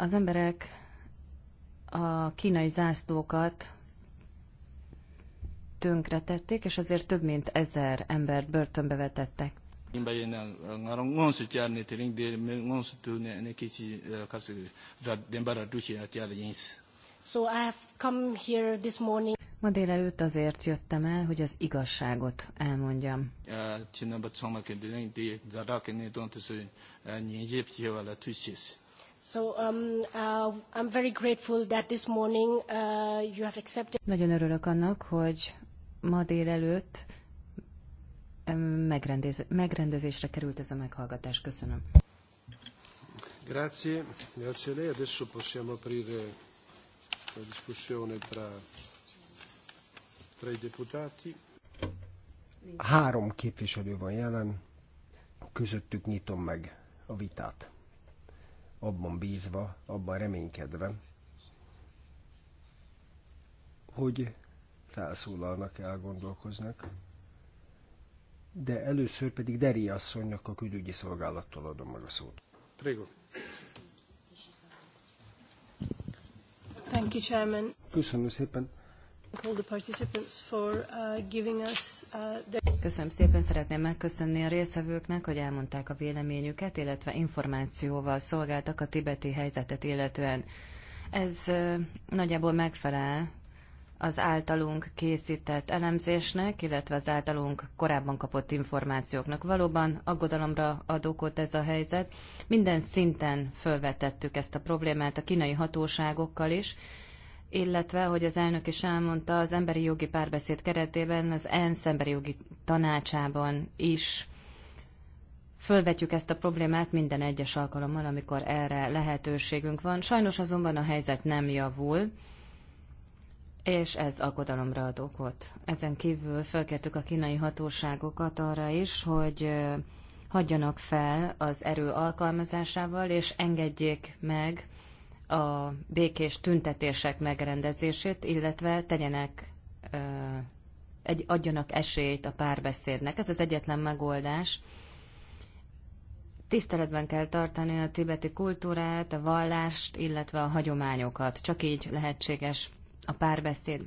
Az emberek a kínai zászlókat tönkretették, és azért több mint ezer ember börtönbe vetettek. So I have come here this morning. Ma délelőtt azért jöttem el, hogy az igazságot elmondjam. Uh, So um, uh, I'm very grateful that this morning uh, you have accepted. Nagyon örülök annak, hogy ma délelőtt megrendez, megrendezésre került ez a meghallgatás. Köszönöm. Grazie, grazie a lei. Adesso possiamo aprire la discussione tra, tra i deputati. Három képviselő van jelen, közöttük nyitom meg a vitát abban bízva, abban reménykedve, hogy felszólalnak, elgondolkoznak. De először pedig Deri asszonynak a külügyi szolgálattól adom meg a szót. Prigo. Thank you, Chairman. Köszönöm szépen. Uh, uh, Köszönöm szépen, szeretném megköszönni a részvevőknek, hogy elmondták a véleményüket, illetve információval szolgáltak a tibeti helyzetet illetően. Ez nagyjából megfelel az általunk készített elemzésnek, illetve az általunk korábban kapott információknak. Valóban aggodalomra ad okot ez a helyzet. Minden szinten felvetettük ezt a problémát a kínai hatóságokkal is, illetve, hogy az elnök is elmondta, az emberi jogi párbeszéd keretében az ENSZ emberi jogi tanácsában is Fölvetjük ezt a problémát minden egyes alkalommal, amikor erre lehetőségünk van. Sajnos azonban a helyzet nem javul, és ez aggodalomra ad okot. Ezen kívül felkértük a kínai hatóságokat arra is, hogy hagyjanak fel az erő alkalmazásával, és engedjék meg a békés tüntetések megrendezését, illetve tegyenek egy, adjanak esélyt a párbeszédnek. Ez az egyetlen megoldás. Tiszteletben kell tartani a tibeti kultúrát, a vallást, illetve a hagyományokat. Csak így lehetséges a párbeszéd.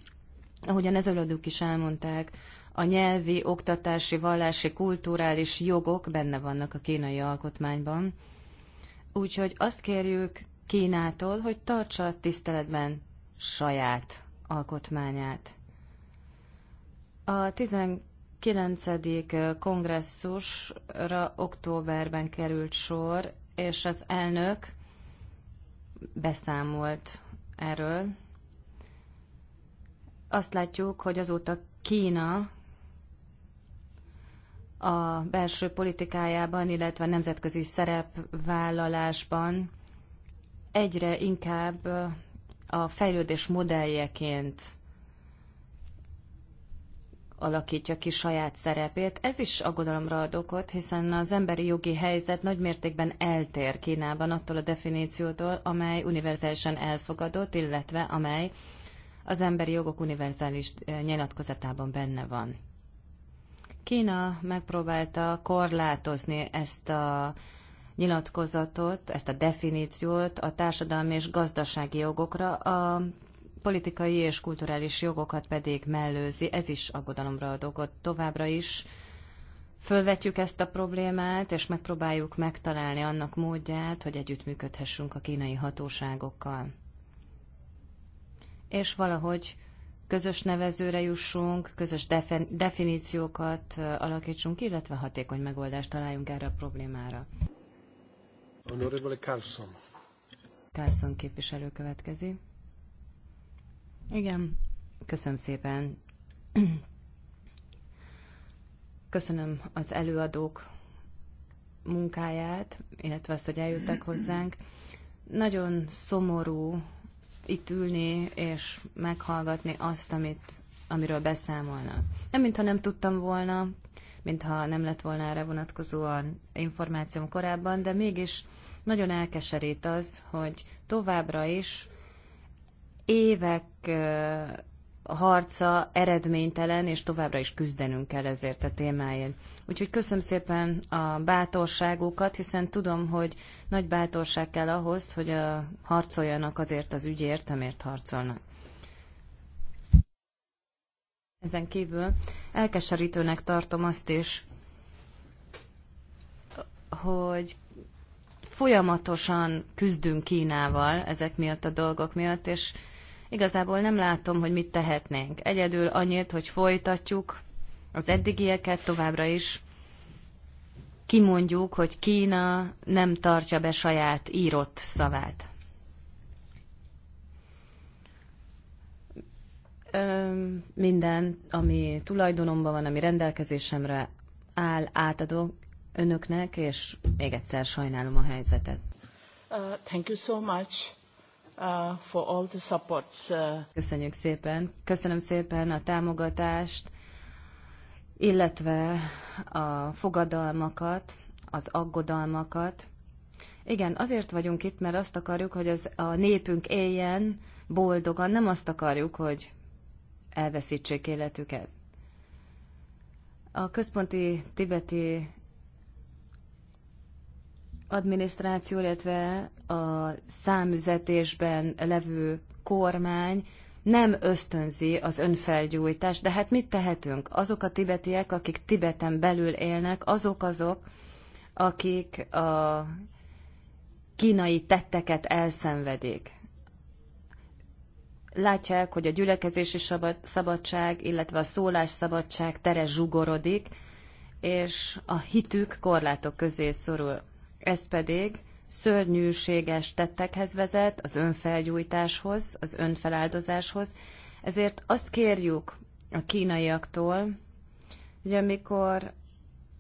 Ahogyan ezelőttük is elmondták, a nyelvi, oktatási, vallási, kulturális jogok benne vannak a kínai alkotmányban. Úgyhogy azt kérjük Kínától, hogy tartsa tiszteletben saját alkotmányát. A 19. kongresszusra októberben került sor, és az elnök beszámolt erről. Azt látjuk, hogy azóta Kína a belső politikájában, illetve a nemzetközi szerepvállalásban egyre inkább a fejlődés modelljeként alakítja ki saját szerepét. Ez is aggodalomra ad okot, hiszen az emberi jogi helyzet nagy mértékben eltér Kínában attól a definíciótól, amely univerzálisan elfogadott, illetve amely az emberi jogok univerzális nyilatkozatában benne van. Kína megpróbálta korlátozni ezt a nyilatkozatot, ezt a definíciót a társadalmi és gazdasági jogokra, a politikai és kulturális jogokat pedig mellőzi. Ez is aggodalomra ad okot továbbra is. Fölvetjük ezt a problémát, és megpróbáljuk megtalálni annak módját, hogy együttműködhessünk a kínai hatóságokkal. És valahogy közös nevezőre jussunk, közös definíciókat alakítsunk, illetve hatékony megoldást találjunk erre a problémára. Honorable Carlson. Carlson képviselő következik. Igen, köszönöm szépen. Köszönöm az előadók munkáját, illetve azt, hogy eljöttek hozzánk. Nagyon szomorú itt ülni és meghallgatni azt, amit, amiről beszámolnak. Nem, mintha nem tudtam volna, mintha nem lett volna erre vonatkozóan információm korábban, de mégis nagyon elkeserít az, hogy továbbra is évek harca eredménytelen, és továbbra is küzdenünk kell ezért a témáért. Úgyhogy köszönöm szépen a bátorságukat, hiszen tudom, hogy nagy bátorság kell ahhoz, hogy harcoljanak azért az ügyért, amért harcolnak. Ezen kívül elkeserítőnek tartom azt is, hogy folyamatosan küzdünk Kínával ezek miatt a dolgok miatt, és igazából nem látom, hogy mit tehetnénk. Egyedül annyit, hogy folytatjuk az eddigieket továbbra is, kimondjuk, hogy Kína nem tartja be saját írott szavát. minden, ami tulajdonomban van, ami rendelkezésemre áll, átadok önöknek, és még egyszer sajnálom a helyzetet. Uh, thank you so much. Uh, for all the supports. Uh... Köszönjük szépen. Köszönöm szépen a támogatást, illetve a fogadalmakat, az aggodalmakat. Igen, azért vagyunk itt, mert azt akarjuk, hogy az, a népünk éljen boldogan. Nem azt akarjuk, hogy elveszítsék életüket. A központi tibeti adminisztráció, illetve a számüzetésben levő kormány nem ösztönzi az önfelgyújtást, de hát mit tehetünk? Azok a tibetiek, akik Tibeten belül élnek, azok azok, akik a kínai tetteket elszenvedik látják, hogy a gyülekezési szabadság, illetve a szólásszabadság tere zsugorodik, és a hitük korlátok közé szorul. Ez pedig szörnyűséges tettekhez vezet, az önfelgyújtáshoz, az önfeláldozáshoz. Ezért azt kérjük a kínaiaktól, hogy amikor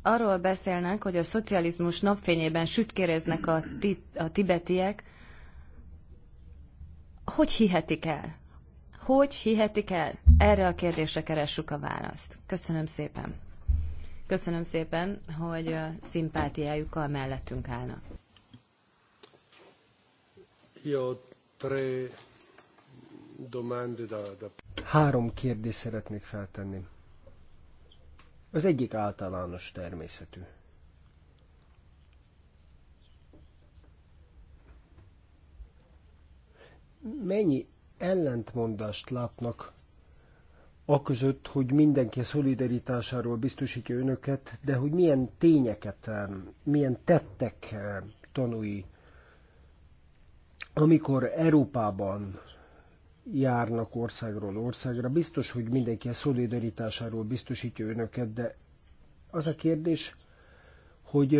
arról beszélnek, hogy a szocializmus napfényében sütkéreznek a, ti- a tibetiek, hogy hihetik el? Hogy hihetik el? Erre a kérdésre keressük a választ. Köszönöm szépen. Köszönöm szépen, hogy a szimpátiájukkal mellettünk állnak. Jó, tre domande Három kérdést szeretnék feltenni. Az egyik általános természetű. Mennyi ellentmondást látnak aközött, hogy mindenki szolidaritásáról biztosítja önöket, de hogy milyen tényeket, milyen tettek tanúi, amikor Európában járnak országról országra, biztos, hogy mindenki a szolidaritásáról biztosítja önöket, de az a kérdés, hogy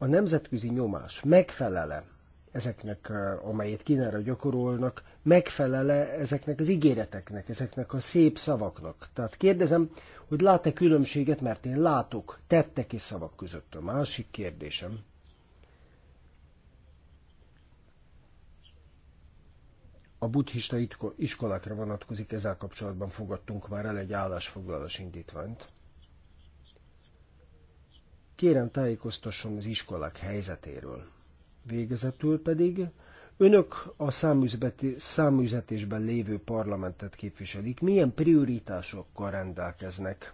a nemzetközi nyomás megfelele ezeknek, amelyet Kínára gyakorolnak, megfelele ezeknek az ígéreteknek, ezeknek a szép szavaknak. Tehát kérdezem, hogy lát-e különbséget, mert én látok tettek és szavak között. A másik kérdésem, a buddhista iskolákra vonatkozik, ezzel kapcsolatban fogadtunk már el egy állásfoglalás indítványt. Kérem tájékoztasson az iskolák helyzetéről. Végezetül pedig önök a száműzetésben lévő parlamentet képviselik. Milyen prioritásokkal rendelkeznek?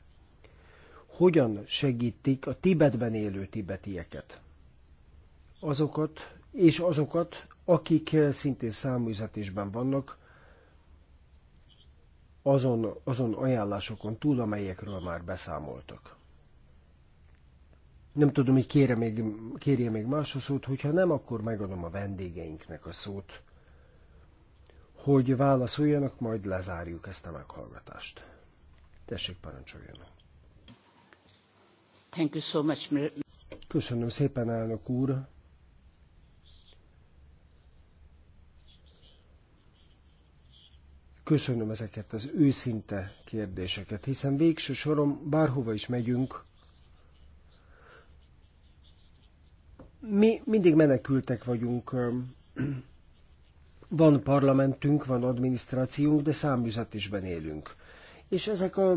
Hogyan segítik a Tibetben élő tibetieket? Azokat és azokat, akik szintén száműzetésben vannak, azon, azon ajánlásokon túl, amelyekről már beszámoltak. Nem tudom, hogy kérje még, kérje még más a szót, hogyha nem, akkor megadom a vendégeinknek a szót, hogy válaszoljanak, majd lezárjuk ezt a meghallgatást. Tessék, parancsoljanak. Thank you so much. Köszönöm szépen, elnök úr. Köszönöm ezeket az őszinte kérdéseket, hiszen végső soron bárhova is megyünk, Mi mindig menekültek vagyunk. Van parlamentünk, van adminisztrációnk, de számüzetésben élünk. És ezek a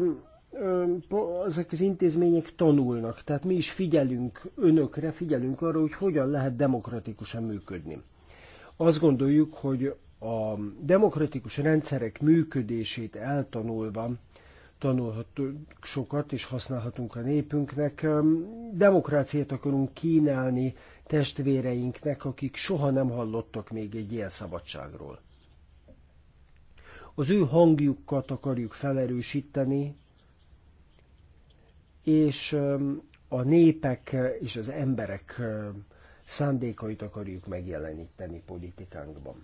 ezek az intézmények tanulnak, tehát mi is figyelünk önökre, figyelünk arra, hogy hogyan lehet demokratikusan működni. Azt gondoljuk, hogy a demokratikus rendszerek működését eltanulva tanulhatunk sokat, és használhatunk a népünknek. Demokráciát akarunk kínálni testvéreinknek, akik soha nem hallottak még egy ilyen szabadságról. Az ő hangjukat akarjuk felerősíteni, és a népek és az emberek szándékait akarjuk megjeleníteni politikánkban.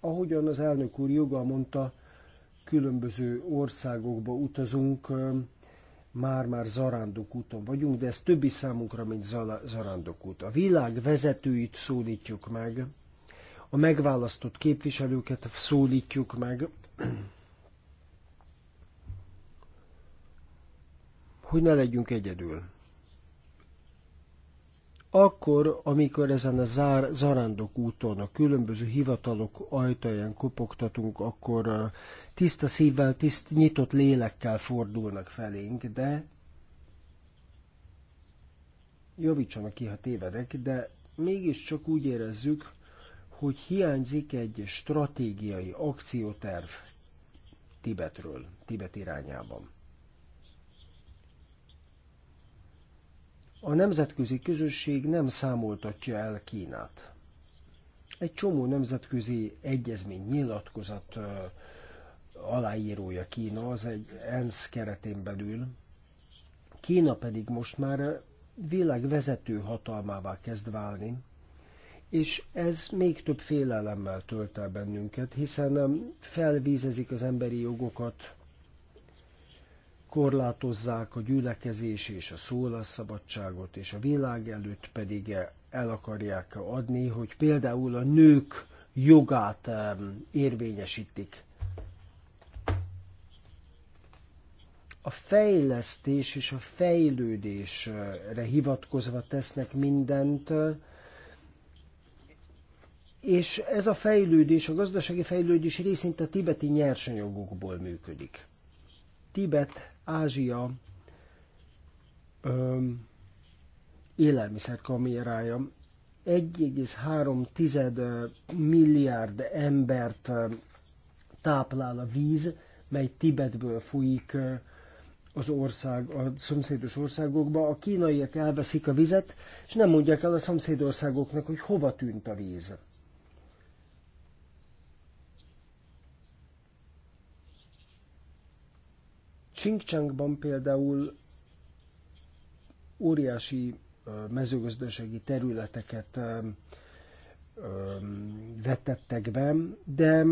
Ahogyan az elnök úr joga mondta, különböző országokba utazunk, már-már zarándok úton vagyunk, de ez többi számunkra, mint zarándok út. A világ vezetőit szólítjuk meg, a megválasztott képviselőket szólítjuk meg, hogy ne legyünk egyedül akkor, amikor ezen a zár, zarándok úton a különböző hivatalok ajtaján kopogtatunk, akkor tiszta szívvel, tiszt, nyitott lélekkel fordulnak felénk, de javítsanak ki, ha tévedek, de mégiscsak úgy érezzük, hogy hiányzik egy stratégiai akcióterv Tibetről, Tibet irányában. A nemzetközi közösség nem számoltatja el Kínát. Egy csomó nemzetközi egyezmény, nyilatkozat aláírója Kína, az egy ENSZ keretén belül. Kína pedig most már világ vezető hatalmává kezd válni, és ez még több félelemmel tölt el bennünket, hiszen felvízezik az emberi jogokat, korlátozzák a gyülekezés és a szólásszabadságot, és a világ előtt pedig el akarják adni, hogy például a nők jogát érvényesítik. A fejlesztés és a fejlődésre hivatkozva tesznek mindent, és ez a fejlődés, a gazdasági fejlődés részint a tibeti nyersanyagokból működik. Tibet Ázsia öm, élelmiszer kamérája 1,3 milliárd embert táplál a víz, mely Tibetből folyik az ország, a szomszédos országokba. A kínaiak elveszik a vizet, és nem mondják el a szomszédországoknak, hogy hova tűnt a víz. Csingcsángban például óriási mezőgazdasági területeket vetettek be, de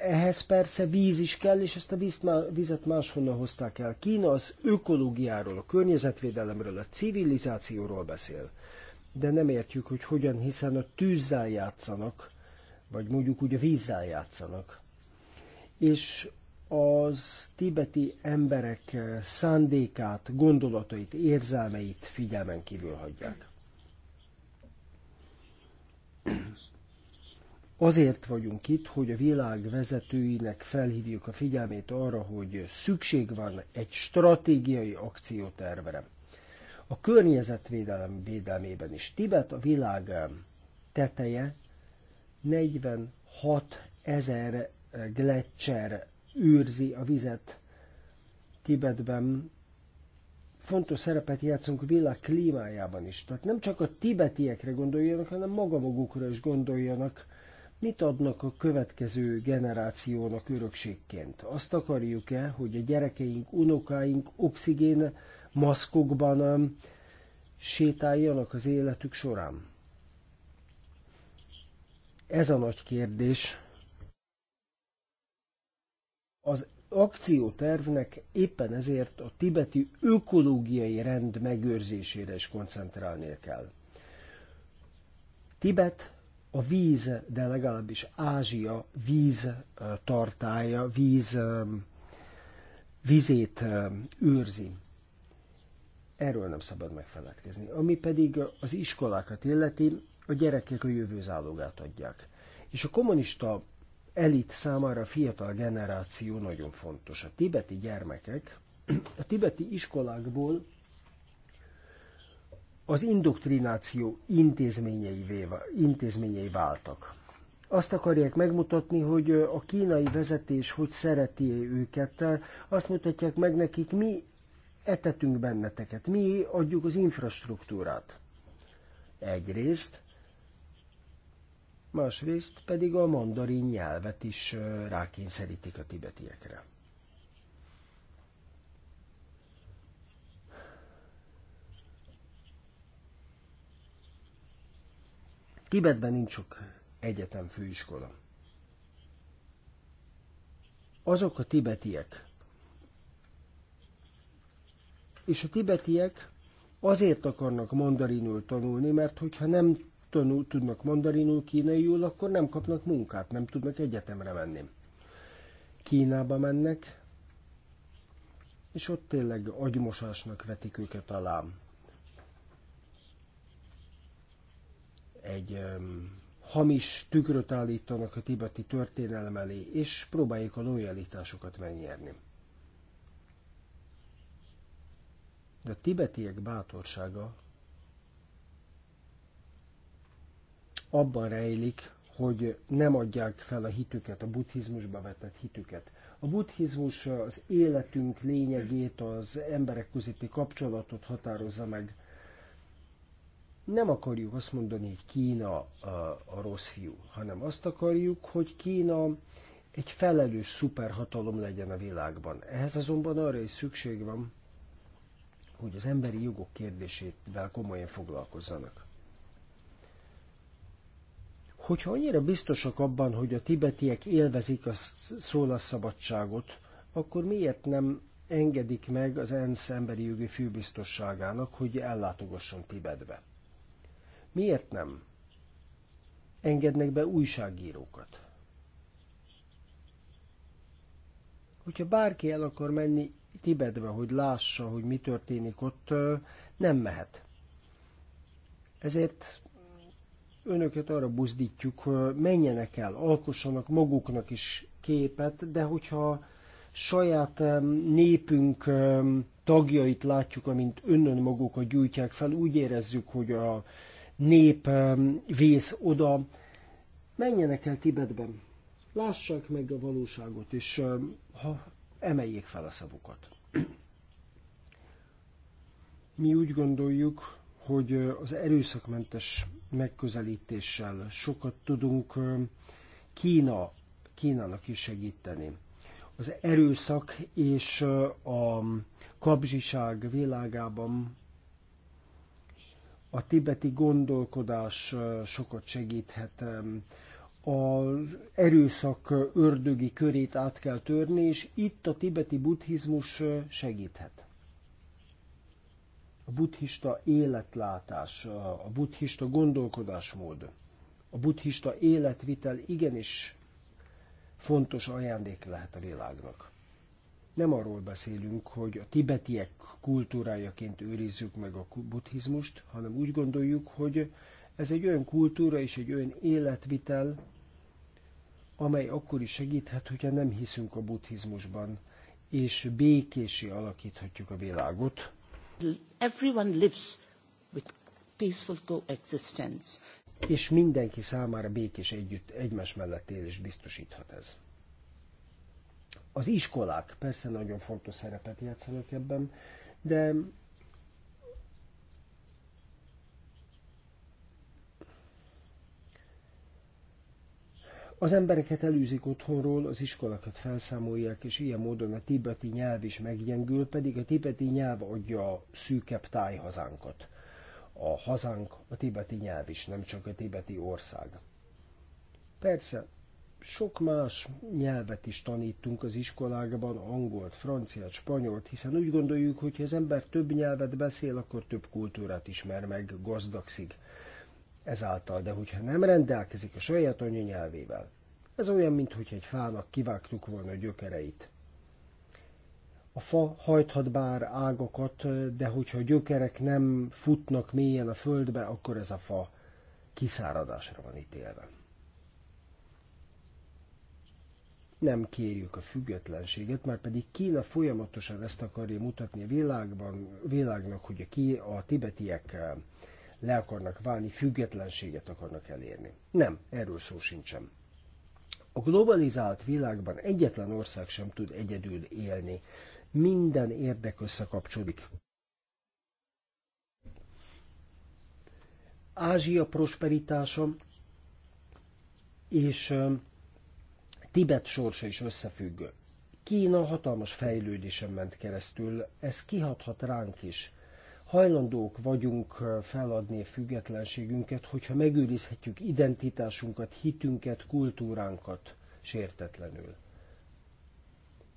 ehhez persze víz is kell, és ezt a vízt már, vizet máshonnan hozták el. Kína az ökológiáról, a környezetvédelemről, a civilizációról beszél, de nem értjük, hogy hogyan, hiszen a tűzzel játszanak, vagy mondjuk úgy a vízzel játszanak. És az tibeti emberek eh, szándékát, gondolatait, érzelmeit figyelmen kívül hagyják. Azért vagyunk itt, hogy a világ vezetőinek felhívjuk a figyelmét arra, hogy szükség van egy stratégiai akciótervre. A környezetvédelem védelmében is Tibet a világ eh, teteje 46 ezer eh, gletszer őrzi a vizet Tibetben, fontos szerepet játszunk a világ klímájában is. Tehát nem csak a tibetiekre gondoljanak, hanem maga magukra is gondoljanak, mit adnak a következő generációnak örökségként. Azt akarjuk-e, hogy a gyerekeink, unokáink oxigén maszkokban um, sétáljanak az életük során? Ez a nagy kérdés, az akciótervnek éppen ezért a tibeti ökológiai rend megőrzésére is koncentrálnia kell. Tibet a víz, de legalábbis Ázsia víz tartája, víz, vízét őrzi. Erről nem szabad megfeledkezni. Ami pedig az iskolákat illeti, a gyerekek a jövő zálogát adják. És a kommunista elit számára a fiatal generáció nagyon fontos. A tibeti gyermekek a tibeti iskolákból az indoktrináció intézményei, intézményei váltak. Azt akarják megmutatni, hogy a kínai vezetés hogy szereti őket, azt mutatják meg nekik, mi etetünk benneteket, mi adjuk az infrastruktúrát. Egyrészt, másrészt pedig a mandarin nyelvet is rákényszerítik a tibetiekre. Tibetben nincs sok egyetem főiskola. Azok a tibetiek, és a tibetiek azért akarnak mandarinul tanulni, mert hogyha nem tanul, tudnak mandarinul, kínaiul, akkor nem kapnak munkát, nem tudnak egyetemre menni. Kínába mennek, és ott tényleg agymosásnak vetik őket alá. Egy um, hamis tükröt állítanak a tibeti történelem elé, és próbáljuk a lojalitásokat megnyerni. De a tibetiek bátorsága abban rejlik, hogy nem adják fel a hitüket, a buddhizmusba vetett hitüket. A buddhizmus az életünk lényegét, az emberek közötti kapcsolatot határozza meg. Nem akarjuk azt mondani, hogy Kína a, a rossz fiú, hanem azt akarjuk, hogy Kína egy felelős szuperhatalom legyen a világban. Ehhez azonban arra is szükség van, hogy az emberi jogok kérdésével komolyan foglalkozzanak. Hogyha annyira biztosak abban, hogy a tibetiek élvezik a szólásszabadságot, akkor miért nem engedik meg az ENSZ emberi jogi főbiztosságának, hogy ellátogasson Tibetbe? Miért nem engednek be újságírókat? Hogyha bárki el akar menni Tibetbe, hogy lássa, hogy mi történik ott, nem mehet. Ezért önöket arra buzdítjuk, menjenek el, alkossanak maguknak is képet, de hogyha saját népünk tagjait látjuk, amint önnön magukat gyújtják fel, úgy érezzük, hogy a nép vész oda, menjenek el Tibetben, lássák meg a valóságot, és ha, emeljék fel a szavukat. Mi úgy gondoljuk, hogy az erőszakmentes megközelítéssel sokat tudunk Kína, Kínának is segíteni. Az erőszak és a kapzsiság világában a tibeti gondolkodás sokat segíthet. Az erőszak ördögi körét át kell törni, és itt a tibeti buddhizmus segíthet a buddhista életlátás, a buddhista gondolkodásmód, a buddhista életvitel igenis fontos ajándék lehet a világnak. Nem arról beszélünk, hogy a tibetiek kultúrájaként őrizzük meg a buddhizmust, hanem úgy gondoljuk, hogy ez egy olyan kultúra és egy olyan életvitel, amely akkor is segíthet, hogyha nem hiszünk a buddhizmusban, és békésé alakíthatjuk a világot, Everyone lives with peaceful coexistence. És mindenki számára békés együtt, egymás mellett élés biztosíthat ez. Az iskolák persze nagyon fontos szerepet játszanak ebben, de Az embereket elűzik otthonról, az iskolákat felszámolják, és ilyen módon a tibeti nyelv is meggyengül, pedig a tibeti nyelv adja a szűkebb tájhazánkat. A hazánk a tibeti nyelv is, nem csak a tibeti ország. Persze, sok más nyelvet is tanítunk az iskolákban, angolt, franciát, spanyolt, hiszen úgy gondoljuk, hogy ha az ember több nyelvet beszél, akkor több kultúrát ismer meg, gazdagszik ezáltal, de hogyha nem rendelkezik a saját anyanyelvével, ez olyan, mintha egy fának kivágtuk volna a gyökereit. A fa hajthat bár ágakat, de hogyha a gyökerek nem futnak mélyen a földbe, akkor ez a fa kiszáradásra van ítélve. nem kérjük a függetlenséget, már pedig Kína folyamatosan ezt akarja mutatni a világban, világnak, hogy a, ki, a tibetiek le akarnak válni, függetlenséget akarnak elérni. Nem, erről szó sincsen. A globalizált világban egyetlen ország sem tud egyedül élni. Minden érdek összekapcsolódik. Ázsia prosperitása és Tibet sorsa is összefüggő. Kína hatalmas fejlődésen ment keresztül, ez kihathat ránk is hajlandók vagyunk feladni a függetlenségünket, hogyha megőrizhetjük identitásunkat, hitünket, kultúránkat sértetlenül.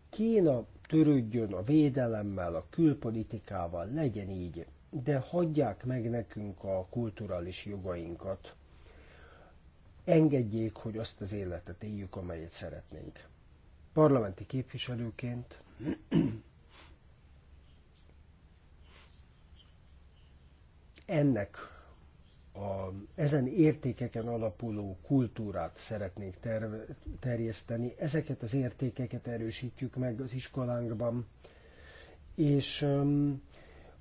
Kína törődjön a védelemmel, a külpolitikával, legyen így, de hagyják meg nekünk a kulturális jogainkat. Engedjék, hogy azt az életet éljük, amelyet szeretnénk. Parlamenti képviselőként ennek a, ezen értékeken alapuló kultúrát szeretnénk ter, terjeszteni. Ezeket az értékeket erősítjük meg az iskolánkban, és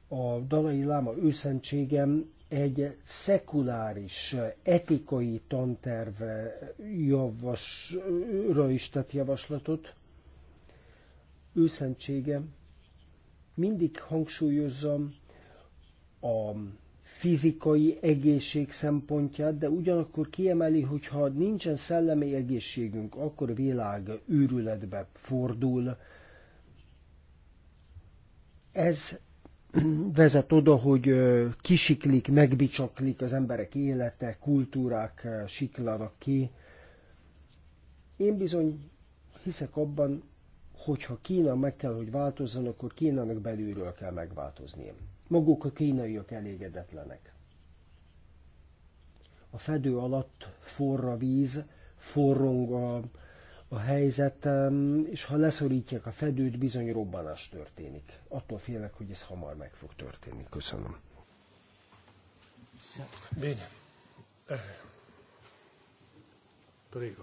a Dalai Láma őszentségem egy szekuláris etikai tanterve javasra is tett javaslatot. Őszentségem mindig hangsúlyozza a fizikai egészség szempontját, de ugyanakkor kiemeli, hogy ha nincsen szellemi egészségünk, akkor a világ őrületbe fordul. Ez vezet oda, hogy kisiklik, megbicsaklik az emberek élete, kultúrák siklanak ki. Én bizony hiszek abban, hogyha Kína meg kell, hogy változzon, akkor Kínának belülről kell megváltoznia maguk a kínaiak elégedetlenek. A fedő alatt forra a víz, forrong a, a helyzet, és ha leszorítják a fedőt, bizony robbanás történik. Attól félek, hogy ez hamar meg fog történni. Köszönöm. Bény. Eh. Prego.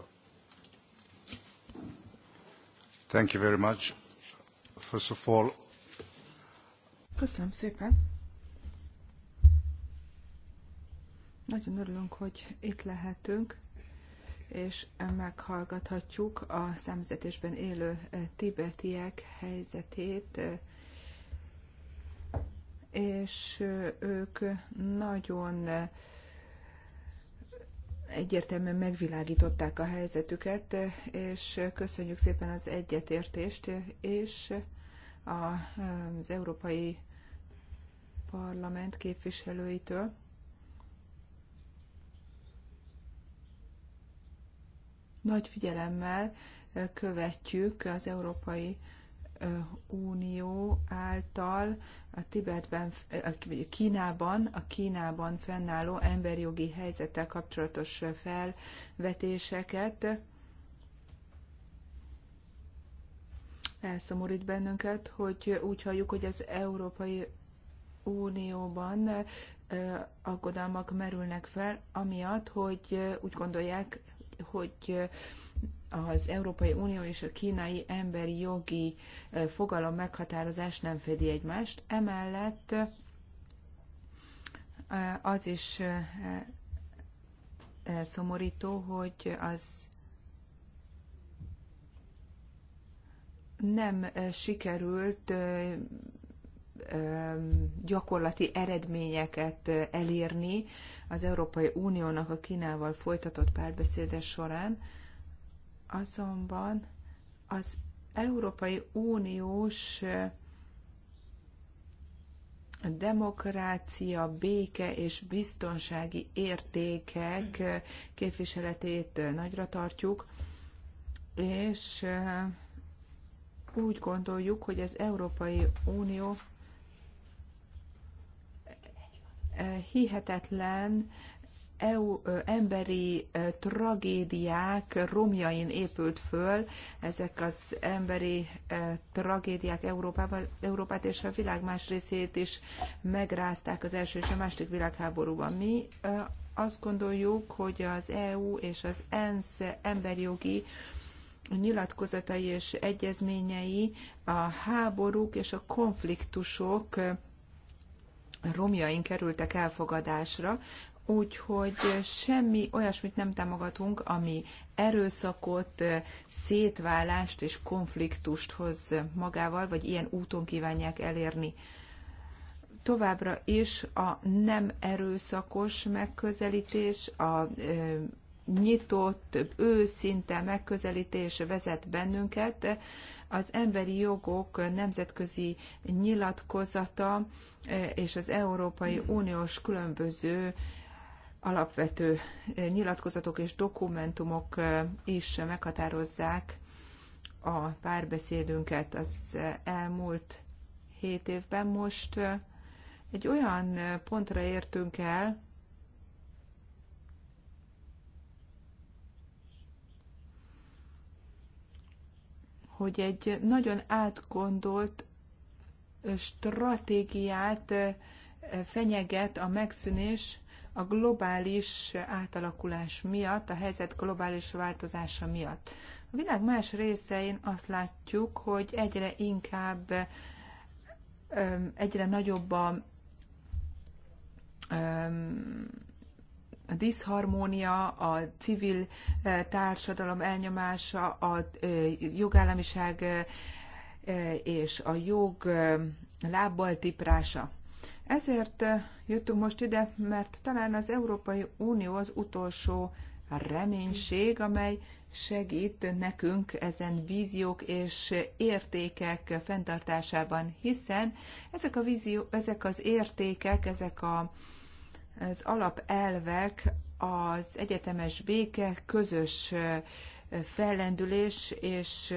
Thank you very much. First of all, Köszönöm szépen. Nagyon örülünk, hogy itt lehetünk, és meghallgathatjuk a szemzetésben élő eh, tibetiek helyzetét, eh, és eh, ők nagyon egyértelműen megvilágították a helyzetüket, és köszönjük szépen az egyetértést, és az Európai Parlament képviselőitől. Nagy figyelemmel követjük az Európai Unió által a Tibetben, vagy Kínában, a Kínában fennálló emberjogi helyzettel kapcsolatos felvetéseket. Elszomorít bennünket, hogy úgy halljuk, hogy az Európai Unióban aggodalmak merülnek fel, amiatt, hogy úgy gondolják, hogy az Európai Unió és a kínai emberi jogi fogalom meghatározás nem fedi egymást. Emellett az is szomorító, hogy az nem sikerült gyakorlati eredményeket elérni az Európai Uniónak a Kínával folytatott párbeszéde során, azonban az Európai Uniós demokrácia, béke és biztonsági értékek képviseletét nagyra tartjuk, és úgy gondoljuk, hogy az Európai Unió hihetetlen EU emberi tragédiák romjain épült föl, ezek az emberi tragédiák Európában, Európát és a világ más részét is megrázták az első és a második világháborúban. Mi azt gondoljuk, hogy az EU és az ENSZ emberjogi nyilatkozatai és egyezményei a háborúk és a konfliktusok romjaink kerültek elfogadásra, úgyhogy semmi olyasmit nem támogatunk, ami erőszakot, szétválást és konfliktust hoz magával, vagy ilyen úton kívánják elérni továbbra is a nem erőszakos megközelítés, a nyitott, több őszinte megközelítés vezet bennünket. Az emberi jogok nemzetközi nyilatkozata e, és az Európai Uniós különböző alapvető e, nyilatkozatok és dokumentumok e, is meghatározzák a párbeszédünket az elmúlt hét évben. Most egy olyan pontra értünk el, hogy egy nagyon átgondolt stratégiát fenyeget a megszűnés a globális átalakulás miatt, a helyzet globális változása miatt. A világ más részein azt látjuk, hogy egyre inkább, egyre nagyobb a a diszharmónia, a civil eh, társadalom elnyomása, a eh, jogállamiság eh, és a jog lábbal tiprása. Ezért jöttünk most ide, mert talán az Európai Unió az utolsó reménység, amely segít nekünk ezen víziók és értékek fenntartásában, hiszen ezek a vízió, ezek az értékek, ezek a az alapelvek az egyetemes béke, közös fellendülés és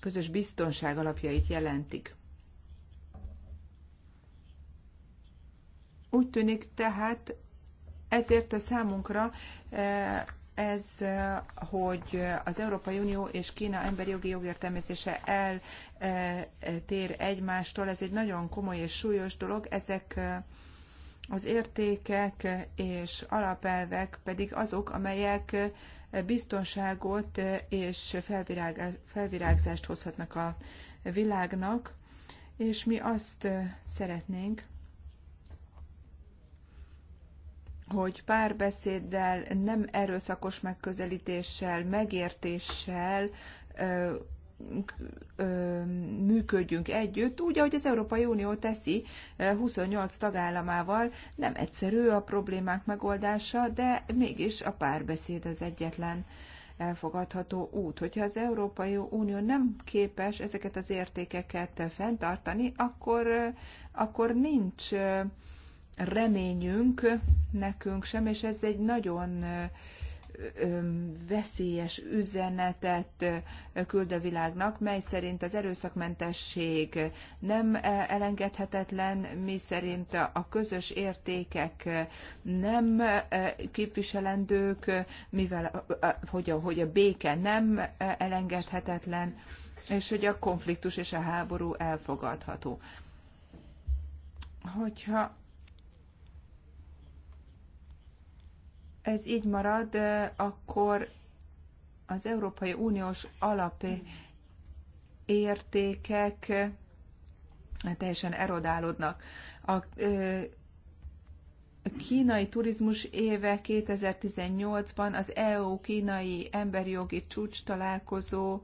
közös biztonság alapjait jelentik. Úgy tűnik tehát, ezért a számunkra ez, hogy az Európai Unió és Kína emberi jogi jogértelmezése eltér egymástól, ez egy nagyon komoly és súlyos dolog. Ezek az értékek és alapelvek pedig azok, amelyek biztonságot és felvirág, felvirágzást hozhatnak a világnak, és mi azt szeretnénk, hogy párbeszéddel, nem erőszakos megközelítéssel, megértéssel működjünk együtt, úgy, ahogy az Európai Unió teszi 28 tagállamával. Nem egyszerű a problémák megoldása, de mégis a párbeszéd az egyetlen elfogadható út. Hogyha az Európai Unió nem képes ezeket az értékeket fenntartani, akkor, akkor nincs reményünk nekünk sem, és ez egy nagyon veszélyes üzenetet küld a világnak, mely szerint az erőszakmentesség nem elengedhetetlen, mi szerint a közös értékek nem képviselendők, mivel hogy a, hogy a béke nem elengedhetetlen, és hogy a konfliktus és a háború elfogadható. Hogyha ez így marad, akkor az Európai Uniós alapértékek hát teljesen erodálódnak. A kínai turizmus éve 2018-ban az EU-kínai emberi jogi csúcs találkozó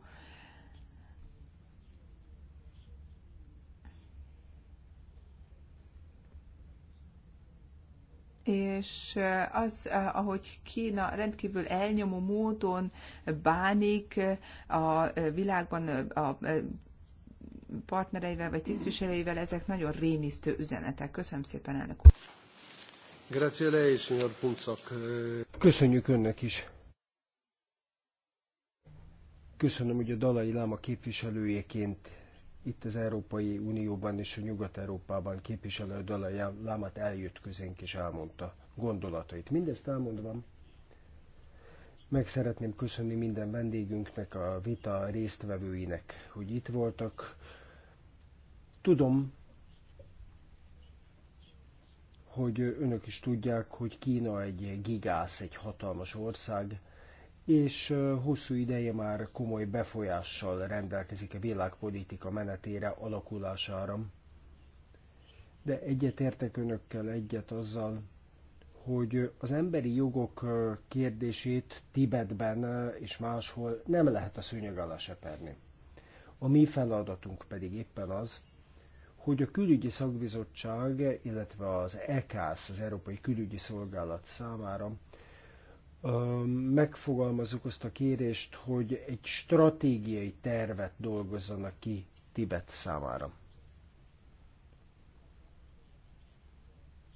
és az, ahogy Kína rendkívül elnyomó módon bánik a világban a partnereivel vagy tisztviselőivel, ezek nagyon rémisztő üzenetek. Köszönöm szépen, elnök úr. Grazie lei, signor Köszönjük önnek is. Köszönöm, hogy a Dalai Láma képviselőjeként itt az Európai Unióban és a Nyugat-Európában képviselő Dalai Lámát eljött közénk és elmondta gondolatait. Mindezt elmondva, meg szeretném köszönni minden vendégünknek, a vita résztvevőinek, hogy itt voltak. Tudom, hogy önök is tudják, hogy Kína egy gigász, egy hatalmas ország, és hosszú ideje már komoly befolyással rendelkezik a világpolitika menetére, alakulására. De egyetértek önökkel egyet azzal, hogy az emberi jogok kérdését Tibetben és máshol nem lehet a szőnyeg alá seperni. A mi feladatunk pedig éppen az, hogy a külügyi szakbizottság, illetve az EKSZ, az Európai Külügyi Szolgálat számára megfogalmazzuk azt a kérést, hogy egy stratégiai tervet dolgozzanak ki Tibet számára.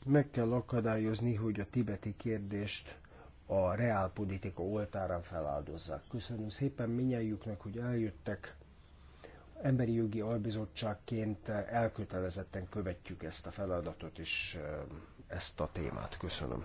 Meg kell akadályozni, hogy a tibeti kérdést a reálpolitika oltárán feláldozzák. Köszönöm szépen minnyájuknak, hogy eljöttek. Emberi Jogi Albizottságként elkötelezetten követjük ezt a feladatot és ezt a témát. Köszönöm.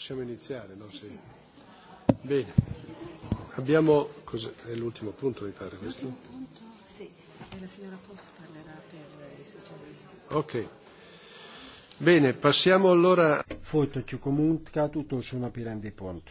possiamo iniziare, no? Sì. Bene. Abbiamo, cos'è, è l'ultimo punto mi pare questo? L'ultimo punto, sì, e la signora Post parlerà per i socialisti. Ok. Bene, passiamo allora... foto Folytatjuk a munkát, utolsó napi rendi pont.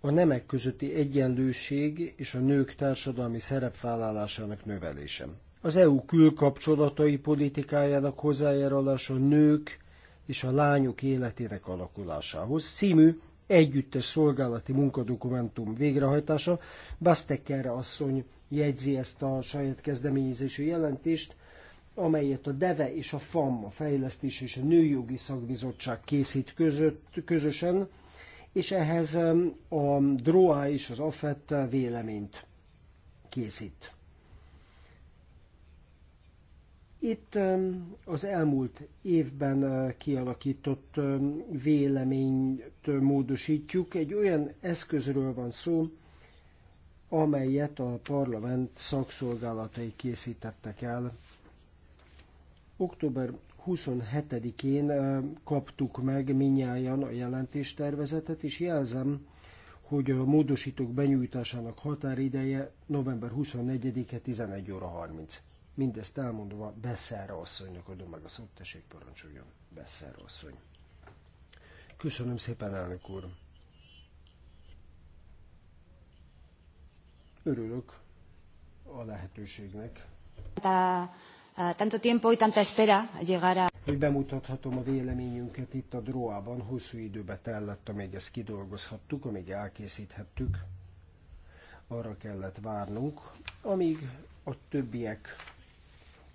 A nemek közötti egyenlőség és a nők társadalmi szerepvállalásának növelése. Az EU külkapcsolatai politikájának hozzájárulása nők és a lányok életének alakulásához Szímű együttes szolgálati munkadokumentum végrehajtása. Bastekkerre asszony jegyzi ezt a saját kezdeményezésű jelentést, amelyet a DEVE és a FAM, a Fejlesztés és a Nőjogi Szakbizottság készít között, közösen, és ehhez um, a DROA és az AFET véleményt készít. Itt az elmúlt évben kialakított véleményt módosítjuk. Egy olyan eszközről van szó, amelyet a parlament szakszolgálatai készítettek el. Október 27-én kaptuk meg minnyáján a jelentéstervezetet, és jelzem, hogy a módosítók benyújtásának határideje november 24-e 11 óra 30. Mindezt elmondva Beszerra asszonynak adom meg a szót, tessék parancsoljon, Beszerra asszony. Köszönöm szépen, elnök úr. Örülök a lehetőségnek. Eh, tanto tiempo y tanta espera llegar a... Hogy bemutathatom a véleményünket itt a Droában, hosszú időbe tellett, amíg ezt kidolgozhattuk, amíg elkészíthettük. Arra kellett várnunk, amíg a többiek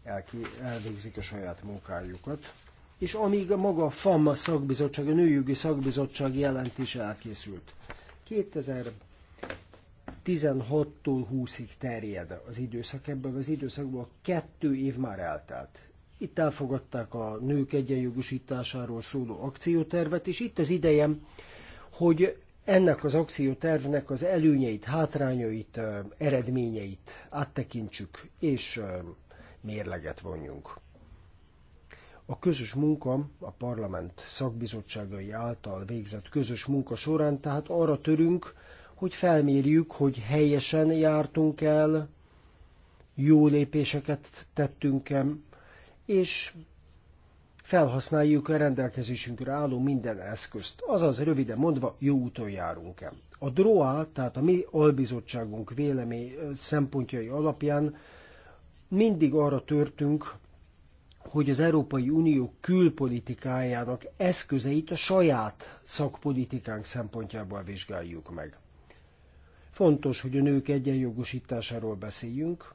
elki, elvégzik a saját munkájukat. És amíg a maga a FAM szakbizottság, a nőjügi szakbizottság jelentés elkészült. 2016-tól 20-ig terjed az időszak, ebben az időszakban kettő év már eltelt. Itt elfogadták a nők egyenjogosításáról szóló akciótervet, és itt az idejem, hogy ennek az akciótervnek az előnyeit, hátrányait, eredményeit áttekintsük, és mérleget vonjunk. A közös munka a parlament szakbizottságai által végzett közös munka során tehát arra törünk, hogy felmérjük, hogy helyesen jártunk el, jó lépéseket tettünk -e, és felhasználjuk a rendelkezésünkre álló minden eszközt, azaz röviden mondva jó úton járunk -e. A DROA, tehát a mi albizottságunk vélemény szempontjai alapján mindig arra törtünk, hogy az Európai Unió külpolitikájának eszközeit a saját szakpolitikánk szempontjából vizsgáljuk meg. Fontos, hogy a nők egyenjogosításáról beszéljünk,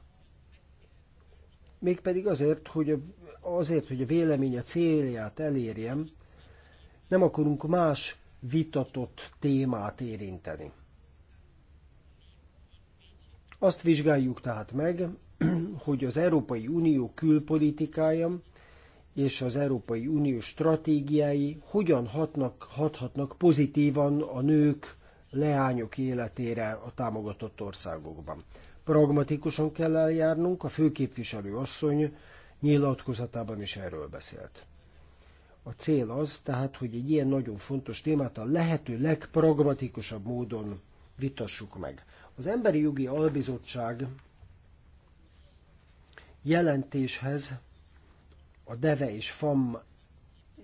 mégpedig azért, hogy a, azért, hogy a a célját elérjem, nem akarunk más vitatott témát érinteni. Azt vizsgáljuk tehát meg, hogy az Európai Unió külpolitikája és az Európai Unió stratégiái hogyan hatnak, hathatnak pozitívan a nők, leányok életére a támogatott országokban. Pragmatikusan kell eljárnunk, a főképviselő asszony nyilatkozatában is erről beszélt. A cél az tehát, hogy egy ilyen nagyon fontos témát a lehető legpragmatikusabb módon vitassuk meg. Az Emberi Jogi Albizottság jelentéshez, a DEVE és FAM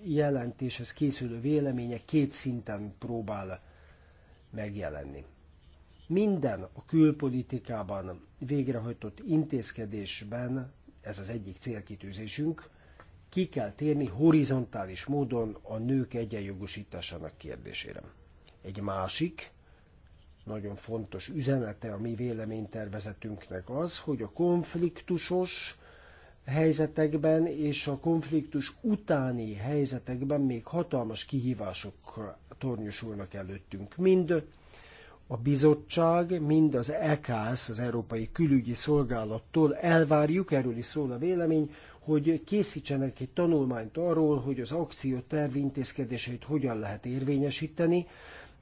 jelentéshez készülő véleménye két szinten próbál megjelenni. Minden a külpolitikában végrehajtott intézkedésben, ez az egyik célkitűzésünk, ki kell térni horizontális módon a nők egyenjogosításának kérdésére. Egy másik nagyon fontos üzenete a mi véleménytervezetünknek az, hogy a konfliktusos helyzetekben és a konfliktus utáni helyzetekben még hatalmas kihívások tornyosulnak előttünk. Mind a bizottság, mind az ECASZ, az Európai Külügyi Szolgálattól elvárjuk, erről is szól a vélemény, hogy készítsenek egy tanulmányt arról, hogy az akcióterv intézkedéseit hogyan lehet érvényesíteni,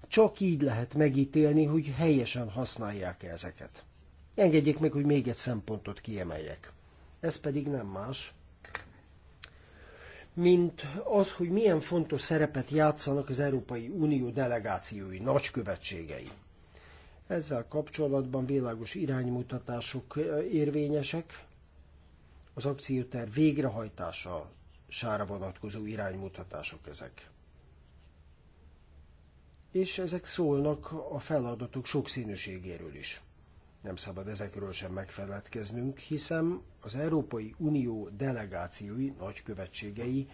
csak így lehet megítélni, hogy helyesen használják -e ezeket. Engedjék meg, hogy még egy szempontot kiemeljek. Ez pedig nem más, mint az, hogy milyen fontos szerepet játszanak az Európai Unió delegációi, nagykövetségei. Ezzel kapcsolatban világos iránymutatások eh, érvényesek, az akcióterv sára vonatkozó iránymutatások ezek és ezek szólnak a feladatok sokszínűségéről is. Nem szabad ezekről sem megfeledkeznünk, hiszen az Európai Unió delegációi, nagykövetségei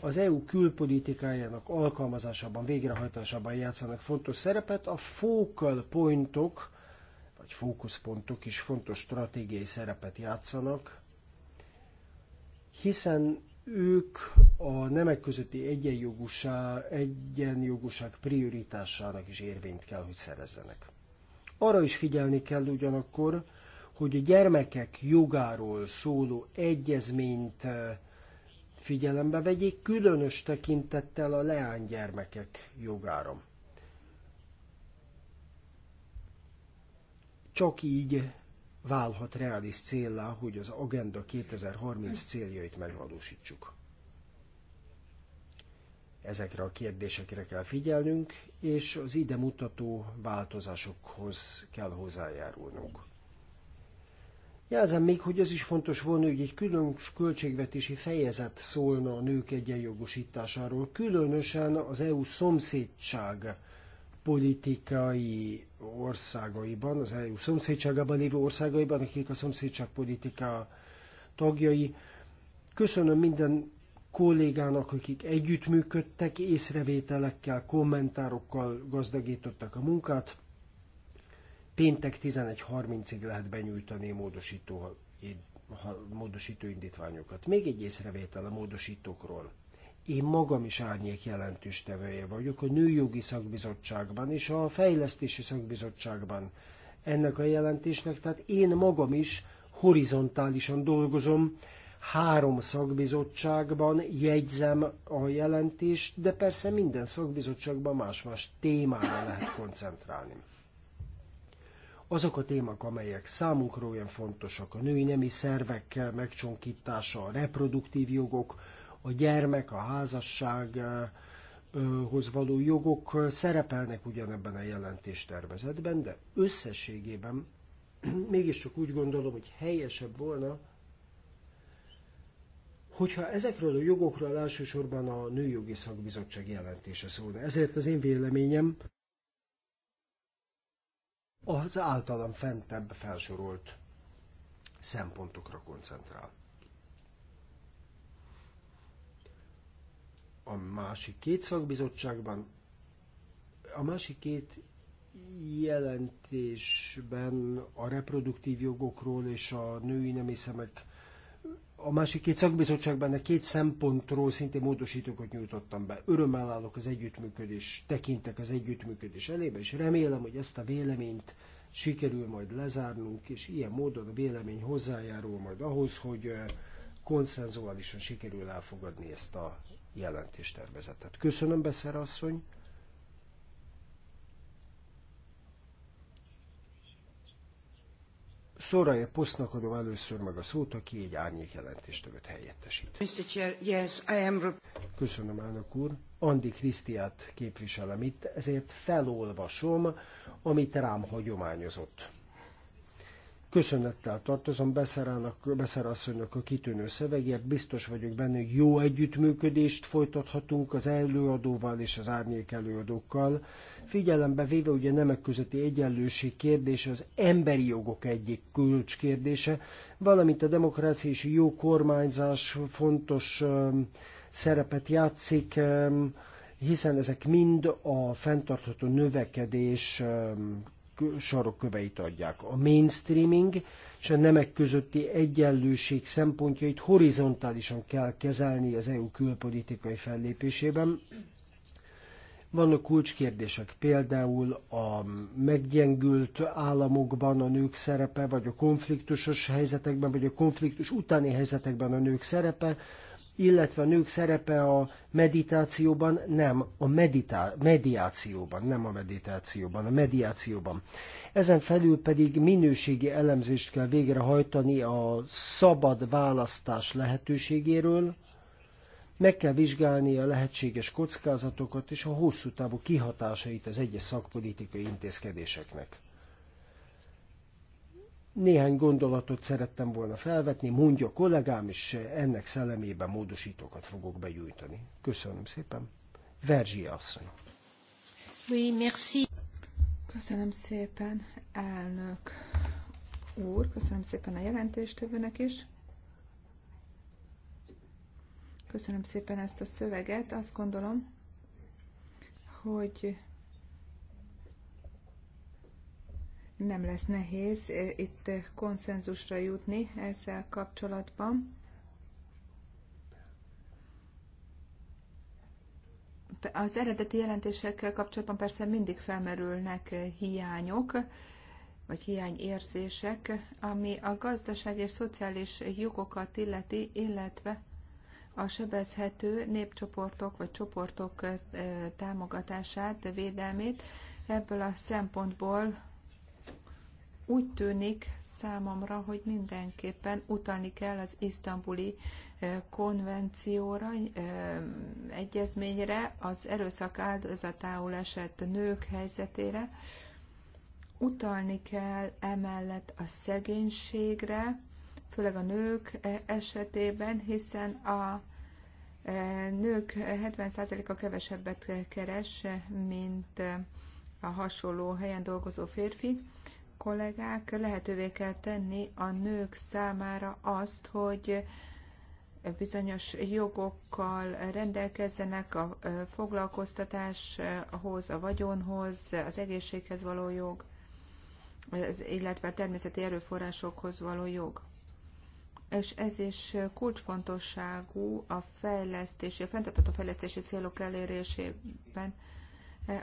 az EU külpolitikájának alkalmazásában, végrehajtásában játszanak fontos szerepet, a focal pointok, vagy fókuszpontok is fontos stratégiai szerepet játszanak, hiszen ők a nemek közötti egyenjogúság, egyenjogúság prioritásának is érvényt kell, hogy szerezzenek. Arra is figyelni kell ugyanakkor, hogy a gyermekek jogáról szóló egyezményt eh, figyelembe vegyék, különös tekintettel a leánygyermekek jogára. Csak így válhat reális célá, hogy az Agenda 2030 céljait megvalósítsuk. Ezekre a kérdésekre kell figyelnünk, és az ide mutató változásokhoz kell hozzájárulnunk. Jelzem még, hogy az is fontos volna, hogy egy külön költségvetési fejezet szólna a nők egyenjogosításáról, különösen az EU szomszédság politikai országaiban, az EU szomszédságában lévő országaiban, akik a szomszédságpolitika tagjai. Köszönöm minden kollégának, akik együttműködtek, észrevételekkel, kommentárokkal gazdagítottak a munkát. Péntek 11.30-ig lehet benyújtani módosító, módosító indítványokat. Még egy észrevétel a módosítókról. Én magam is árnyék jelentős tevője vagyok a Nőjogi Szakbizottságban és a Fejlesztési Szakbizottságban ennek a jelentésnek, tehát én magam is horizontálisan dolgozom, három szakbizottságban jegyzem a jelentést, de persze minden szakbizottságban más-más témára lehet koncentrálni. Azok a témák, amelyek számunkra olyan fontosak, a női nemi szervek megcsonkítása, a reproduktív jogok, a gyermek, a házasság, hoz való jogok szerepelnek ugyanebben a jelentéstervezetben, de összességében mégiscsak úgy gondolom, hogy helyesebb volna, hogyha ezekről a jogokról elsősorban a Nőjogi Szakbizottság jelentése szólna. Ezért az én véleményem az általam fentebb felsorolt szempontokra koncentrál. a másik két szakbizottságban, a másik két jelentésben a reproduktív jogokról és a női nemi szemek a másik két szakbizottságban a két szempontról szintén módosítókat nyújtottam be. Örömmel állok az együttműködés, tekintek az együttműködés elébe, és remélem, hogy ezt a véleményt sikerül majd lezárnunk, és ilyen módon a vélemény hozzájárul majd ahhoz, hogy eh, konszenzuálisan sikerül elfogadni ezt a jelentéstervezetet. Köszönöm, Beszer asszony! Szoraja Posznak adom először meg a szót, aki egy árnyék jelentéstevőt helyettesít. Mr. Chair, yes, I am... Köszönöm, elnök úr. Andi Krisztiát képviselem itt, ezért felolvasom, amit rám hagyományozott. Köszönettel tartozom Beszerának, Beszer asszonynak a kitűnő szövegért, biztos vagyok benne, hogy jó együttműködést folytathatunk az előadóval és az árnyék előadókkal. Figyelembe véve, ugye nemek közötti egyenlőség kérdése az emberi jogok egyik kulcskérdése, valamint a demokrácia és jó kormányzás fontos um, szerepet játszik, um, hiszen ezek mind a fenntartható növekedés um, sarokköveit adják. A mainstreaming és a nemek közötti egyenlőség szempontjait horizontálisan kell kezelni az EU külpolitikai fellépésében. Vannak kulcskérdések, például a meggyengült államokban a nők szerepe, vagy a konfliktusos helyzetekben, vagy a konfliktus utáni helyzetekben a nők szerepe, illetve a nők szerepe a meditációban, nem a meditá- mediációban, nem a meditációban, a mediációban. Ezen felül pedig minőségi elemzést kell végrehajtani a szabad választás lehetőségéről, meg kell vizsgálni a lehetséges kockázatokat és a hosszú távú kihatásait az egyes szakpolitikai intézkedéseknek. Néhány gondolatot szerettem volna felvetni, mondja a kollégám, és ennek szellemében módosítókat fogok begyújtani. Köszönöm szépen. Verzsi asszony. Oui, merci. Köszönöm szépen, elnök úr, köszönöm szépen a jelentéstevőnek is. Köszönöm szépen ezt a szöveget. Azt gondolom, hogy nem lesz nehéz eh, itt eh, konszenzusra jutni ezzel kapcsolatban. Az eredeti jelentésekkel kapcsolatban persze mindig felmerülnek eh, hiányok, vagy hiányérzések, ami a gazdaság és szociális jogokat illeti, illetve a sebezhető népcsoportok vagy csoportok támogatását, védelmét. Ebből a szempontból úgy tűnik számomra, hogy mindenképpen utalni kell az isztambuli konvencióra, egyezményre, az erőszak áldozatául esett nők helyzetére, utalni kell emellett a szegénységre, főleg a nők esetében, hiszen a nők 70%-a kevesebbet keres, mint a hasonló helyen dolgozó férfi kollégák, lehetővé kell tenni a nők számára azt, hogy bizonyos jogokkal rendelkezzenek a foglalkoztatáshoz, a vagyonhoz, az egészséghez való jog, illetve a természeti erőforrásokhoz való jog. És ez is kulcsfontosságú a fejlesztési, a fenntartható fejlesztési célok elérésében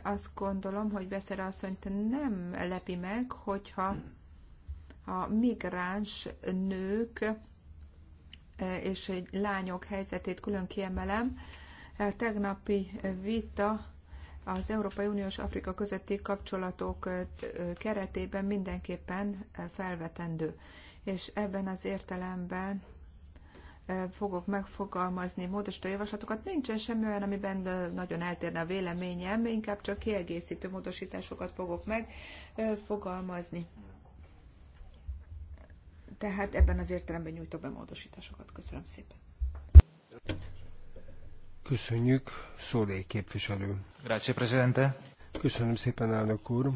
azt gondolom, hogy Beszere asszonyt nem lepi meg, hogyha a migráns nők e, és lányok helyzetét külön kiemelem. A e, tegnapi vita az Európai Unió és Afrika közötti kapcsolatok e, keretében mindenképpen felvetendő. És ebben az értelemben fogok megfogalmazni módosító javaslatokat. Nincsen semmi olyan, amiben nagyon eltérne a véleményem, inkább csak kiegészítő módosításokat fogok megfogalmazni. Tehát ebben az értelemben nyújtok be módosításokat. Köszönöm szépen. Köszönjük, Szólé képviselő. Grazie, Presidente. Köszönöm szépen, elnök úr.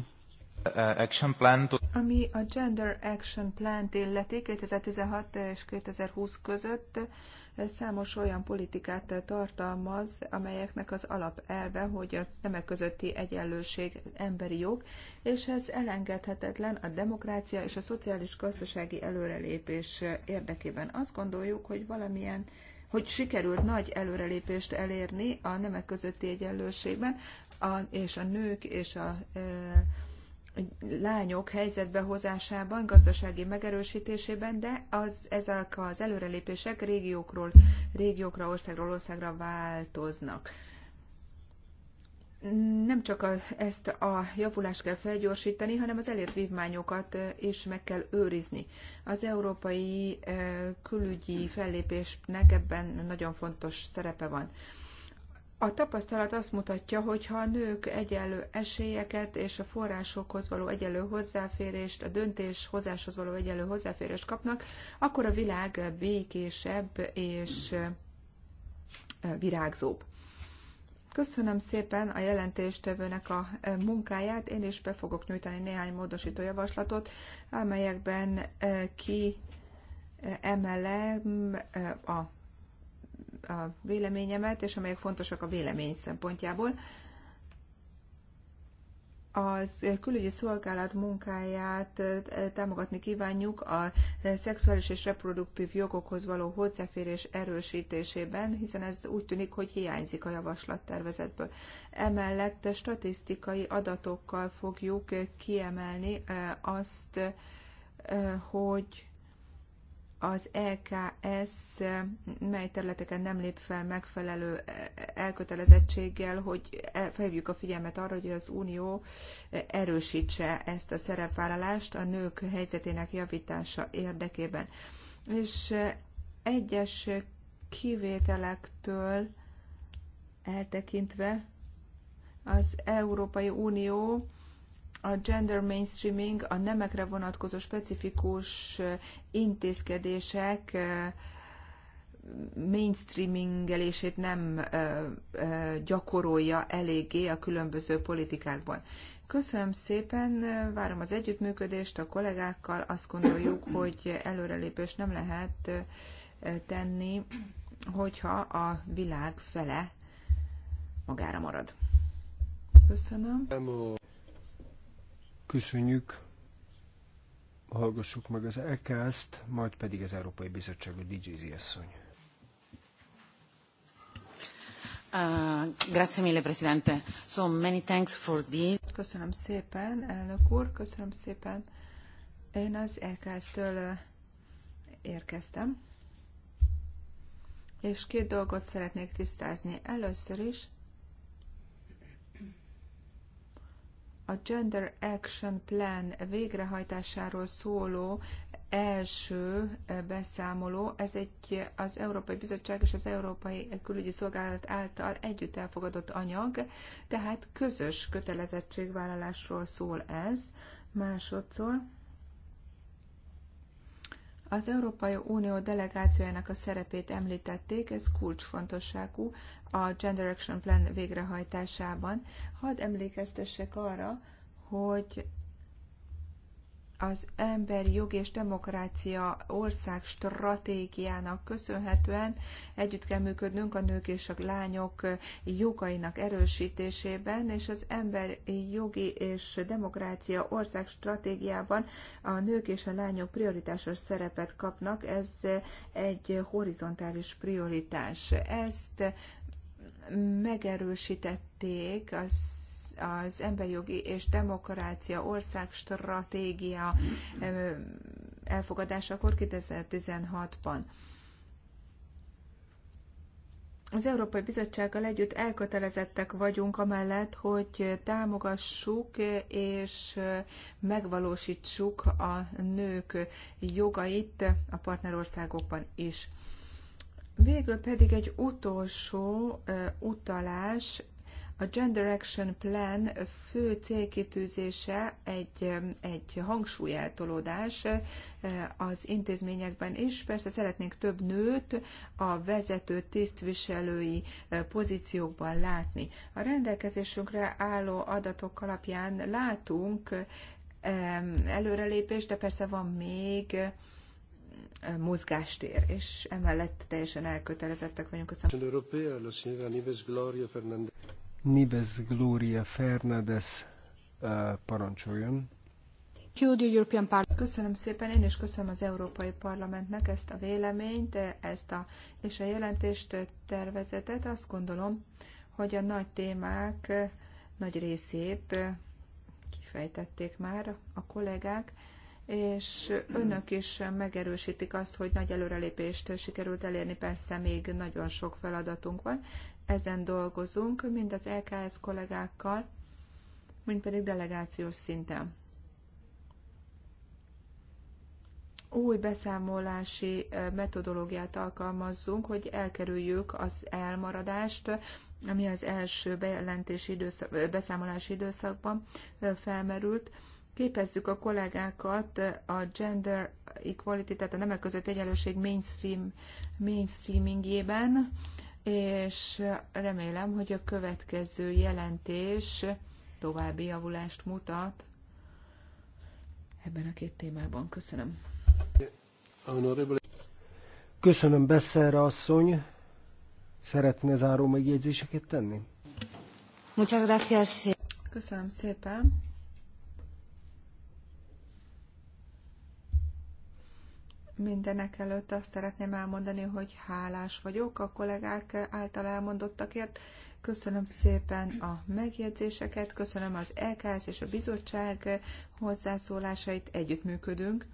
Action Plan Ami a Gender Action Plant illeti 2016 és 2020 között eh, számos olyan politikát tartalmaz, amelyeknek az alapelve, hogy a nemek közötti egyenlőség emberi jog, és ez elengedhetetlen a demokrácia és a szociális gazdasági előrelépés érdekében. Azt gondoljuk, hogy valamilyen hogy sikerült nagy előrelépést elérni a nemek közötti egyenlőségben, a, és a nők és a e, lányok helyzetbe hozásában, gazdasági megerősítésében, de az, ezek az előrelépések régiókról, régiókra, országról országra változnak. Nem csak a, ezt a javulást kell felgyorsítani, hanem az elért vívmányokat is meg kell őrizni. Az európai eh, külügyi fellépésnek ebben nagyon fontos szerepe van. A tapasztalat azt mutatja, hogy ha a nők egyenlő esélyeket és a forrásokhoz való egyenlő hozzáférést, a döntéshozáshoz való egyenlő hozzáférést kapnak, akkor a világ békésebb és virágzóbb. Köszönöm szépen a jelentéstevőnek a munkáját. Én is be fogok nyújtani néhány módosító javaslatot, amelyekben ki emelem a a véleményemet, és amelyek fontosak a vélemény szempontjából. Az külügyi szolgálat munkáját eh, támogatni kívánjuk a szexuális és reproduktív jogokhoz való hozzáférés erősítésében, hiszen ez úgy tűnik, hogy hiányzik a javaslattervezetből. Emellett statisztikai adatokkal fogjuk kiemelni eh, azt, eh, hogy az EKS mely területeken nem lép fel megfelelő e, elkötelezettséggel, hogy felhívjuk a figyelmet arra, hogy az Unió e, erősítse ezt a szerepvállalást a nők helyzetének javítása érdekében. És e, egyes kivételektől eltekintve az Európai Unió a gender mainstreaming, a nemekre vonatkozó specifikus intézkedések mainstreamingelését nem gyakorolja eléggé a különböző politikákban. Köszönöm szépen, várom az együttműködést a kollégákkal. Azt gondoljuk, hogy előrelépés nem lehet tenni, hogyha a világ fele magára marad. Köszönöm. Köszönjük. Hallgassuk meg az ECAS-t, majd pedig az Európai Bizottság a DJZ asszony. Uh, grazie mille, Presidente. So many thanks for this. Köszönöm szépen, elnök úr, köszönöm szépen. Én az EKS-től uh, érkeztem, és két dolgot szeretnék tisztázni. Először is a Gender Action Plan végrehajtásáról szóló első eh, beszámoló, ez egy az Európai Bizottság és az Európai Külügyi Szolgálat által együtt elfogadott anyag, tehát közös kötelezettségvállalásról szól ez másodszor. Az Európai Unió delegációjának a szerepét említették, ez kulcsfontosságú a Gender Action Plan végrehajtásában. Hadd emlékeztessek arra, hogy az emberi jog és demokrácia ország stratégiának köszönhetően együtt kell működnünk a nők és a lányok jogainak erősítésében, és az emberi jogi és demokrácia ország stratégiában a nők és a lányok prioritásos szerepet kapnak. Ez egy horizontális prioritás. Ezt megerősítették az az emberjogi és demokrácia ország stratégia elfogadásakor 2016-ban. Az Európai Bizottsággal együtt elkötelezettek vagyunk amellett, hogy támogassuk és megvalósítsuk a nők jogait a partnerországokban is. Végül pedig egy utolsó utalás a Gender Action Plan fő célkitűzése egy, egy hangsúlyeltolódás eh, az intézményekben is. Persze szeretnénk több nőt a vezető tisztviselői eh, pozíciókban látni. A rendelkezésünkre álló adatok alapján látunk előrelépést, de persze van még eh, mozgástér, és emellett teljesen elkötelezettek vagyunk. Köszönöm. Nives Gloria Fernández eh, parancsoljon. Köszönöm szépen, én is köszönöm az Európai Parlamentnek ezt a véleményt, ezt a, és a jelentést eh, tervezetet. Azt gondolom, hogy a nagy témák eh, nagy részét kifejtették már a kollégák, és önök is megerősítik azt, hogy nagy előrelépést sikerült elérni, persze még nagyon sok feladatunk van, ezen dolgozunk, mind az LKS kollégákkal, mind pedig delegációs szinten. Új beszámolási metodológiát alkalmazzunk, hogy elkerüljük az elmaradást, ami az első bejelentési időszak, beszámolási időszakban felmerült. Képezzük a kollégákat a gender equality, tehát a nemek között egyenlőség mainstream, mainstreamingjében, és remélem, hogy a következő jelentés további javulást mutat ebben a két témában. Köszönöm. Köszönöm, Besszerre asszony. Szeretne záró megjegyzéseket tenni? Köszönöm szépen. Mindenek előtt azt szeretném elmondani, hogy hálás vagyok a kollégák által elmondottakért. Köszönöm szépen a megjegyzéseket, köszönöm az LKS és a bizottság hozzászólásait, együttműködünk,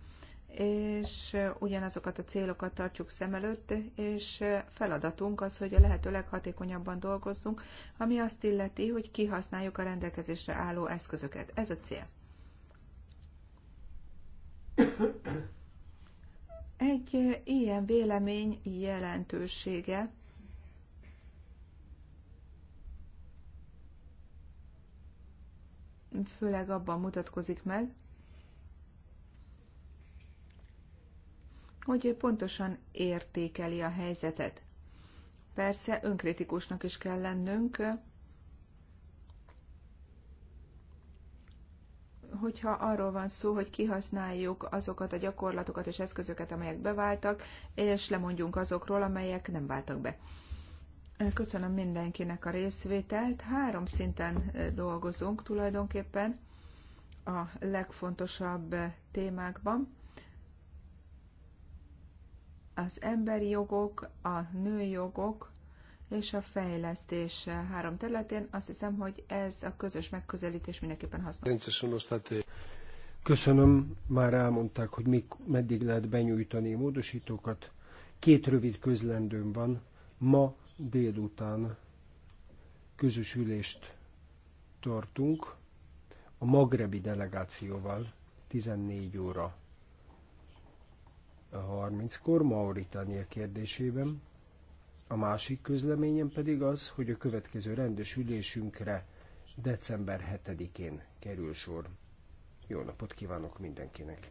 és ugyanazokat a célokat tartjuk szem előtt, és feladatunk az, hogy a lehető leghatékonyabban dolgozzunk, ami azt illeti, hogy kihasználjuk a rendelkezésre álló eszközöket. Ez a cél. Egy ilyen vélemény jelentősége főleg abban mutatkozik meg, hogy ő pontosan értékeli a helyzetet. Persze önkritikusnak is kell lennünk, hogyha arról van szó, hogy kihasználjuk azokat a gyakorlatokat és eszközöket, amelyek beváltak, és lemondjunk azokról, amelyek nem váltak be. Köszönöm mindenkinek a részvételt. Három szinten eh, dolgozunk tulajdonképpen a legfontosabb eh, témákban. Az emberi jogok, a női jogok és a fejlesztés három területén. Azt hiszem, hogy ez a közös megközelítés mindenképpen hasznos. Köszönöm, már elmondták, hogy mik, meddig lehet benyújtani a módosítókat. Két rövid közlendőm van. Ma délután közös ülést tartunk a magrebi delegációval 14 óra 30-kor Mauritánia kérdésében. A másik közleményem pedig az, hogy a következő rendes ülésünkre december 7-én kerül sor. Jó napot kívánok mindenkinek!